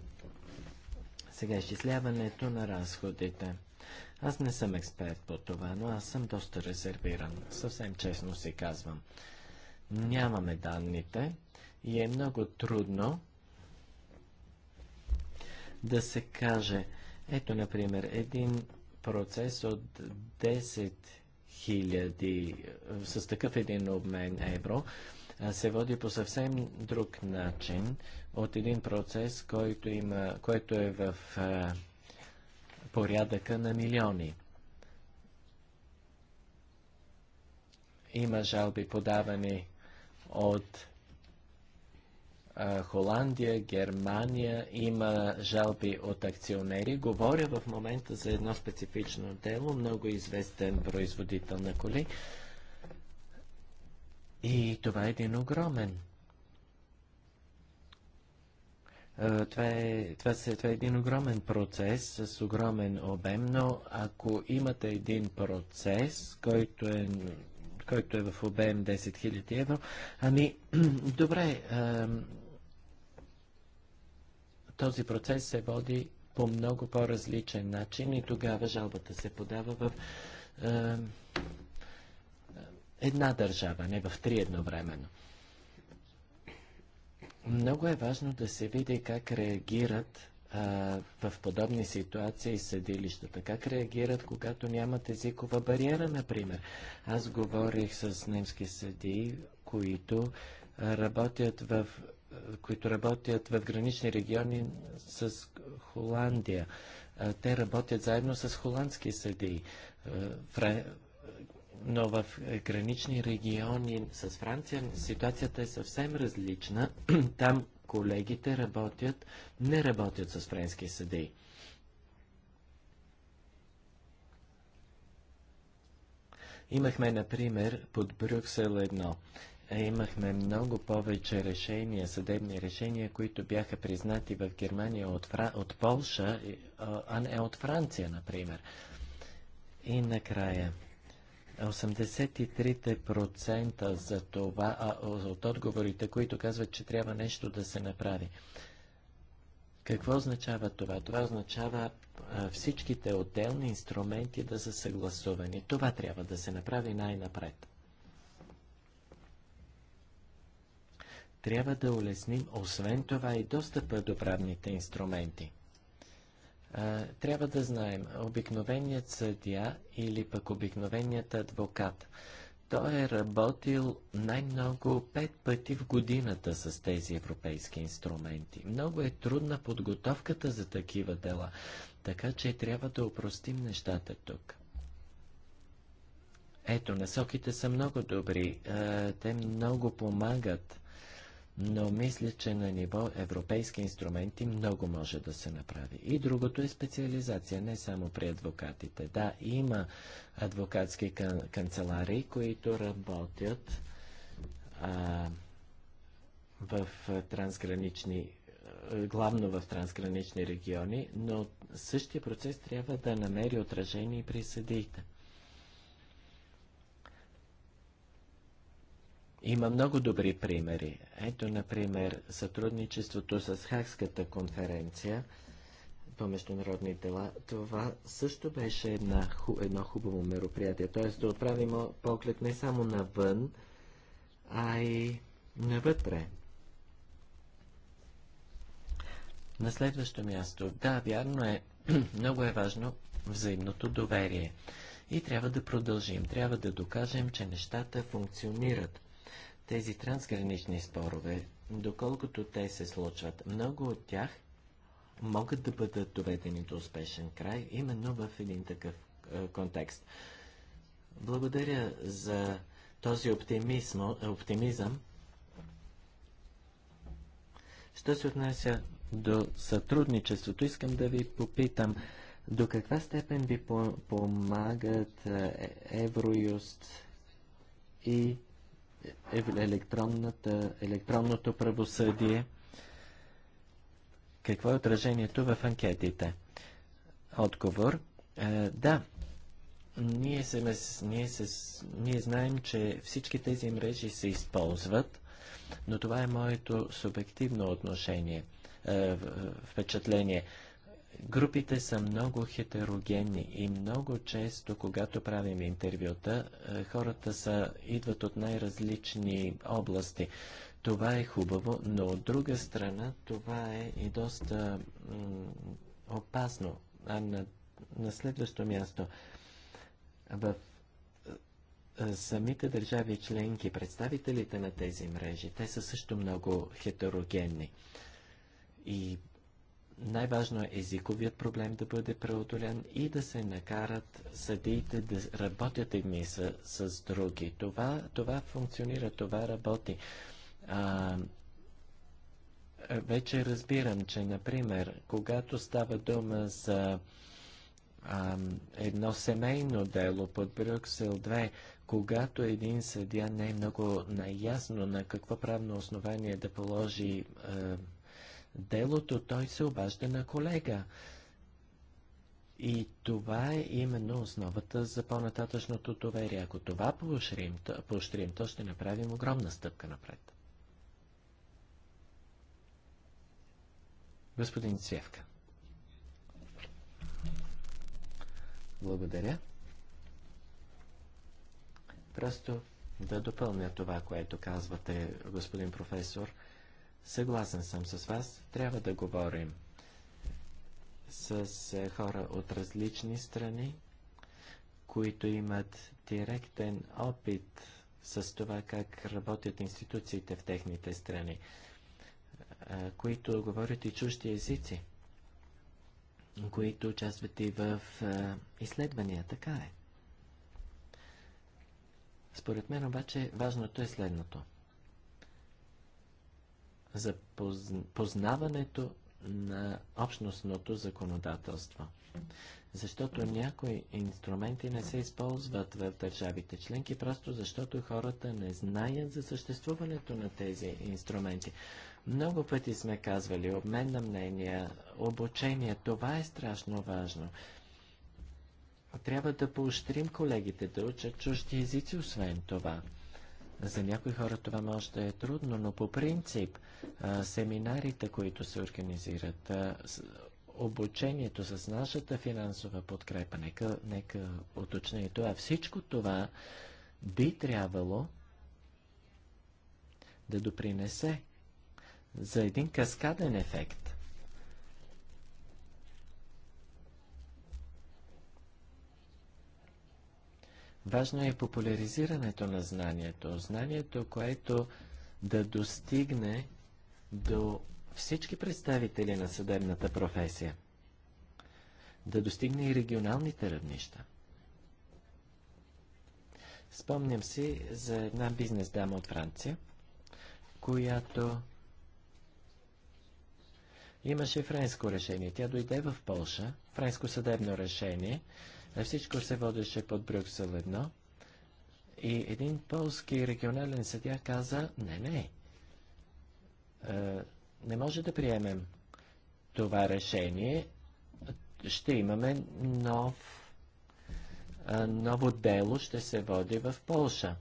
Сега изчисляването на разходите. Аз не съм експерт по това, но аз съм доста резервиран. Съвсем честно си казвам. Нямаме данните и е много трудно да се каже, ето, например, един процес от 10 000 е, с такъв един обмен евро се води по съвсем друг начин от един процес, който, има, който е в а, е, порядъка на милиони. Има жалби подавани от Холандия, Германия, има жалби от акционери. Говоря в момента за едно специфично дело, много известен производител на коли. И това е един огромен. Това е, това, се, това е един огромен процес с огромен обем, но ако имате един процес, който е който е в обем 10 000 евро. Ами, добре, този процес се води по много по-различен начин и тогава жалбата се подава в една държава, не в три едновременно. Много е важно да се види как реагират в подобни ситуации съдилищата? Как реагират, когато нямат езикова бариера, например? Аз говорих с немски съдии, които работят в които работят в гранични региони с Холандия. Те работят заедно с холандски съдии. Но в гранични региони с Франция ситуацията е съвсем различна. Там колегите работят, не работят с френски съдии. Имахме, например, под Брюксел едно. Е, имахме много повече решения, съдебни решения, които бяха признати в Германия от, Фра... от Полша, а не от Франция, например. И накрая. 83% за това, а, от отговорите, които казват, че трябва нещо да се направи. Какво означава това? Това означава всичките отделни инструменти да са съгласувани. Това трябва да се направи най-напред. Трябва да улесним, освен това, и достъпа до правните инструменти трябва да знаем обикновеният съдия или пък обикновеният адвокат. Той е работил най-много пет пъти в годината с тези европейски инструменти. Много е трудна подготовката за такива дела, така че трябва да упростим нещата тук. Ето, насоките са много добри. Те много помагат но мисля, че на ниво европейски инструменти много може да се направи. И другото е специализация, не само при адвокатите. Да, има адвокатски кан- канцеларии, които работят а, в трансгранични главно в трансгранични региони, но същия процес трябва да намери отражение и при съдиите. Има много добри примери. Ето, например, сътрудничеството с ХАКСката конференция по международни дела. Това също беше една, едно хубаво мероприятие. Т.е. да отправим поглед не само навън, а и навътре. На следващо място. Да, вярно е, много е важно взаимното доверие. И трябва да продължим. Трябва да докажем, че нещата функционират тези трансгранични спорове, доколкото те се случват, много от тях могат да бъдат доведени до успешен край, именно в един такъв е, контекст. Благодаря за този оптимизъм. Що се отнася до сътрудничеството, искам да ви попитам до каква степен ви помагат е, Евроюст и е електронното правосъдие. Какво е отражението в анкетите? Отговор. Е, да, ние, се, ние, се, ние знаем, че всички тези мрежи се използват, но това е моето субективно отношение, е, е впечатление. Групите са много хетерогенни и много често, когато правим интервюта, е, хората са, идват от най-различни области. Това е хубаво, но от друга страна това е и доста опасно. А на, на следващо място, в е, самите държави членки, представителите на тези мрежи, те са също много хетерогенни. И най-важно е езиковият проблем да бъде преодолен и да се накарат съдиите да работят едни с, с други. Това, това функционира, това работи. А, вече разбирам, че, например, когато става дума за а, едно семейно дело под Брюксел 2, когато един съдя не е много наясно на какво правно основание да положи а, делото, той се обажда на колега. И това е именно основата за по-нататъчното доверие. Ако това поощрим, то, поощрим, то ще направим огромна стъпка напред. Господин Цвевка. Благодаря. Просто да допълня това, което казвате, господин професор. Съгласен съм с вас, трябва да говорим с е, хора от различни страни, които имат директен опит с това как работят институциите в техните страни, които говорят и чужди езици, които участват и в изследвания. Така е. Според мен обаче важното е следното – за познаването на общностното законодателство. Защото някои инструменти не се използват в държавите членки, просто защото хората не знаят за съществуването на тези инструменти. Много пъти сме казвали обмен на мнения, обучение, това е страшно важно. Трябва да поощрим колегите да учат чужди езици, освен това. За някои хора това може да е трудно, но по принцип семинарите, които се организират, обучението с нашата финансова подкрепа, нека, нека уточня и това, всичко това би трябвало да допринесе за един каскаден ефект. Важно е популяризирането на знанието. Знанието, което да достигне до всички представители на съдебната професия. Да достигне и регионалните равнища. Спомням си за една бизнес дама от Франция, която имаше френско решение. Тя дойде в Полша, френско съдебно решение, всичко се водеше под Брюксел едно. И един полски регионален съдя каза, не, не, е, не може да приемем това решение. Ще имаме нов, е, ново дело, ще се води в Полша.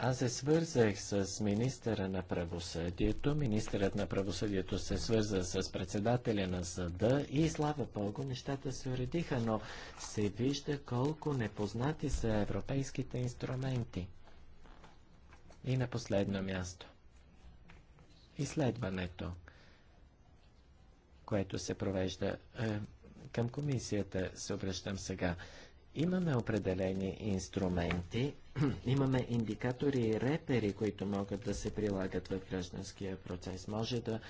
Аз се свързах с министъра на правосъдието. Министърът на правосъдието се свърза с председателя на съда и слава Богу, нещата се уредиха, но се вижда колко непознати са европейските инструменти. И на последно място. Изследването, което се провежда е, към комисията, се обръщам сега. Имаме определени инструменти, имаме индикатори и репери, които могат да се прилагат в гражданския процес. Може да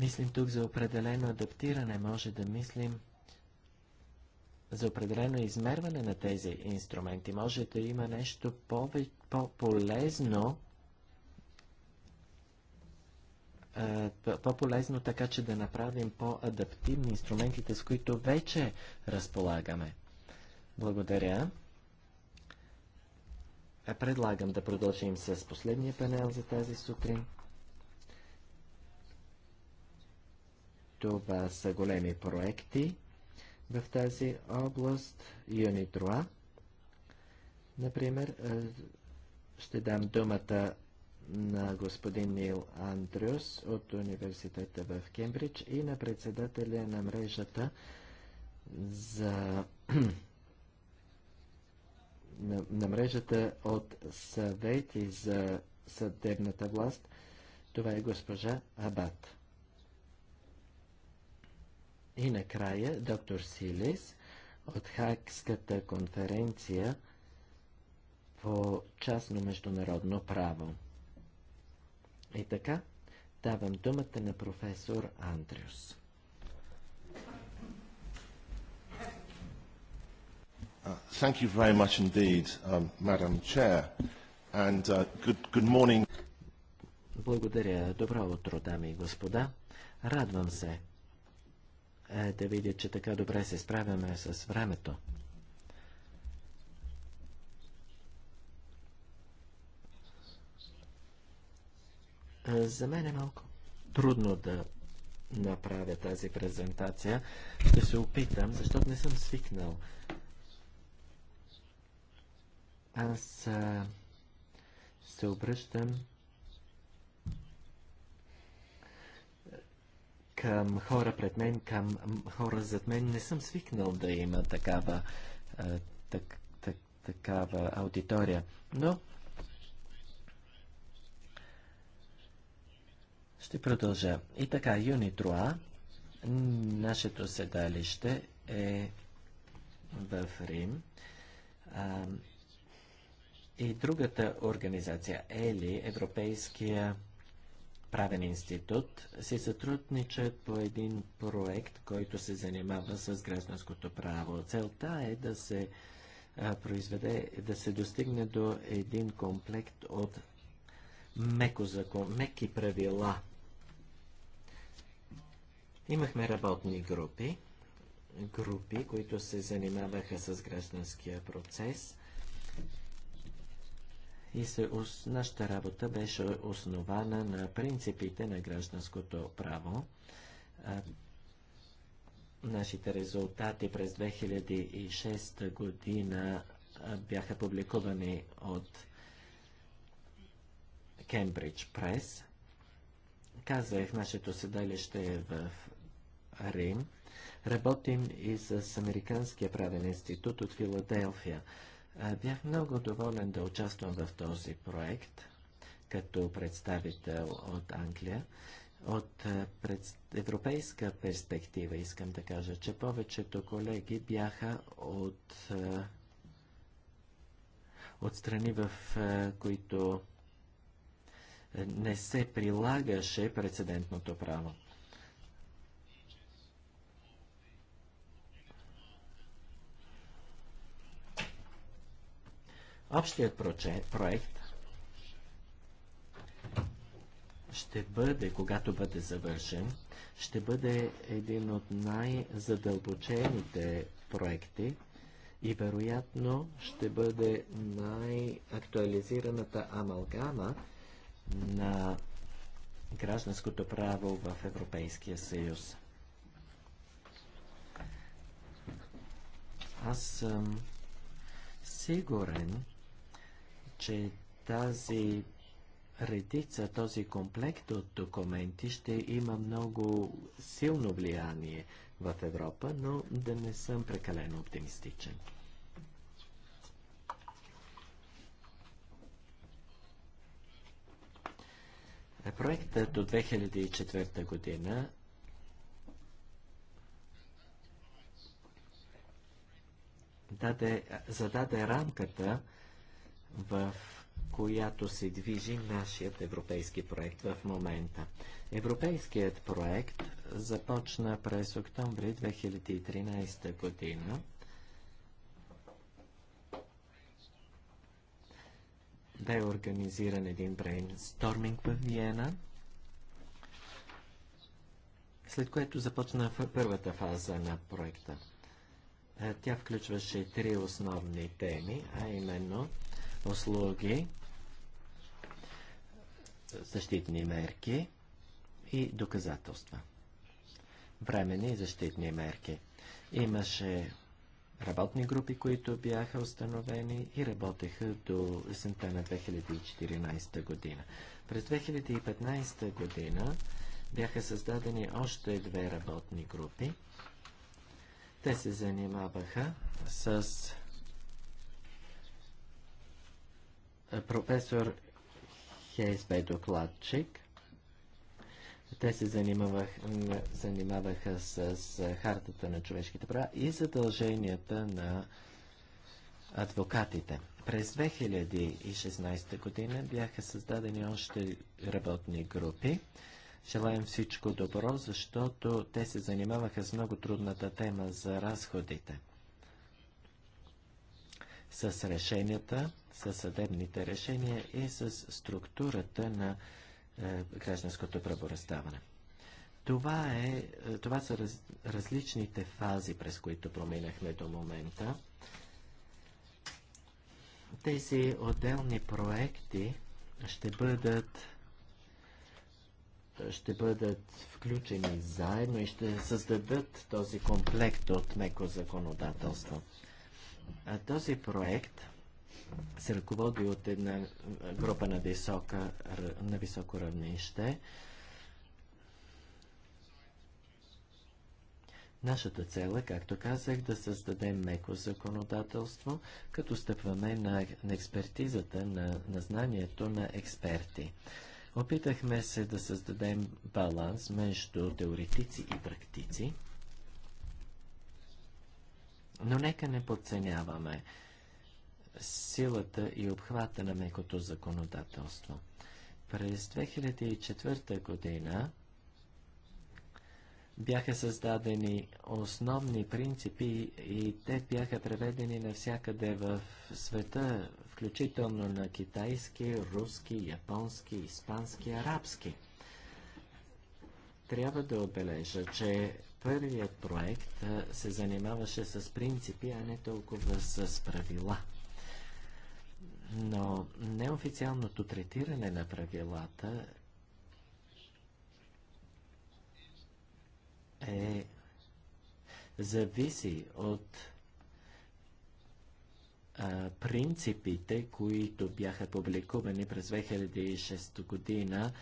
мислим тук за определено адаптиране, може да мислим за определено измерване на тези инструменти. Може да има нещо по-полезно, е, по-полезно така, че да направим по-адаптивни инструментите, с които вече разполагаме. Благодаря. Е, предлагам да продължим с последния панел за тази сутрин. Това са големи проекти в тази област. Юнитруа, например, е, ще дам думата на господин Нил Андрюс от университета в Кембридж и на председателя на мрежата за на, на мрежата от съвети за съдебната власт. Това е госпожа Абат. И накрая доктор Силис от Хакската конференция по частно международно право. И така, давам думата на професор Андрюс. Uh, thank you very much indeed, um, Madam Chair, and uh, good, good morning. Благодаря. Добро утро, дами и господа. Радвам се е, да видя, че така добре се справяме с времето. Е, за мен е малко трудно да направя тази презентация. Ще се опитам, защото не съм свикнал аз а, се обръщам към хора пред мен, към хора зад мен. Не съм свикнал да има такава, а, так, так, такава аудитория. Но ще продължа. И така, Юни Труа, нашето седалище е в Рим. А, и другата организация, ЕЛИ, Европейския правен институт, се сътрудничат по един проект, който се занимава с гражданското право. Целта е да се произведе, да се достигне до един комплект от меко закон, меки правила. Имахме работни групи, групи, които се занимаваха с гражданския процес – и се, нашата работа беше основана на принципите на гражданското право. нашите резултати през 2006 година бяха публикувани от Кембридж Прес. Казах, нашето седалище е в Рим. Работим и с Американския правен институт от Филаделфия. Бях много доволен да участвам в този проект като представител от Англия. От европейска перспектива искам да кажа, че повечето колеги бяха от, от страни, в които не се прилагаше прецедентното право. Общият проект ще бъде, когато бъде завършен, ще бъде един от най-задълбочените проекти и вероятно ще бъде най-актуализираната амалгама на гражданското право в Европейския съюз. Аз съм сигурен, че тази редица, този комплект от документи ще има много силно влияние в Европа, но да не съм прекалено оптимистичен. Проектът до 2004 година даде, зададе рамката в която се движи нашият европейски проект в момента. Европейският проект започна през октомври 2013 година. Бе организиран един брейнсторминг в Виена, след което започна първата фаза на проекта. Е, тя включваше три основни теми, а именно услуги, защитни мерки и доказателства. Времени защитни мерки. Имаше работни групи, които бяха установени и работеха до есента на 2014 година. През 2015 година бяха създадени още две работни групи. Те се занимаваха с Е, професор Хейс бе докладчик. Те се занимавах, занимаваха с, с хартата на човешките права и задълженията на адвокатите. През 2016 година бяха създадени още работни групи. Желаем всичко добро, защото те се занимаваха с много трудната тема за разходите с решенията, с съдебните решения и с структурата на е, гражданското правораздаване. Това, е, е това са раз, различните фази, през които проминахме до момента. Тези отделни проекти ще бъдат ще бъдат включени заедно и ще създадат този комплект от меко законодателство. А този проект се ръководи от една група на, висока, на високо равнище. Нашата цел е, както казах, да създадем меко законодателство, като стъпваме на, на експертизата, на, на знанието на експерти. Опитахме се да създадем баланс между теоретици и практици. Но нека не подценяваме силата и обхвата на мекото законодателство. През 2004 година бяха създадени основни принципи и те бяха преведени навсякъде в света, включително на китайски, руски, японски, испански, арабски. Трябва да отбележа, че първият проект се занимаваше с принципи, а не толкова с правила. Но неофициалното третиране на правилата е зависи от а, принципите, които бяха публикувани през 2006 година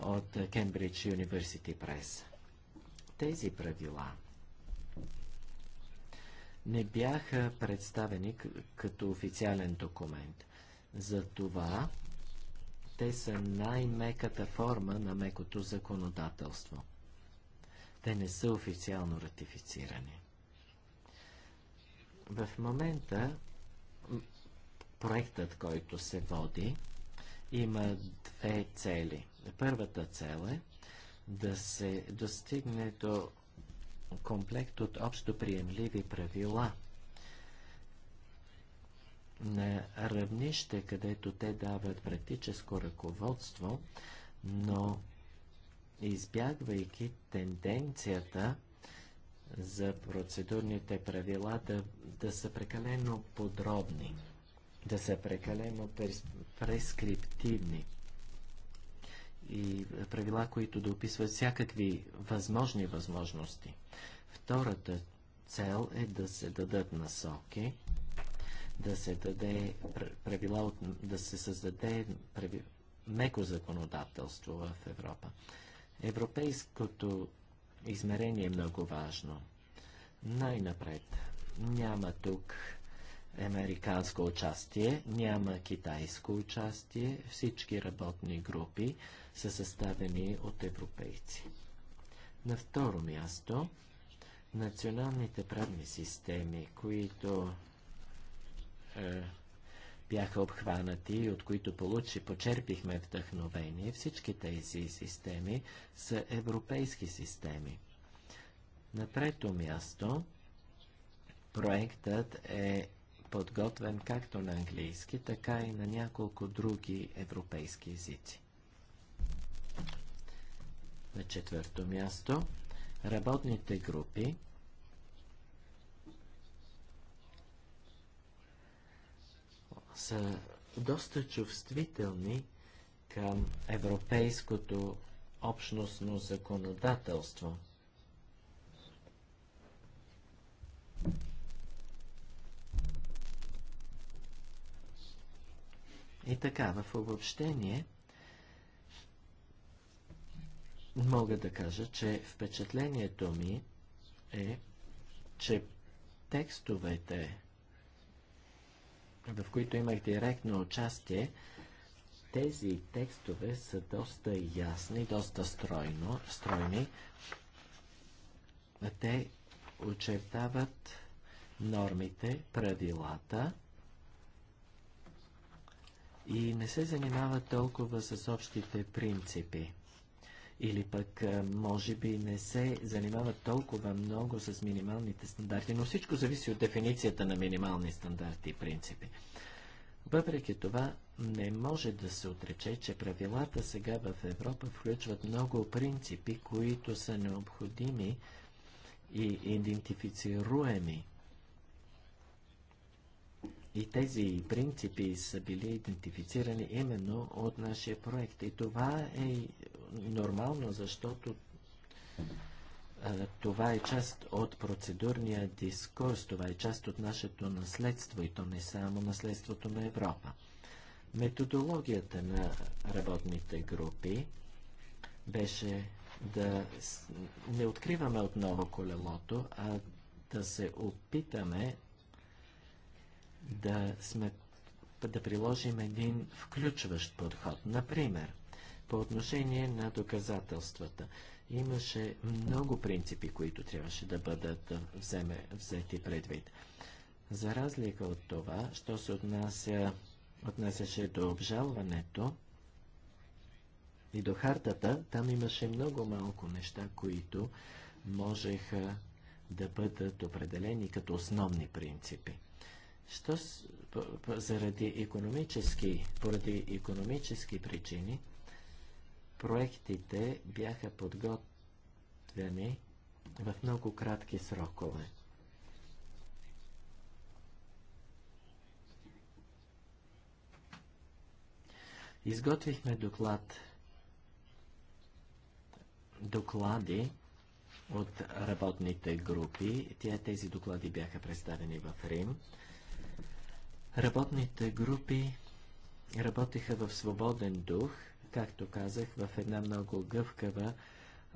от Кембридж Юниверсити Преса. Тези правила не бяха представени като официален документ. Затова те са най-меката форма на мекото законодателство. Те не са официално ратифицирани. В момента проектът, който се води, има две цели. Първата цел е да се достигне до комплект от общо приемливи правила на равнище, където те дават практическо ръководство, но избягвайки тенденцията за процедурните правила да, да са прекалено подробни, да са прекалено прескриптивни и правила, които да описват всякакви възможни възможности. Втората цел е да се дадат насоки, да се даде правила, да се създаде меко законодателство в Европа. Европейското измерение е много важно. Най-напред няма тук американско участие, няма китайско участие, всички работни групи са съставени от европейци. На второ място, националните правни системи, които е, бяха обхванати и от които получи, почерпихме вдъхновение, всички тези системи са европейски системи. На трето място, проектът е подготвен както на английски, така и на няколко други европейски езици. На четвърто място работните групи са доста чувствителни към европейското общностно законодателство. И така, в обобщение, мога да кажа, че впечатлението ми е, че текстовете, в които имах директно участие, тези текстове са доста ясни, доста стройно, стройни. Те очертават нормите, правилата и не се занимават толкова с общите принципи или пък може би не се занимават толкова много с минималните стандарти, но всичко зависи от дефиницията на минимални стандарти и принципи. Въпреки това, не може да се отрече, че правилата сега в Европа включват много принципи, които са необходими и идентифицируеми. И тези принципи са били идентифицирани именно от нашия проект. И това е нормално, защото това е част от процедурния дискурс, това е част от нашето наследство и то не само наследството на Европа. Методологията на работните групи беше да не откриваме отново колелото, а да се опитаме да, сме, да приложим един включващ подход. Например, по отношение на доказателствата, имаше много принципи, които трябваше да бъдат вземе, взети предвид. За разлика от това, що се отнася, отнасяше до обжалването и до хартата, там имаше много малко неща, които можеха да бъдат определени като основни принципи. Що с, заради економически, поради економически причини, проектите бяха подготвени в много кратки срокове. Изготвихме доклад, доклади от работните групи. Тя, тези доклади бяха представени в Рим. Работните групи работиха в свободен дух – както казах, в една много гъвкава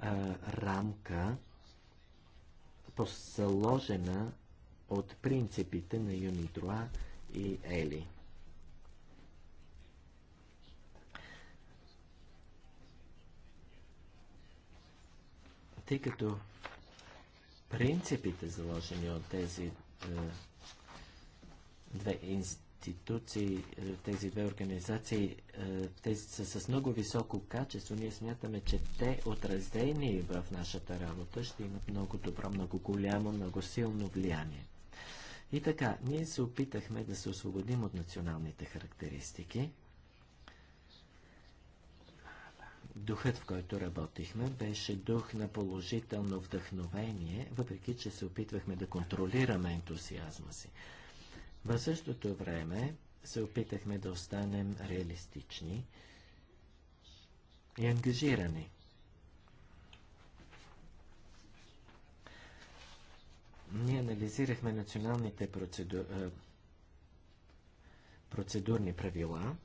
а, рамка, заложена от принципите на Друа и Ели. Тъй като принципите, заложени от тези е, две инст институции, е, тези две организации, е, те са с много високо качество. Ние смятаме, че те отразени в нашата работа ще имат много добро, много голямо, много силно влияние. И така, ние се опитахме да се освободим от националните характеристики. Духът, в който работихме, беше дух на положително вдъхновение, въпреки че се опитвахме да контролираме ентусиазма си. В същото време се опитахме да останем реалистични и ангажирани. Ние анализирахме националните процеду... процедурни правила,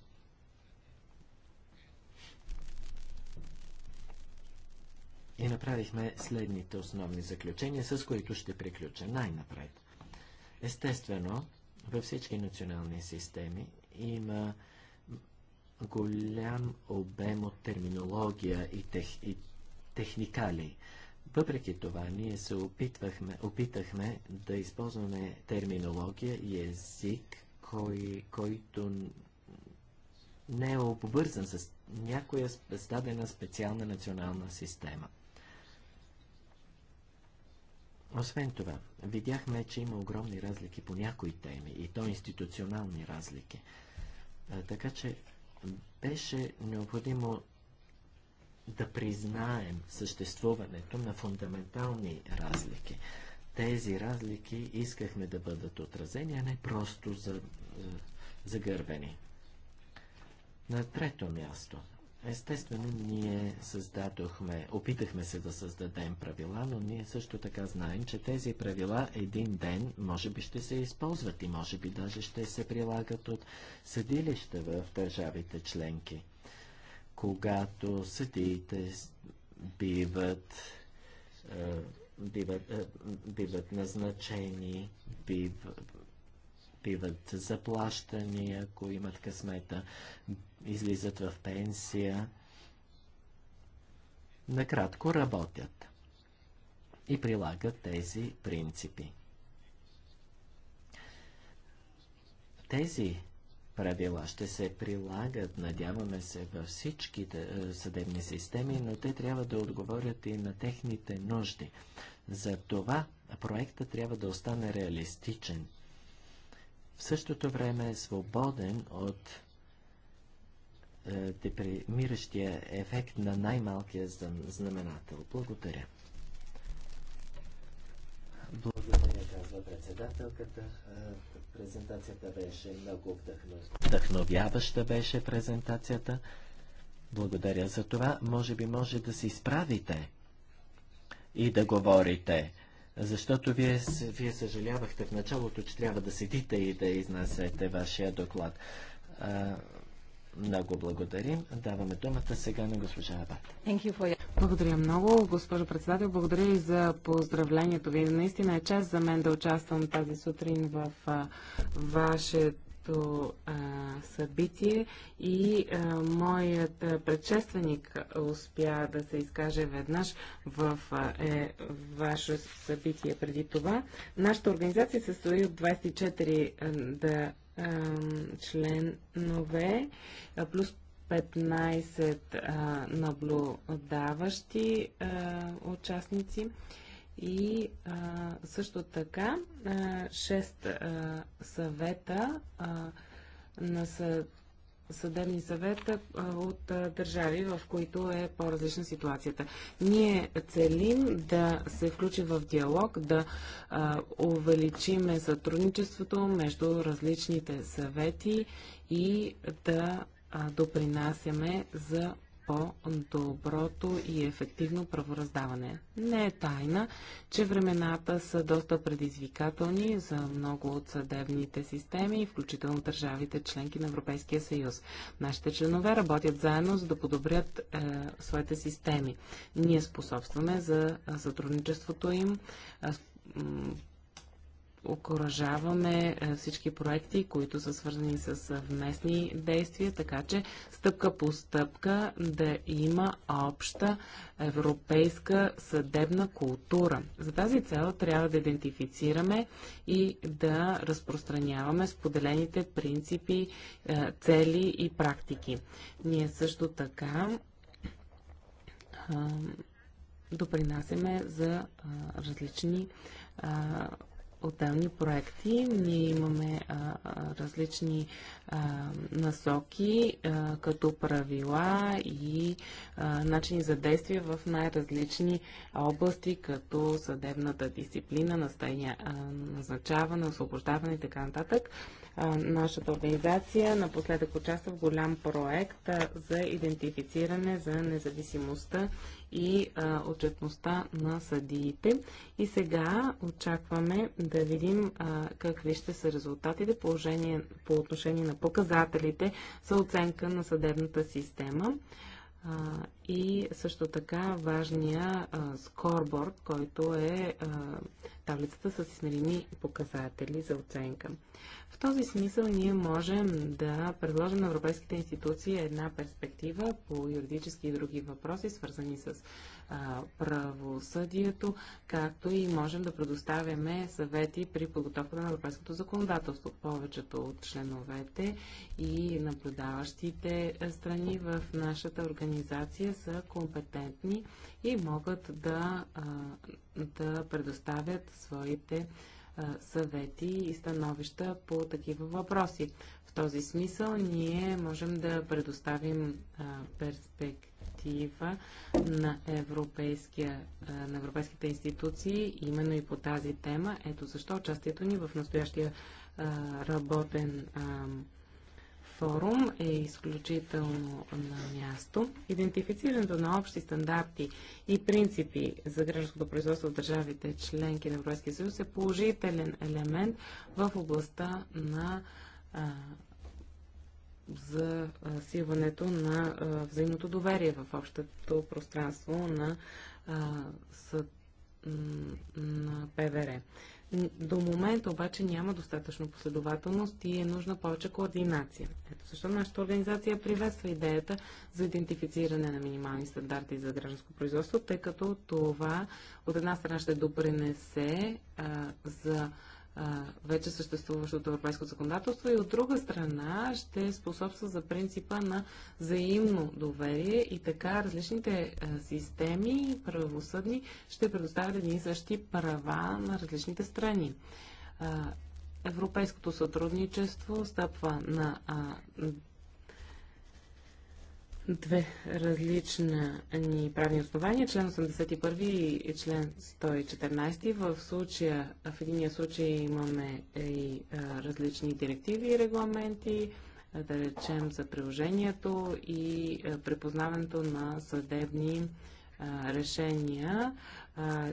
и направихме следните основни заключения, с които ще приключа най-напред. Естествено, във всички национални системи има голям обем от терминология и, тех, и техникали. Въпреки това, ние се опитвахме, опитахме да използваме терминология и език, кой, който не е обвързан с някоя създадена специална национална система. Освен това, видяхме, че има огромни разлики по някои теми и то институционални разлики. Така че беше необходимо да признаем съществуването на фундаментални разлики. Тези разлики искахме да бъдат отразени, а не просто загърбени. За, за На трето място – Естествено, ние създадохме, опитахме се да създадем правила, но ние също така знаем, че тези правила един ден може би ще се използват и може би даже ще се прилагат от съдилища в държавите членки. Когато съдиите биват, биват, биват назначени, биват, биват заплащани, ако имат късмета, излизат в пенсия, накратко работят и прилагат тези принципи. Тези правила ще се прилагат, надяваме се, във всички е, съдебни системи, но те трябва да отговорят и на техните нужди. За това проектът трябва да остане реалистичен. В същото време е свободен от е, депримиращия ефект на най-малкия знаменател. Благодаря. Благодаря, казва председателката. Е, презентацията беше много вдъхновяваща беше презентацията. Благодаря за това. Може би може да се изправите и да говорите. Защото вие, вие съжалявахте в началото, че трябва да седите и да изнасяте вашия доклад. Е, много благодарим. Даваме думата сега на госпожа Абат. Благодаря много, госпожо председател. Благодаря и за поздравлението ви. Наистина е чест за мен да участвам тази сутрин в вашето събитие и моят предшественик успя да се изкаже веднъж в е ваше събитие преди това. Нашата организация се състои от 24 да членове, плюс 15 наблюдаващи участници и също така 6 съвета на съд съдебни съвета от държави, в които е по-различна ситуацията. Ние целим да се включим в диалог, да увеличиме сътрудничеството между различните съвети и да допринасяме за по-доброто и ефективно правораздаване. Не е тайна, че времената са доста предизвикателни за много от съдебните системи, включително държавите членки на Европейския съюз. Нашите членове работят заедно, за да подобрят е, своите системи. Ние способстваме за е, сътрудничеството им, е, окоръжаваме е, всички проекти, които са свързани с съвместни действия, така че стъпка по стъпка да има обща европейска съдебна култура. За тази цел трябва да идентифицираме и да разпространяваме споделените принципи, е, цели и практики. Ние също така допринасяме за различни отделни проекти. Ние имаме а, различни а, насоки, а, като правила и а, начини за действие в най-различни области, като съдебната дисциплина, настъня, а, назначаване, освобождаване и така нататък нашата организация напоследък участва в голям проект за идентифициране за независимостта и отчетността на съдиите. И сега очакваме да видим какви ще са резултатите положение, по отношение на показателите за оценка на съдебната система и също така важния скорборд, който е а, таблицата с измерими показатели за оценка. В този смисъл ние можем да предложим на европейските институции една перспектива по юридически и други въпроси, свързани с правосъдието, както и можем да предоставяме съвети при подготовката на европейското законодателство. Повечето от членовете и наблюдаващите страни в нашата организация са компетентни и могат да, да предоставят своите съвети и становища по такива въпроси. В този смисъл ние можем да предоставим перспектива на, на европейските институции именно и по тази тема. Ето защо участието ни в настоящия работен форум е изключително на място. Идентифицирането на общи стандарти и принципи за гражданското производство в държавите членки на Европейския съюз е положителен елемент в областта на за засилването на взаимното доверие в общото пространство на, на ПВР. До момента обаче няма достатъчно последователност и е нужна повече координация. Ето защо нашата организация приветства идеята за идентифициране на минимални стандарти за гражданско производство, тъй като това от една страна ще допринесе а, за вече съществуващото европейско законодателство и от друга страна ще способства за принципа на взаимно доверие и така различните системи правосъдни ще предоставят едни същи права на различните страни. Европейското сътрудничество стъпва на две различни ни правни основания, член 81 и член 114. В, случая, в единия случай имаме и а, различни директиви и регламенти, а, да речем за приложението и а, препознаването на съдебни решения.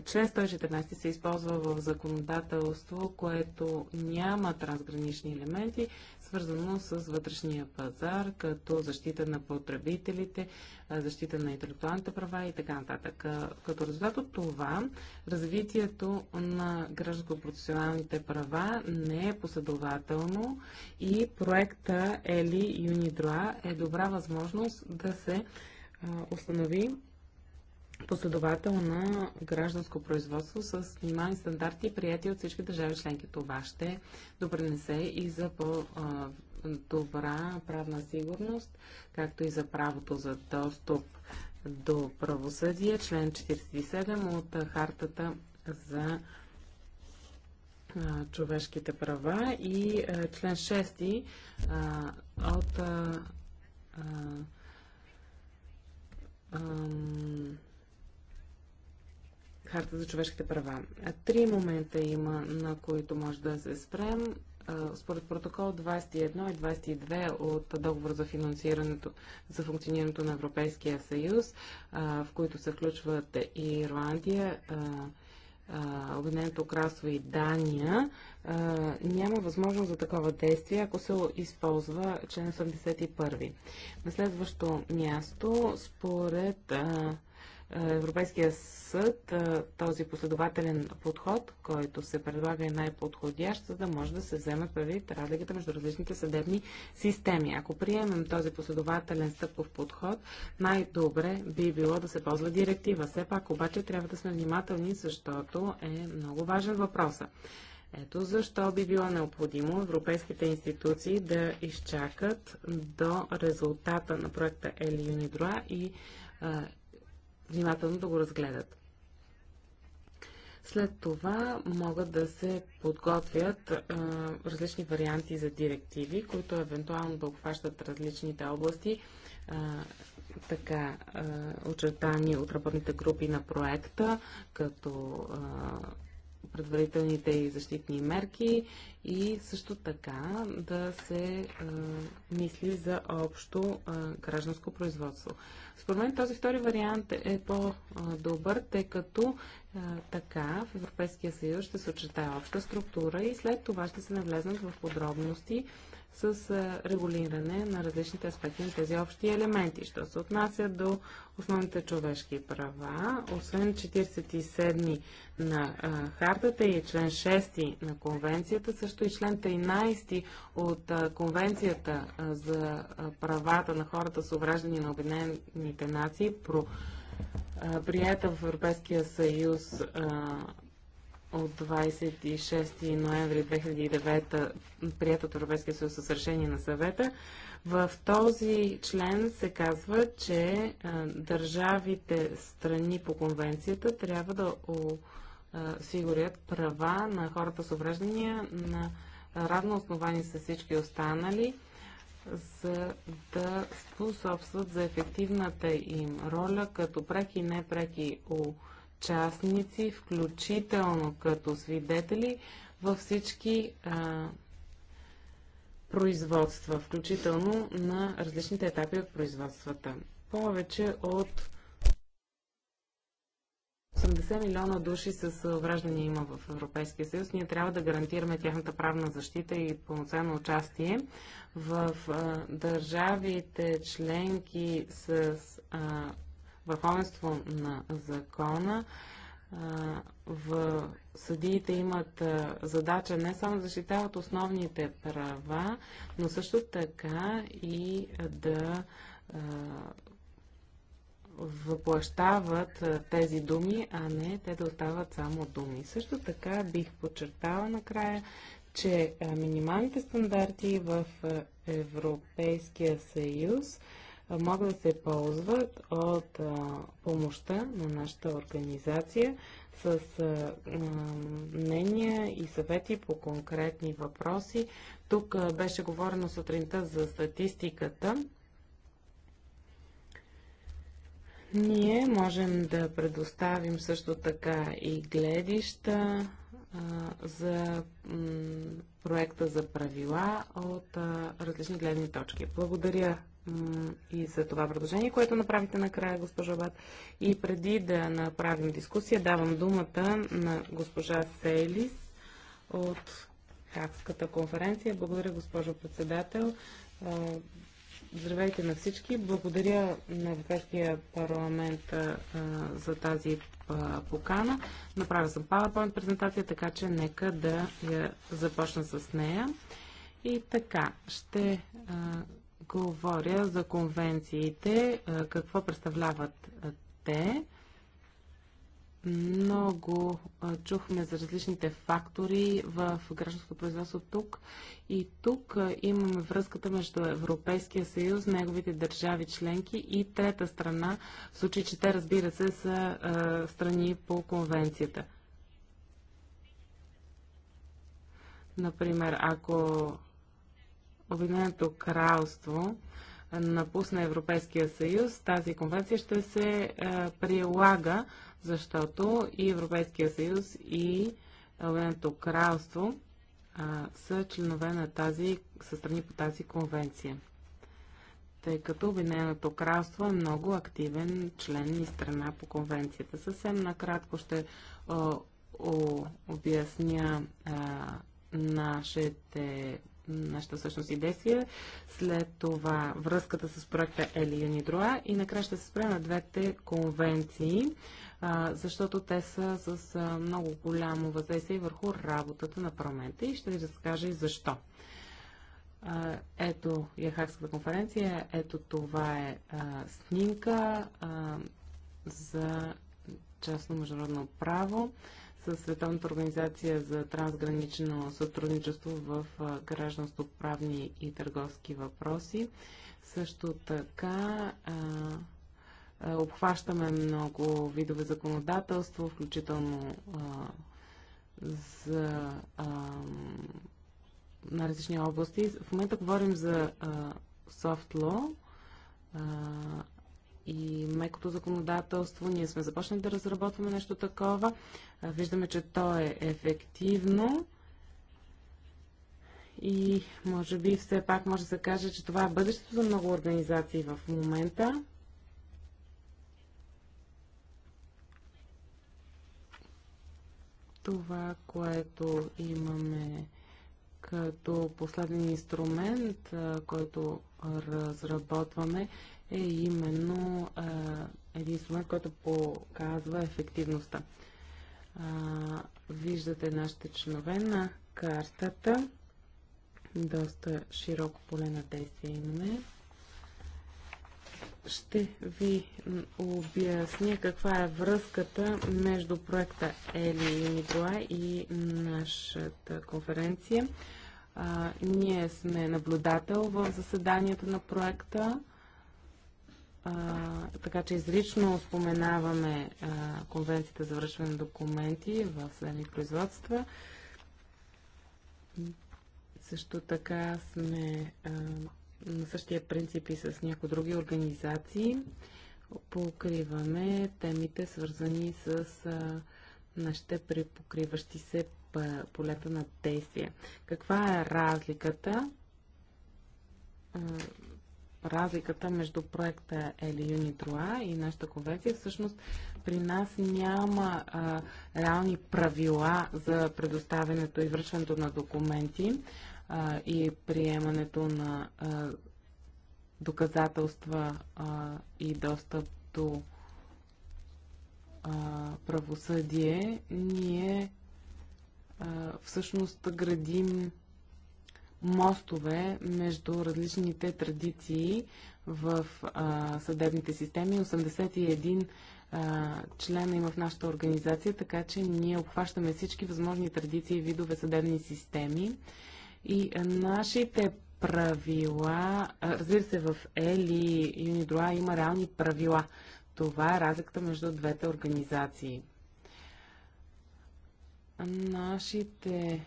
Член 114 се използва в законодателство, което няма трансгранични елементи, свързано с вътрешния пазар, като защита на потребителите, защита на интелектуалните права и така нататък. Като резултат от това, развитието на гражданско-процесуалните права не е последователно и проекта Ели Юнидроа е добра възможност да се установи последователна гражданско производство с минимални стандарти, прияти от всички държави членки. Това ще допринесе и за по-добра правна сигурност, както и за правото за достъп до правосъдие, член 47 от Хартата за човешките права и член 6 от Харта за човешките права. Три момента има, на които може да се спрем. Според протокол 21 и 22 от договор за финансирането за функционирането на Европейския съюз, в които се включват и Ирландия, Обединеното кралство и Дания, няма възможност за такова действие, ако се използва член 81. На следващо място, според Европейския съд този последователен подход, който се предлага е най-подходящ, за да може да се вземе предвид разликата между различните съдебни системи. Ако приемем този последователен стъпков подход, най-добре би било да се ползва директива. Все пак обаче трябва да сме внимателни, защото е много важен въпроса. Ето защо би било необходимо европейските институции да изчакат до резултата на проекта Ели Юнидроа и внимателно да го разгледат. След това могат да се подготвят а, различни варианти за директиви, които евентуално да обхващат различните области, а, така а, очертани от работните групи на проекта, като а, предварителните и защитни мерки и също така да се а, мисли за общо а, гражданско производство. Според мен този втори вариант е по-добър, тъй като а, така в Европейския съюз ще се очертае обща структура и след това ще се навлезнат в подробности с регулиране на различните аспекти на тези общи елементи. Що се отнася до основните човешки права, освен 47 на а, хартата и член 6 на конвенцията, също и член 13 от а, конвенцията а, за правата на хората с увреждани на Обединените нации, про, прията в Европейския съюз от 26 ноември 2009, прият от Европейския съюз с решение на съвета, в този член се казва, че държавите страни по конвенцията трябва да осигурят права на хората с увреждания на равно основание с всички останали, за да способстват за ефективната им роля като преки и непреки у участници, включително като свидетели във всички а, производства, включително на различните етапи от производствата. Повече от 80 милиона души с враждане има в Европейския съюз. Ние трябва да гарантираме тяхната правна защита и пълноценно участие. В а, държавите членки с а, върховенство на закона. В съдиите имат задача не само да защитават основните права, но също така и да въплащават тези думи, а не те да остават само думи. Също така бих подчертала накрая, че минималните стандарти в Европейския съюз могат да се ползват от помощта на нашата организация с мнения и съвети по конкретни въпроси. Тук беше говорено сутринта за статистиката. Ние можем да предоставим също така и гледища а, за проекта за правила от а, различни гледни точки. Благодаря и за това предложение, което направите накрая, госпожа Бат. И преди да направим дискусия, давам думата на госпожа Селис от Хакската конференция. Благодаря, госпожо председател. Здравейте на всички. Благодаря на Европейския парламент за тази покана. Направя съм PowerPoint презентация, така че нека да я започна с нея. И така, ще а, говоря за конвенциите, какво представляват те. Много чухме за различните фактори в гражданското производство тук и тук имаме връзката между Европейския съюз, неговите държави членки и трета страна, в случай, че те разбира се са страни по конвенцията. Например, ако Обединеното кралство напусне Европейския съюз, тази конвенция ще се е, прилага, защото и Европейския съюз, и Обединеното кралство е, са членове на тази, са страни по тази конвенция. Тъй като Обединеното кралство е много активен член и страна по конвенцията. Съвсем накратко ще е, обясня нашите нашата всъщност и действие. След това връзката с проекта Ели Юнидроа и накрая ще се спрем на двете конвенции, а, защото те са с а, много голямо въздействие върху работата на парламента и ще ви разкажа и защо. А, ето Яхакската конференция, ето това е снимка за частно международно право. Световната организация за трансгранично сътрудничество в гражданско-правни и търговски въпроси. Също така обхващаме много видове законодателство, включително за, на различни области. В момента говорим за софт law, и мекото законодателство. Ние сме започнали да разработваме нещо такова. Виждаме, че то е ефективно. И може би все пак може да се каже, че това е бъдещето за много организации в момента. Това, което имаме като последен инструмент, който разработваме е именно един инструмент, който показва ефективността. виждате нашите членове на картата. Доста широко поле на действие имаме. Ще ви обясня каква е връзката между проекта Ели и Мидруа и нашата конференция. А, ние сме наблюдател в заседанието на проекта, а, така че изрично споменаваме а, Конвенцията за връщане на документи в съдебни производства. Също така сме а, на същия принцип и с някои други организации. Покриваме темите, свързани с а, нашите припокриващи се полета на действие. Каква е разликата? разликата между проекта Ели Юни Труа и нашата конвенция. Всъщност при нас няма а, реални правила за предоставянето и връчването на документи а, и приемането на а, доказателства а, и достъп до а, правосъдие. Ние всъщност градим мостове между различните традиции в а, съдебните системи. 81 а, члена има в нашата организация, така че ние обхващаме всички възможни традиции и видове съдебни системи. И а, нашите правила, а, разбира се, в Ели и Юнидроа има реални правила. Това е разликата между двете организации. Нашите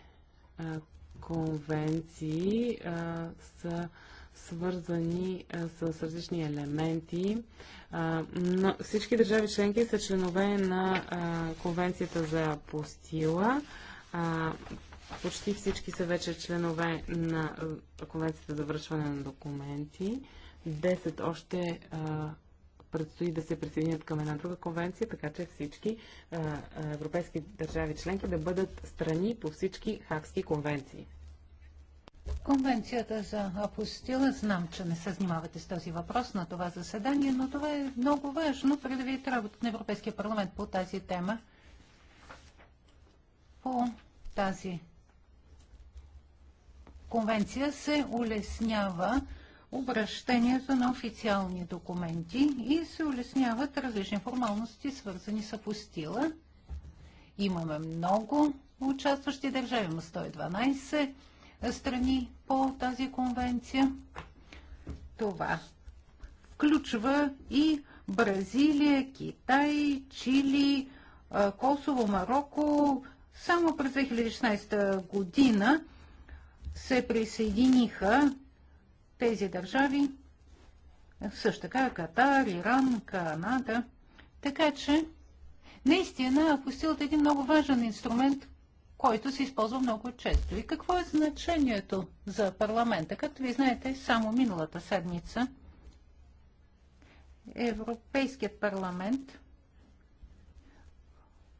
а, конвенции а, са свързани а, с различни елементи. А, но всички държави членки са членове на а, Конвенцията за апостила. А, почти всички са вече членове на Конвенцията за връчване на документи. 10 още а, предстои да се присъединят към една друга конвенция, така че всички европейски държави членки да бъдат страни по всички хакски конвенции. Конвенцията за апостила, знам, че не се занимавате с този въпрос на това заседание, но това е много важно предвид работата на Европейския парламент по тази тема. По тази конвенция се улеснява обращението на официални документи и се улесняват различни формалности, свързани с апостила. Имаме много участващи държави, има 112 страни по тази конвенция. Това включва и Бразилия, Китай, Чили, Косово, Марокко. Само през 2016 година се присъединиха тези държави също така Катар, Иран, Канада. Така че, наистина, апостилът е един много важен инструмент, който се използва много често. И какво е значението за парламента? Както ви знаете, само миналата седмица Европейският парламент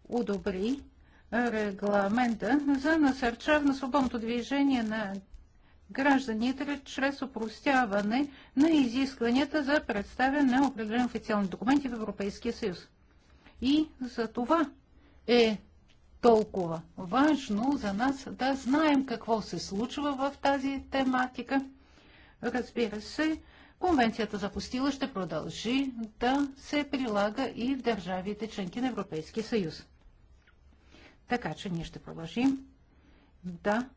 одобри регламента за насърчаване на свободното движение на гражданите чрез упростяване на изискванията за представяне на определени официални документи в Европейския съюз. И за това е толкова важно за нас да знаем какво се случва в тази тематика. Разбира се, Конвенцията за постила ще продължи да се прилага и в държавите членки на Европейския съюз. Така че ние ще продължим да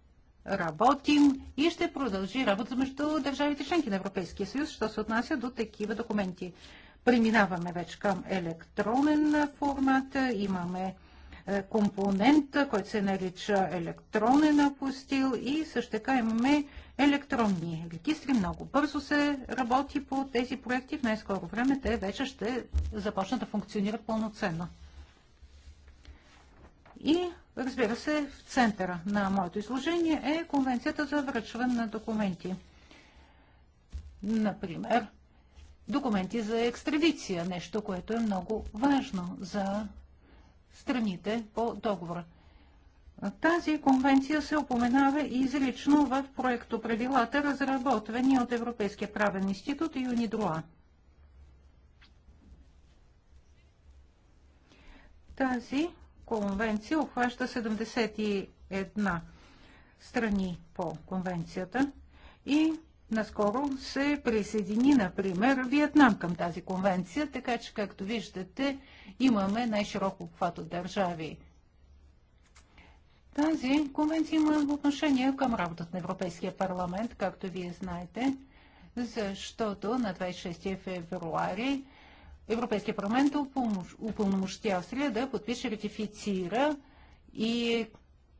работим и ще продължи работа между държавите членки на Европейския съюз, що се отнася до такива документи. Преминаваме вече към електронен формат. Имаме е, компонент, който се нарича електронен апостил и също така имаме електронни регистри. Много бързо се работи по тези проекти. В най-скоро време те вече ще започнат да функционират пълноценно. И Разбира се, в центъра на моето изложение е Конвенцията за връчване на документи. Например, документи за екстрадиция, нещо, което е много важно за страните по договора. Тази конвенция се упоменава изрично в проекто правилата, разработвани от Европейския правен институт и ЮНИДРОА. Тази конвенция обхваща 71 страни по конвенцията и наскоро се присъедини, например, Виетнам към тази конвенция, така че, както виждате, имаме най-широк обхват от държави. Тази конвенция има отношение към работата на Европейския парламент, както вие знаете, защото на 26 февруари Европейския парламент упълномощи Австрия да подпише, ратифицира и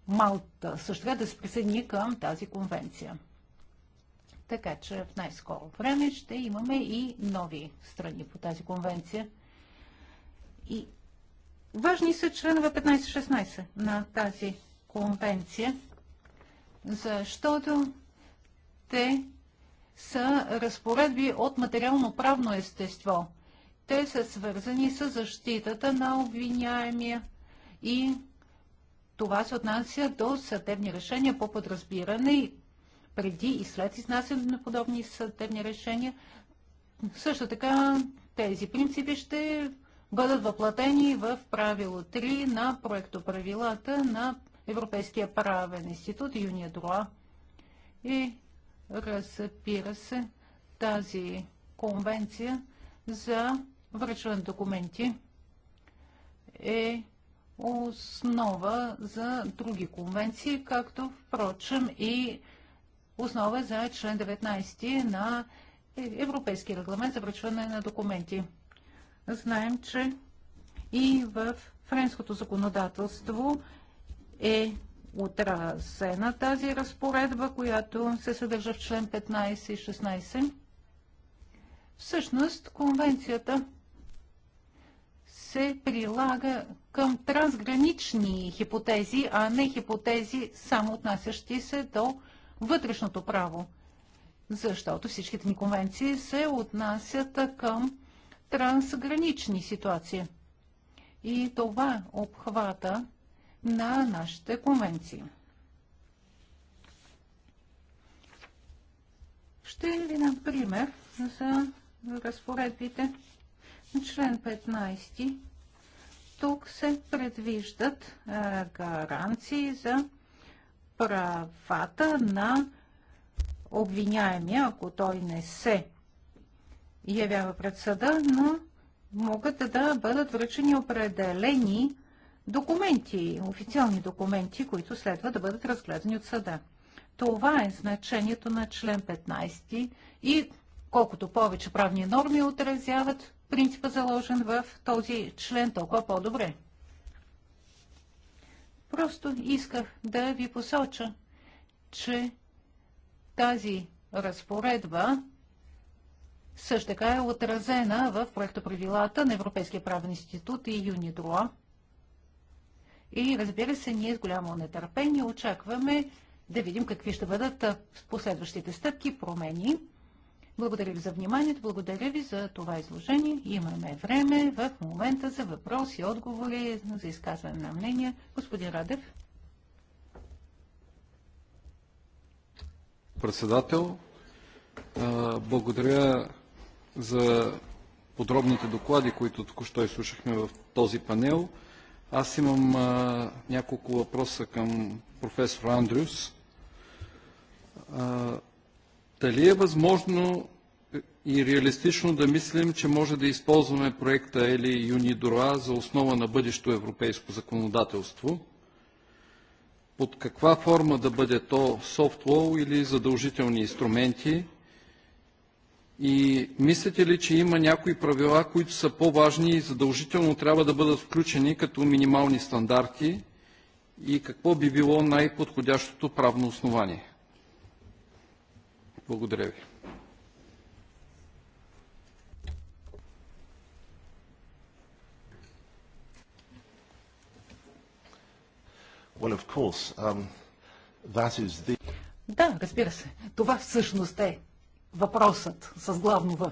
Малта също да се присъедини към тази конвенция. Така че в най-скоро време ще имаме и нови страни по тази конвенция. И важни са членове 15-16 на тази конвенция, защото те са разпоредби от материално-правно естество – те са свързани с защитата на обвиняемия и това се отнася до съдебни решения по подразбиране и преди и след изнасянето на подобни съдебни решения. Също така тези принципи ще бъдат въплатени в правило 3 на проектоправилата на Европейския правен институт Юния Дроа. И разбира се, тази конвенция за връчване документи е основа за други конвенции, както впрочем и основа за член 19 на Европейски регламент за връчване на документи. Знаем, че и в френското законодателство е отразена тази разпоредба, която се съдържа в член 15 и 16. Всъщност, конвенцията се прилага към трансгранични хипотези, а не хипотези само отнасящи се до вътрешното право. Защото всичките ни конвенции се отнасят към трансгранични ситуации. И това обхвата на нашите конвенции. Ще ви дам пример за разпоредбите член 15 тук се предвиждат гаранции за правата на обвиняемия, ако той не се явява пред съда, но могат да бъдат връчени определени документи, официални документи, които следва да бъдат разгледани от съда. Това е значението на член 15 и колкото повече правни норми отразяват принципа заложен в този член толкова по-добре. Просто исках да ви посоча, че тази разпоредба също така е отразена в проектоправилата на Европейския правен институт и ЮНИДРОА. И разбира се, ние с голямо нетърпение очакваме да видим какви ще бъдат последващите стъпки, промени. Благодаря ви за вниманието, благодаря ви за това изложение. Имаме време в момента за въпроси, отговори, за изказване на мнения. Господин Радев. Председател, благодаря за подробните доклади, които току-що изслушахме в този панел. Аз имам няколко въпроса към професор Андрюс. Дали е възможно е, и реалистично да мислим, че може да използваме проекта Ели ЮНИДОРА за основа на бъдещо европейско законодателство? Под каква форма да бъде то софт или задължителни инструменти? И мислите ли, че има някои правила, които са по-важни и задължително трябва да бъдат включени като минимални стандарти? И какво би било най-подходящото правно основание? Благодаря ви. Um, да, разбира се. Това всъщност е въпросът с главно В.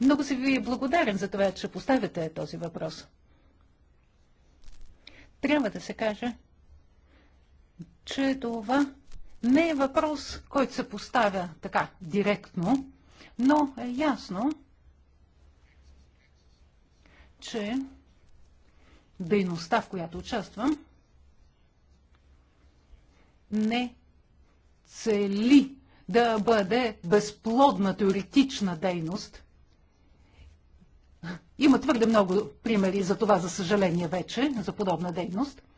Много се ви благодарен за това, че поставяте този въпрос. Трябва да се каже, че това не е въпрос, който се поставя така директно, но е ясно, че дейността, в която участвам, не цели да бъде безплодна теоретична дейност. Има твърде много примери за това, за съжаление вече, за подобна дейност –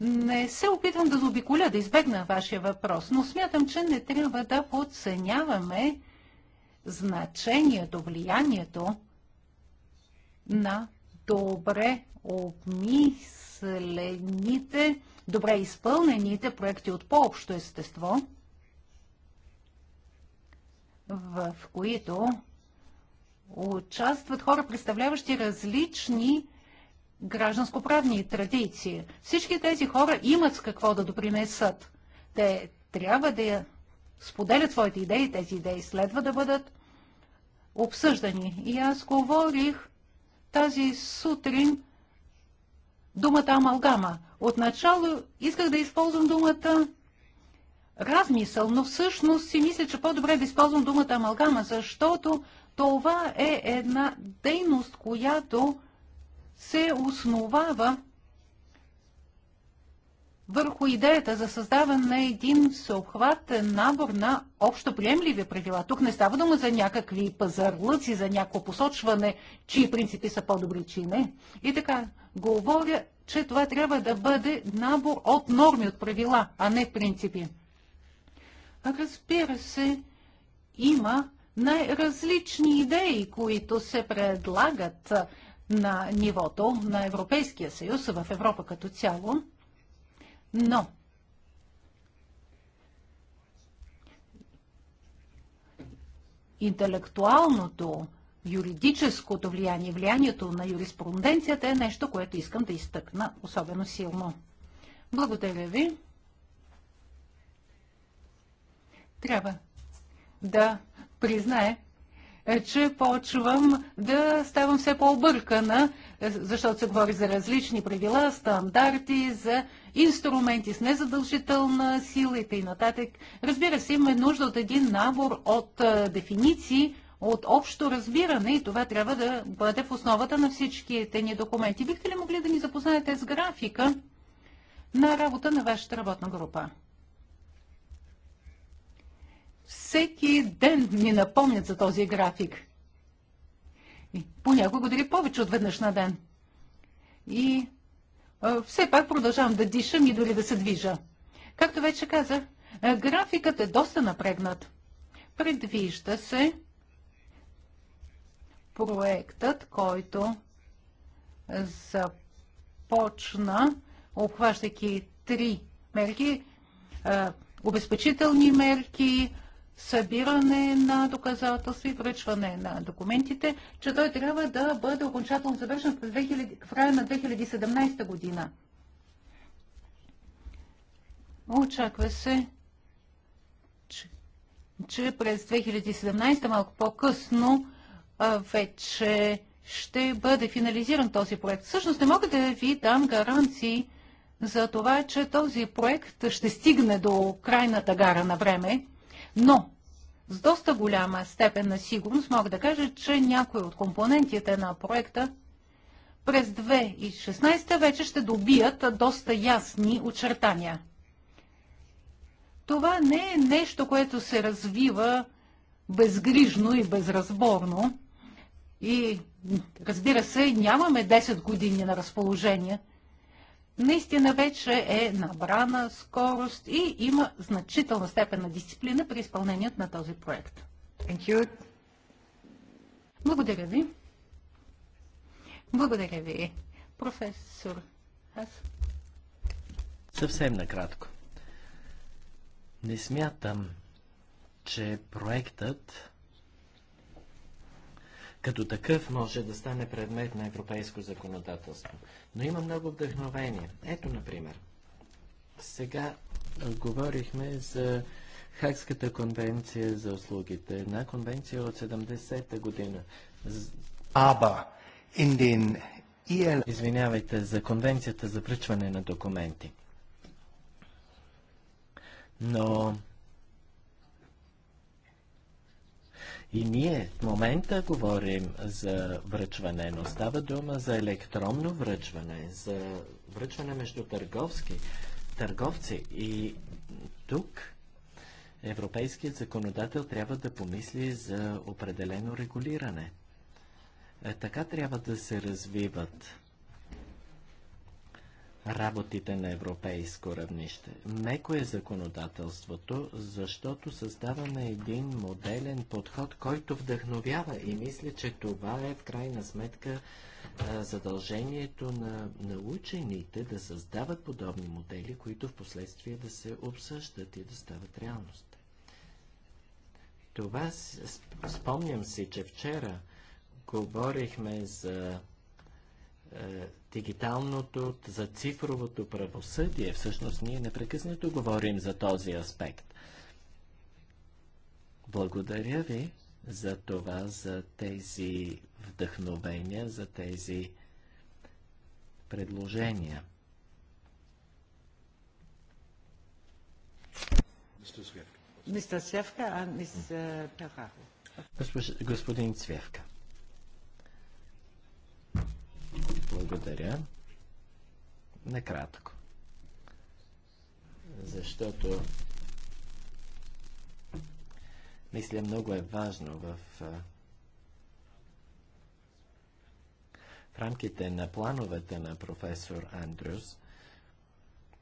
не се опитвам да заобиколя, да избегна вашия въпрос, но смятам, че не трябва да подценяваме значението, влиянието на добре обмислените, добре изпълнените проекти от по-общо естество, в които участват хора, представляващи различни гражданско-правни традиции. Всички тези хора имат с какво да допринесат. Те трябва да споделят своите идеи, тези идеи следва да бъдат обсъждани. И аз говорих тази сутрин думата амалгама. Отначало исках да използвам думата размисъл, но всъщност си мисля, че по-добре да използвам думата амалгама, защото това е една дейност, която се основава върху идеята за създаване на един съобхватен набор на общоприемливи правила. Тук не става дума за някакви пазарлъци, за някакво посочване, чии принципи са по-добри, чи не. И така, говоря, че това трябва да бъде набор от норми, от правила, а не принципи. Разбира се, има най-различни идеи, които се предлагат на нивото на Европейския съюз, в Европа като цяло, но интелектуалното, юридическото влияние, влиянието на юриспруденцията е нещо, което искам да изтъкна особено силно. Благодаря ви. Трябва да признае, е, че почвам да ставам все по-объркана, е, защото се говори за различни правила, стандарти, за инструменти с незадължителна сила и т.н. Разбира се, има нужда от един набор от е, дефиниции, от общо разбиране и това трябва да бъде в основата на всичките ни документи. Бихте ли могли да ни запознаете с графика на работа на вашата работна група? всеки ден ни напомнят за този график. И понякога дори повече от веднъж на ден. И а, все пак продължавам да дишам и дори да се движа. Както вече казах, графикът е доста напрегнат. Предвижда се проектът, който започна, обхващайки три мерки, обезпечителни мерки, събиране на доказателства и връчване на документите, че той трябва да бъде окончателно завършен през 2000, края на 2017 година. Очаква се, че, че през 2017, малко по-късно, вече ще бъде финализиран този проект. Всъщност не мога да ви дам гаранции за това, че този проект ще стигне до крайната гара на време, но с доста голяма степен на сигурност мога да кажа, че някои от компонентите на проекта през 2016 вече ще добият доста ясни очертания. Това не е нещо, което се развива безгрижно и безразборно. И разбира се, нямаме 10 години на разположение – наистина вече е набрана скорост и има значителна степен на дисциплина при изпълнението на този проект. Благодаря ви. Благодаря ви, професор. Аз. Съвсем накратко. Не смятам, че проектът като такъв може да стане предмет на европейско законодателство но има много вдъхновение. Ето, например, сега говорихме за Хакската конвенция за услугите. Една конвенция от 70-та година. Аба, Индин, ИЛ... Извинявайте, за конвенцията за връчване на документи. Но И ние в момента говорим за връчване, но става дума за електронно връчване, за връчване между търговски, търговци. И тук европейският законодател трябва да помисли за определено регулиране. Е, така трябва да се развиват работите на европейско равнище. Меко е законодателството, защото създаваме един моделен подход, който вдъхновява и мисля, че това е в крайна сметка задължението на, на учените да създават подобни модели, които в последствие да се обсъждат и да стават реалност. Това спомням си, че вчера говорихме за е, дигиталното, за цифровото правосъдие. Всъщност ние непрекъснато говорим за този аспект. Благодаря ви за това, за тези вдъхновения, за тези предложения. Мистер Свевка, а мис Госпожа, господин Цвевка. Благодаря. Накратко. Защото мисля много е важно в в рамките на плановете на професор Андрюс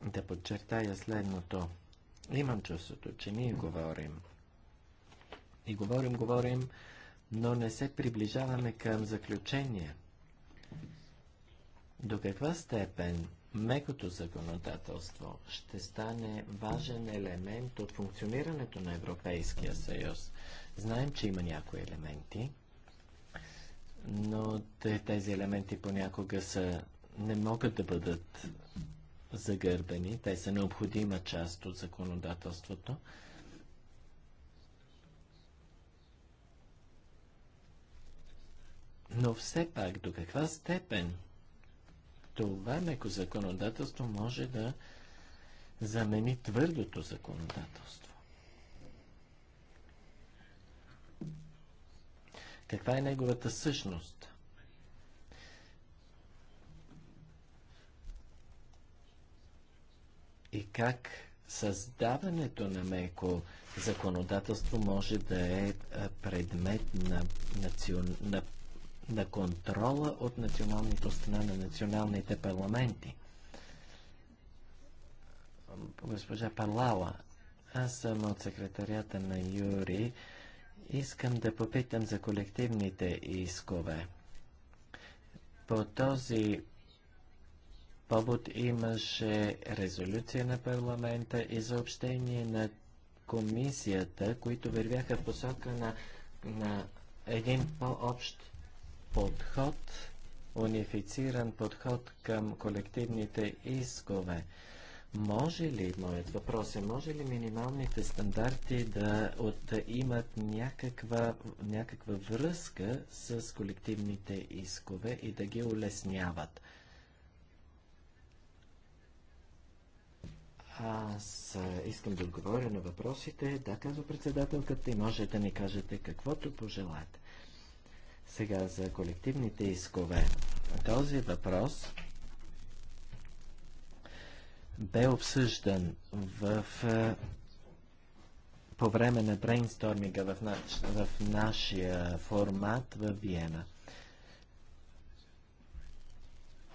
да подчертая следното. Имам чувството, че ние говорим. И говорим, говорим, но не се приближаваме към заключение до каква степен мекото законодателство ще стане важен елемент от функционирането на Европейския съюз. Знаем, че има някои елементи, но тези елементи понякога са, не могат да бъдат загърбени. Те са необходима част от законодателството. Но все пак, до каква степен това меко законодателство може да замени твърдото законодателство. Каква е неговата същност? И как създаването на меко законодателство може да е предмет на, национ... на на контрола от националните страна на националните парламенти. Госпожа Парлала, аз съм от секретарията на Юри. Искам да попитам за колективните искове. По този повод имаше резолюция на парламента и съобщение на комисията, които вървяха в посока на, на един по-общ подход, унифициран подход към колективните искове. Може ли, моят въпрос е, може ли минималните стандарти да, от, да имат някаква, някаква връзка с колективните искове и да ги улесняват? Аз искам да отговоря на въпросите. Да, казва председателката и можете да ни кажете каквото пожелаете. Сега за колективните искове. Този въпрос бе обсъждан в, е, по време на брейнсторминга в, наш, в нашия формат в Виена.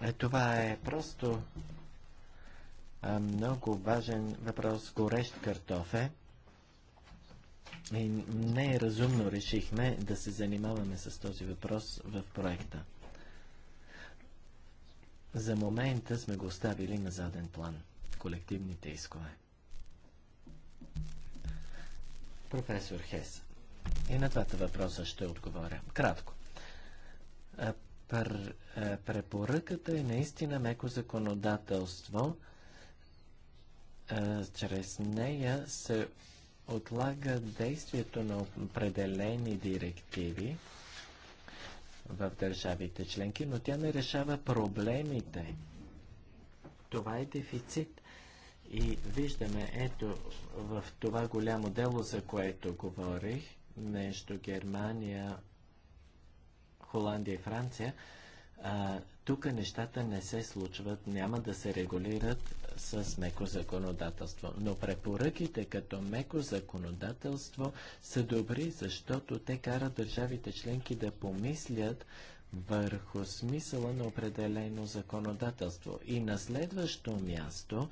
Е, това е просто а, е, много важен въпрос. Горещ картофе. И е, не е разумно решихме да се занимаваме с този въпрос в проекта. За момента сме го оставили на заден план. Колективните искове. Професор Хес, и на двата въпроса ще отговоря. Кратко. Е, е, препоръката е наистина меко законодателство. Чрез нея се отлага действието на определени директиви в държавите членки, но тя не решава проблемите. Това е дефицит. И виждаме, ето, в това голямо дело, за което говорих, между Германия, Холандия и Франция, а, тук нещата не се случват, няма да се регулират с меко законодателство. Но препоръките като меко законодателство са добри, защото те карат държавите членки да помислят върху смисъла на определено законодателство. И на следващо място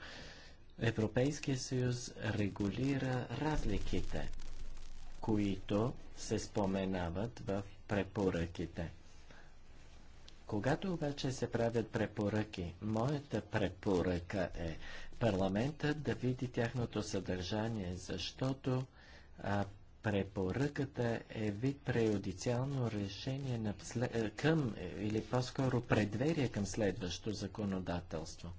Европейския съюз регулира разликите, които се споменават в препоръките. Когато обаче се правят препоръки, моята препоръка е парламентът да види тяхното съдържание, защото а, препоръката е вид преюдициално решение на е, към или по-скоро предверие към следващо законодателство.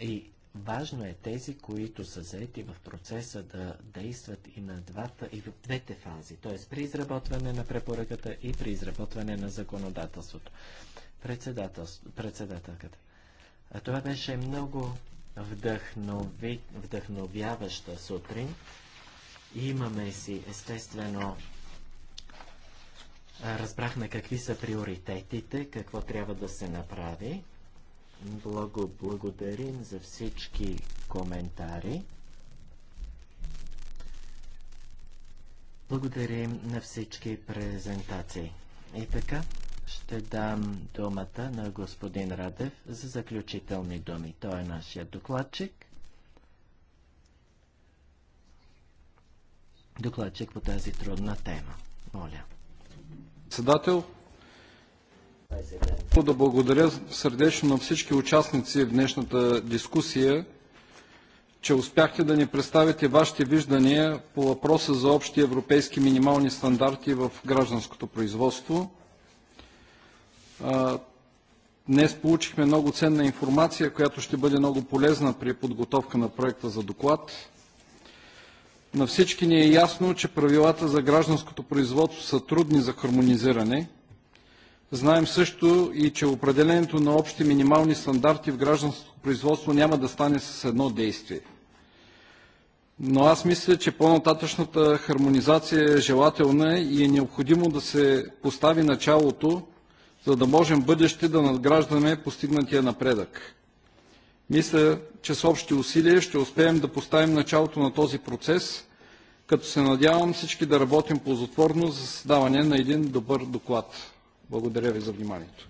И Важно е тези, които са заети в процеса да действат и, на двата, и в двете фази, т.е. при изработване на препоръката и при изработване на законодателството. председателката. А това беше много вдъхнови, вдъхновяваща сутрин. Имаме си, естествено, разбрахме какви са приоритетите, какво трябва да се направи. Много благодарим за всички коментари. Благодарим на всички презентации. И така, ще дам думата на господин Радев за заключителни думи. Той е нашия докладчик. Докладчик по тази трудна тема. Моля. Председател, да благодаря сърдечно на всички участници в днешната дискусия, че успяхте да ни представите вашите виждания по въпроса за общи европейски минимални стандарти в гражданското производство. Днес получихме много ценна информация, която ще бъде много полезна при подготовка на проекта за доклад. На всички ни е ясно, че правилата за гражданското производство са трудни за хармонизиране – Знаем също и, че определението на общи минимални стандарти в гражданското производство няма да стане с едно действие. Но аз мисля, че по-нататъчната хармонизация е желателна и е необходимо да се постави началото, за да можем бъдеще да надграждаме постигнатия напредък. Мисля, че с общи усилия ще успеем да поставим началото на този процес, като се надявам всички да работим ползотворно за създаване на един добър доклад. Благодаря ви за вниманието.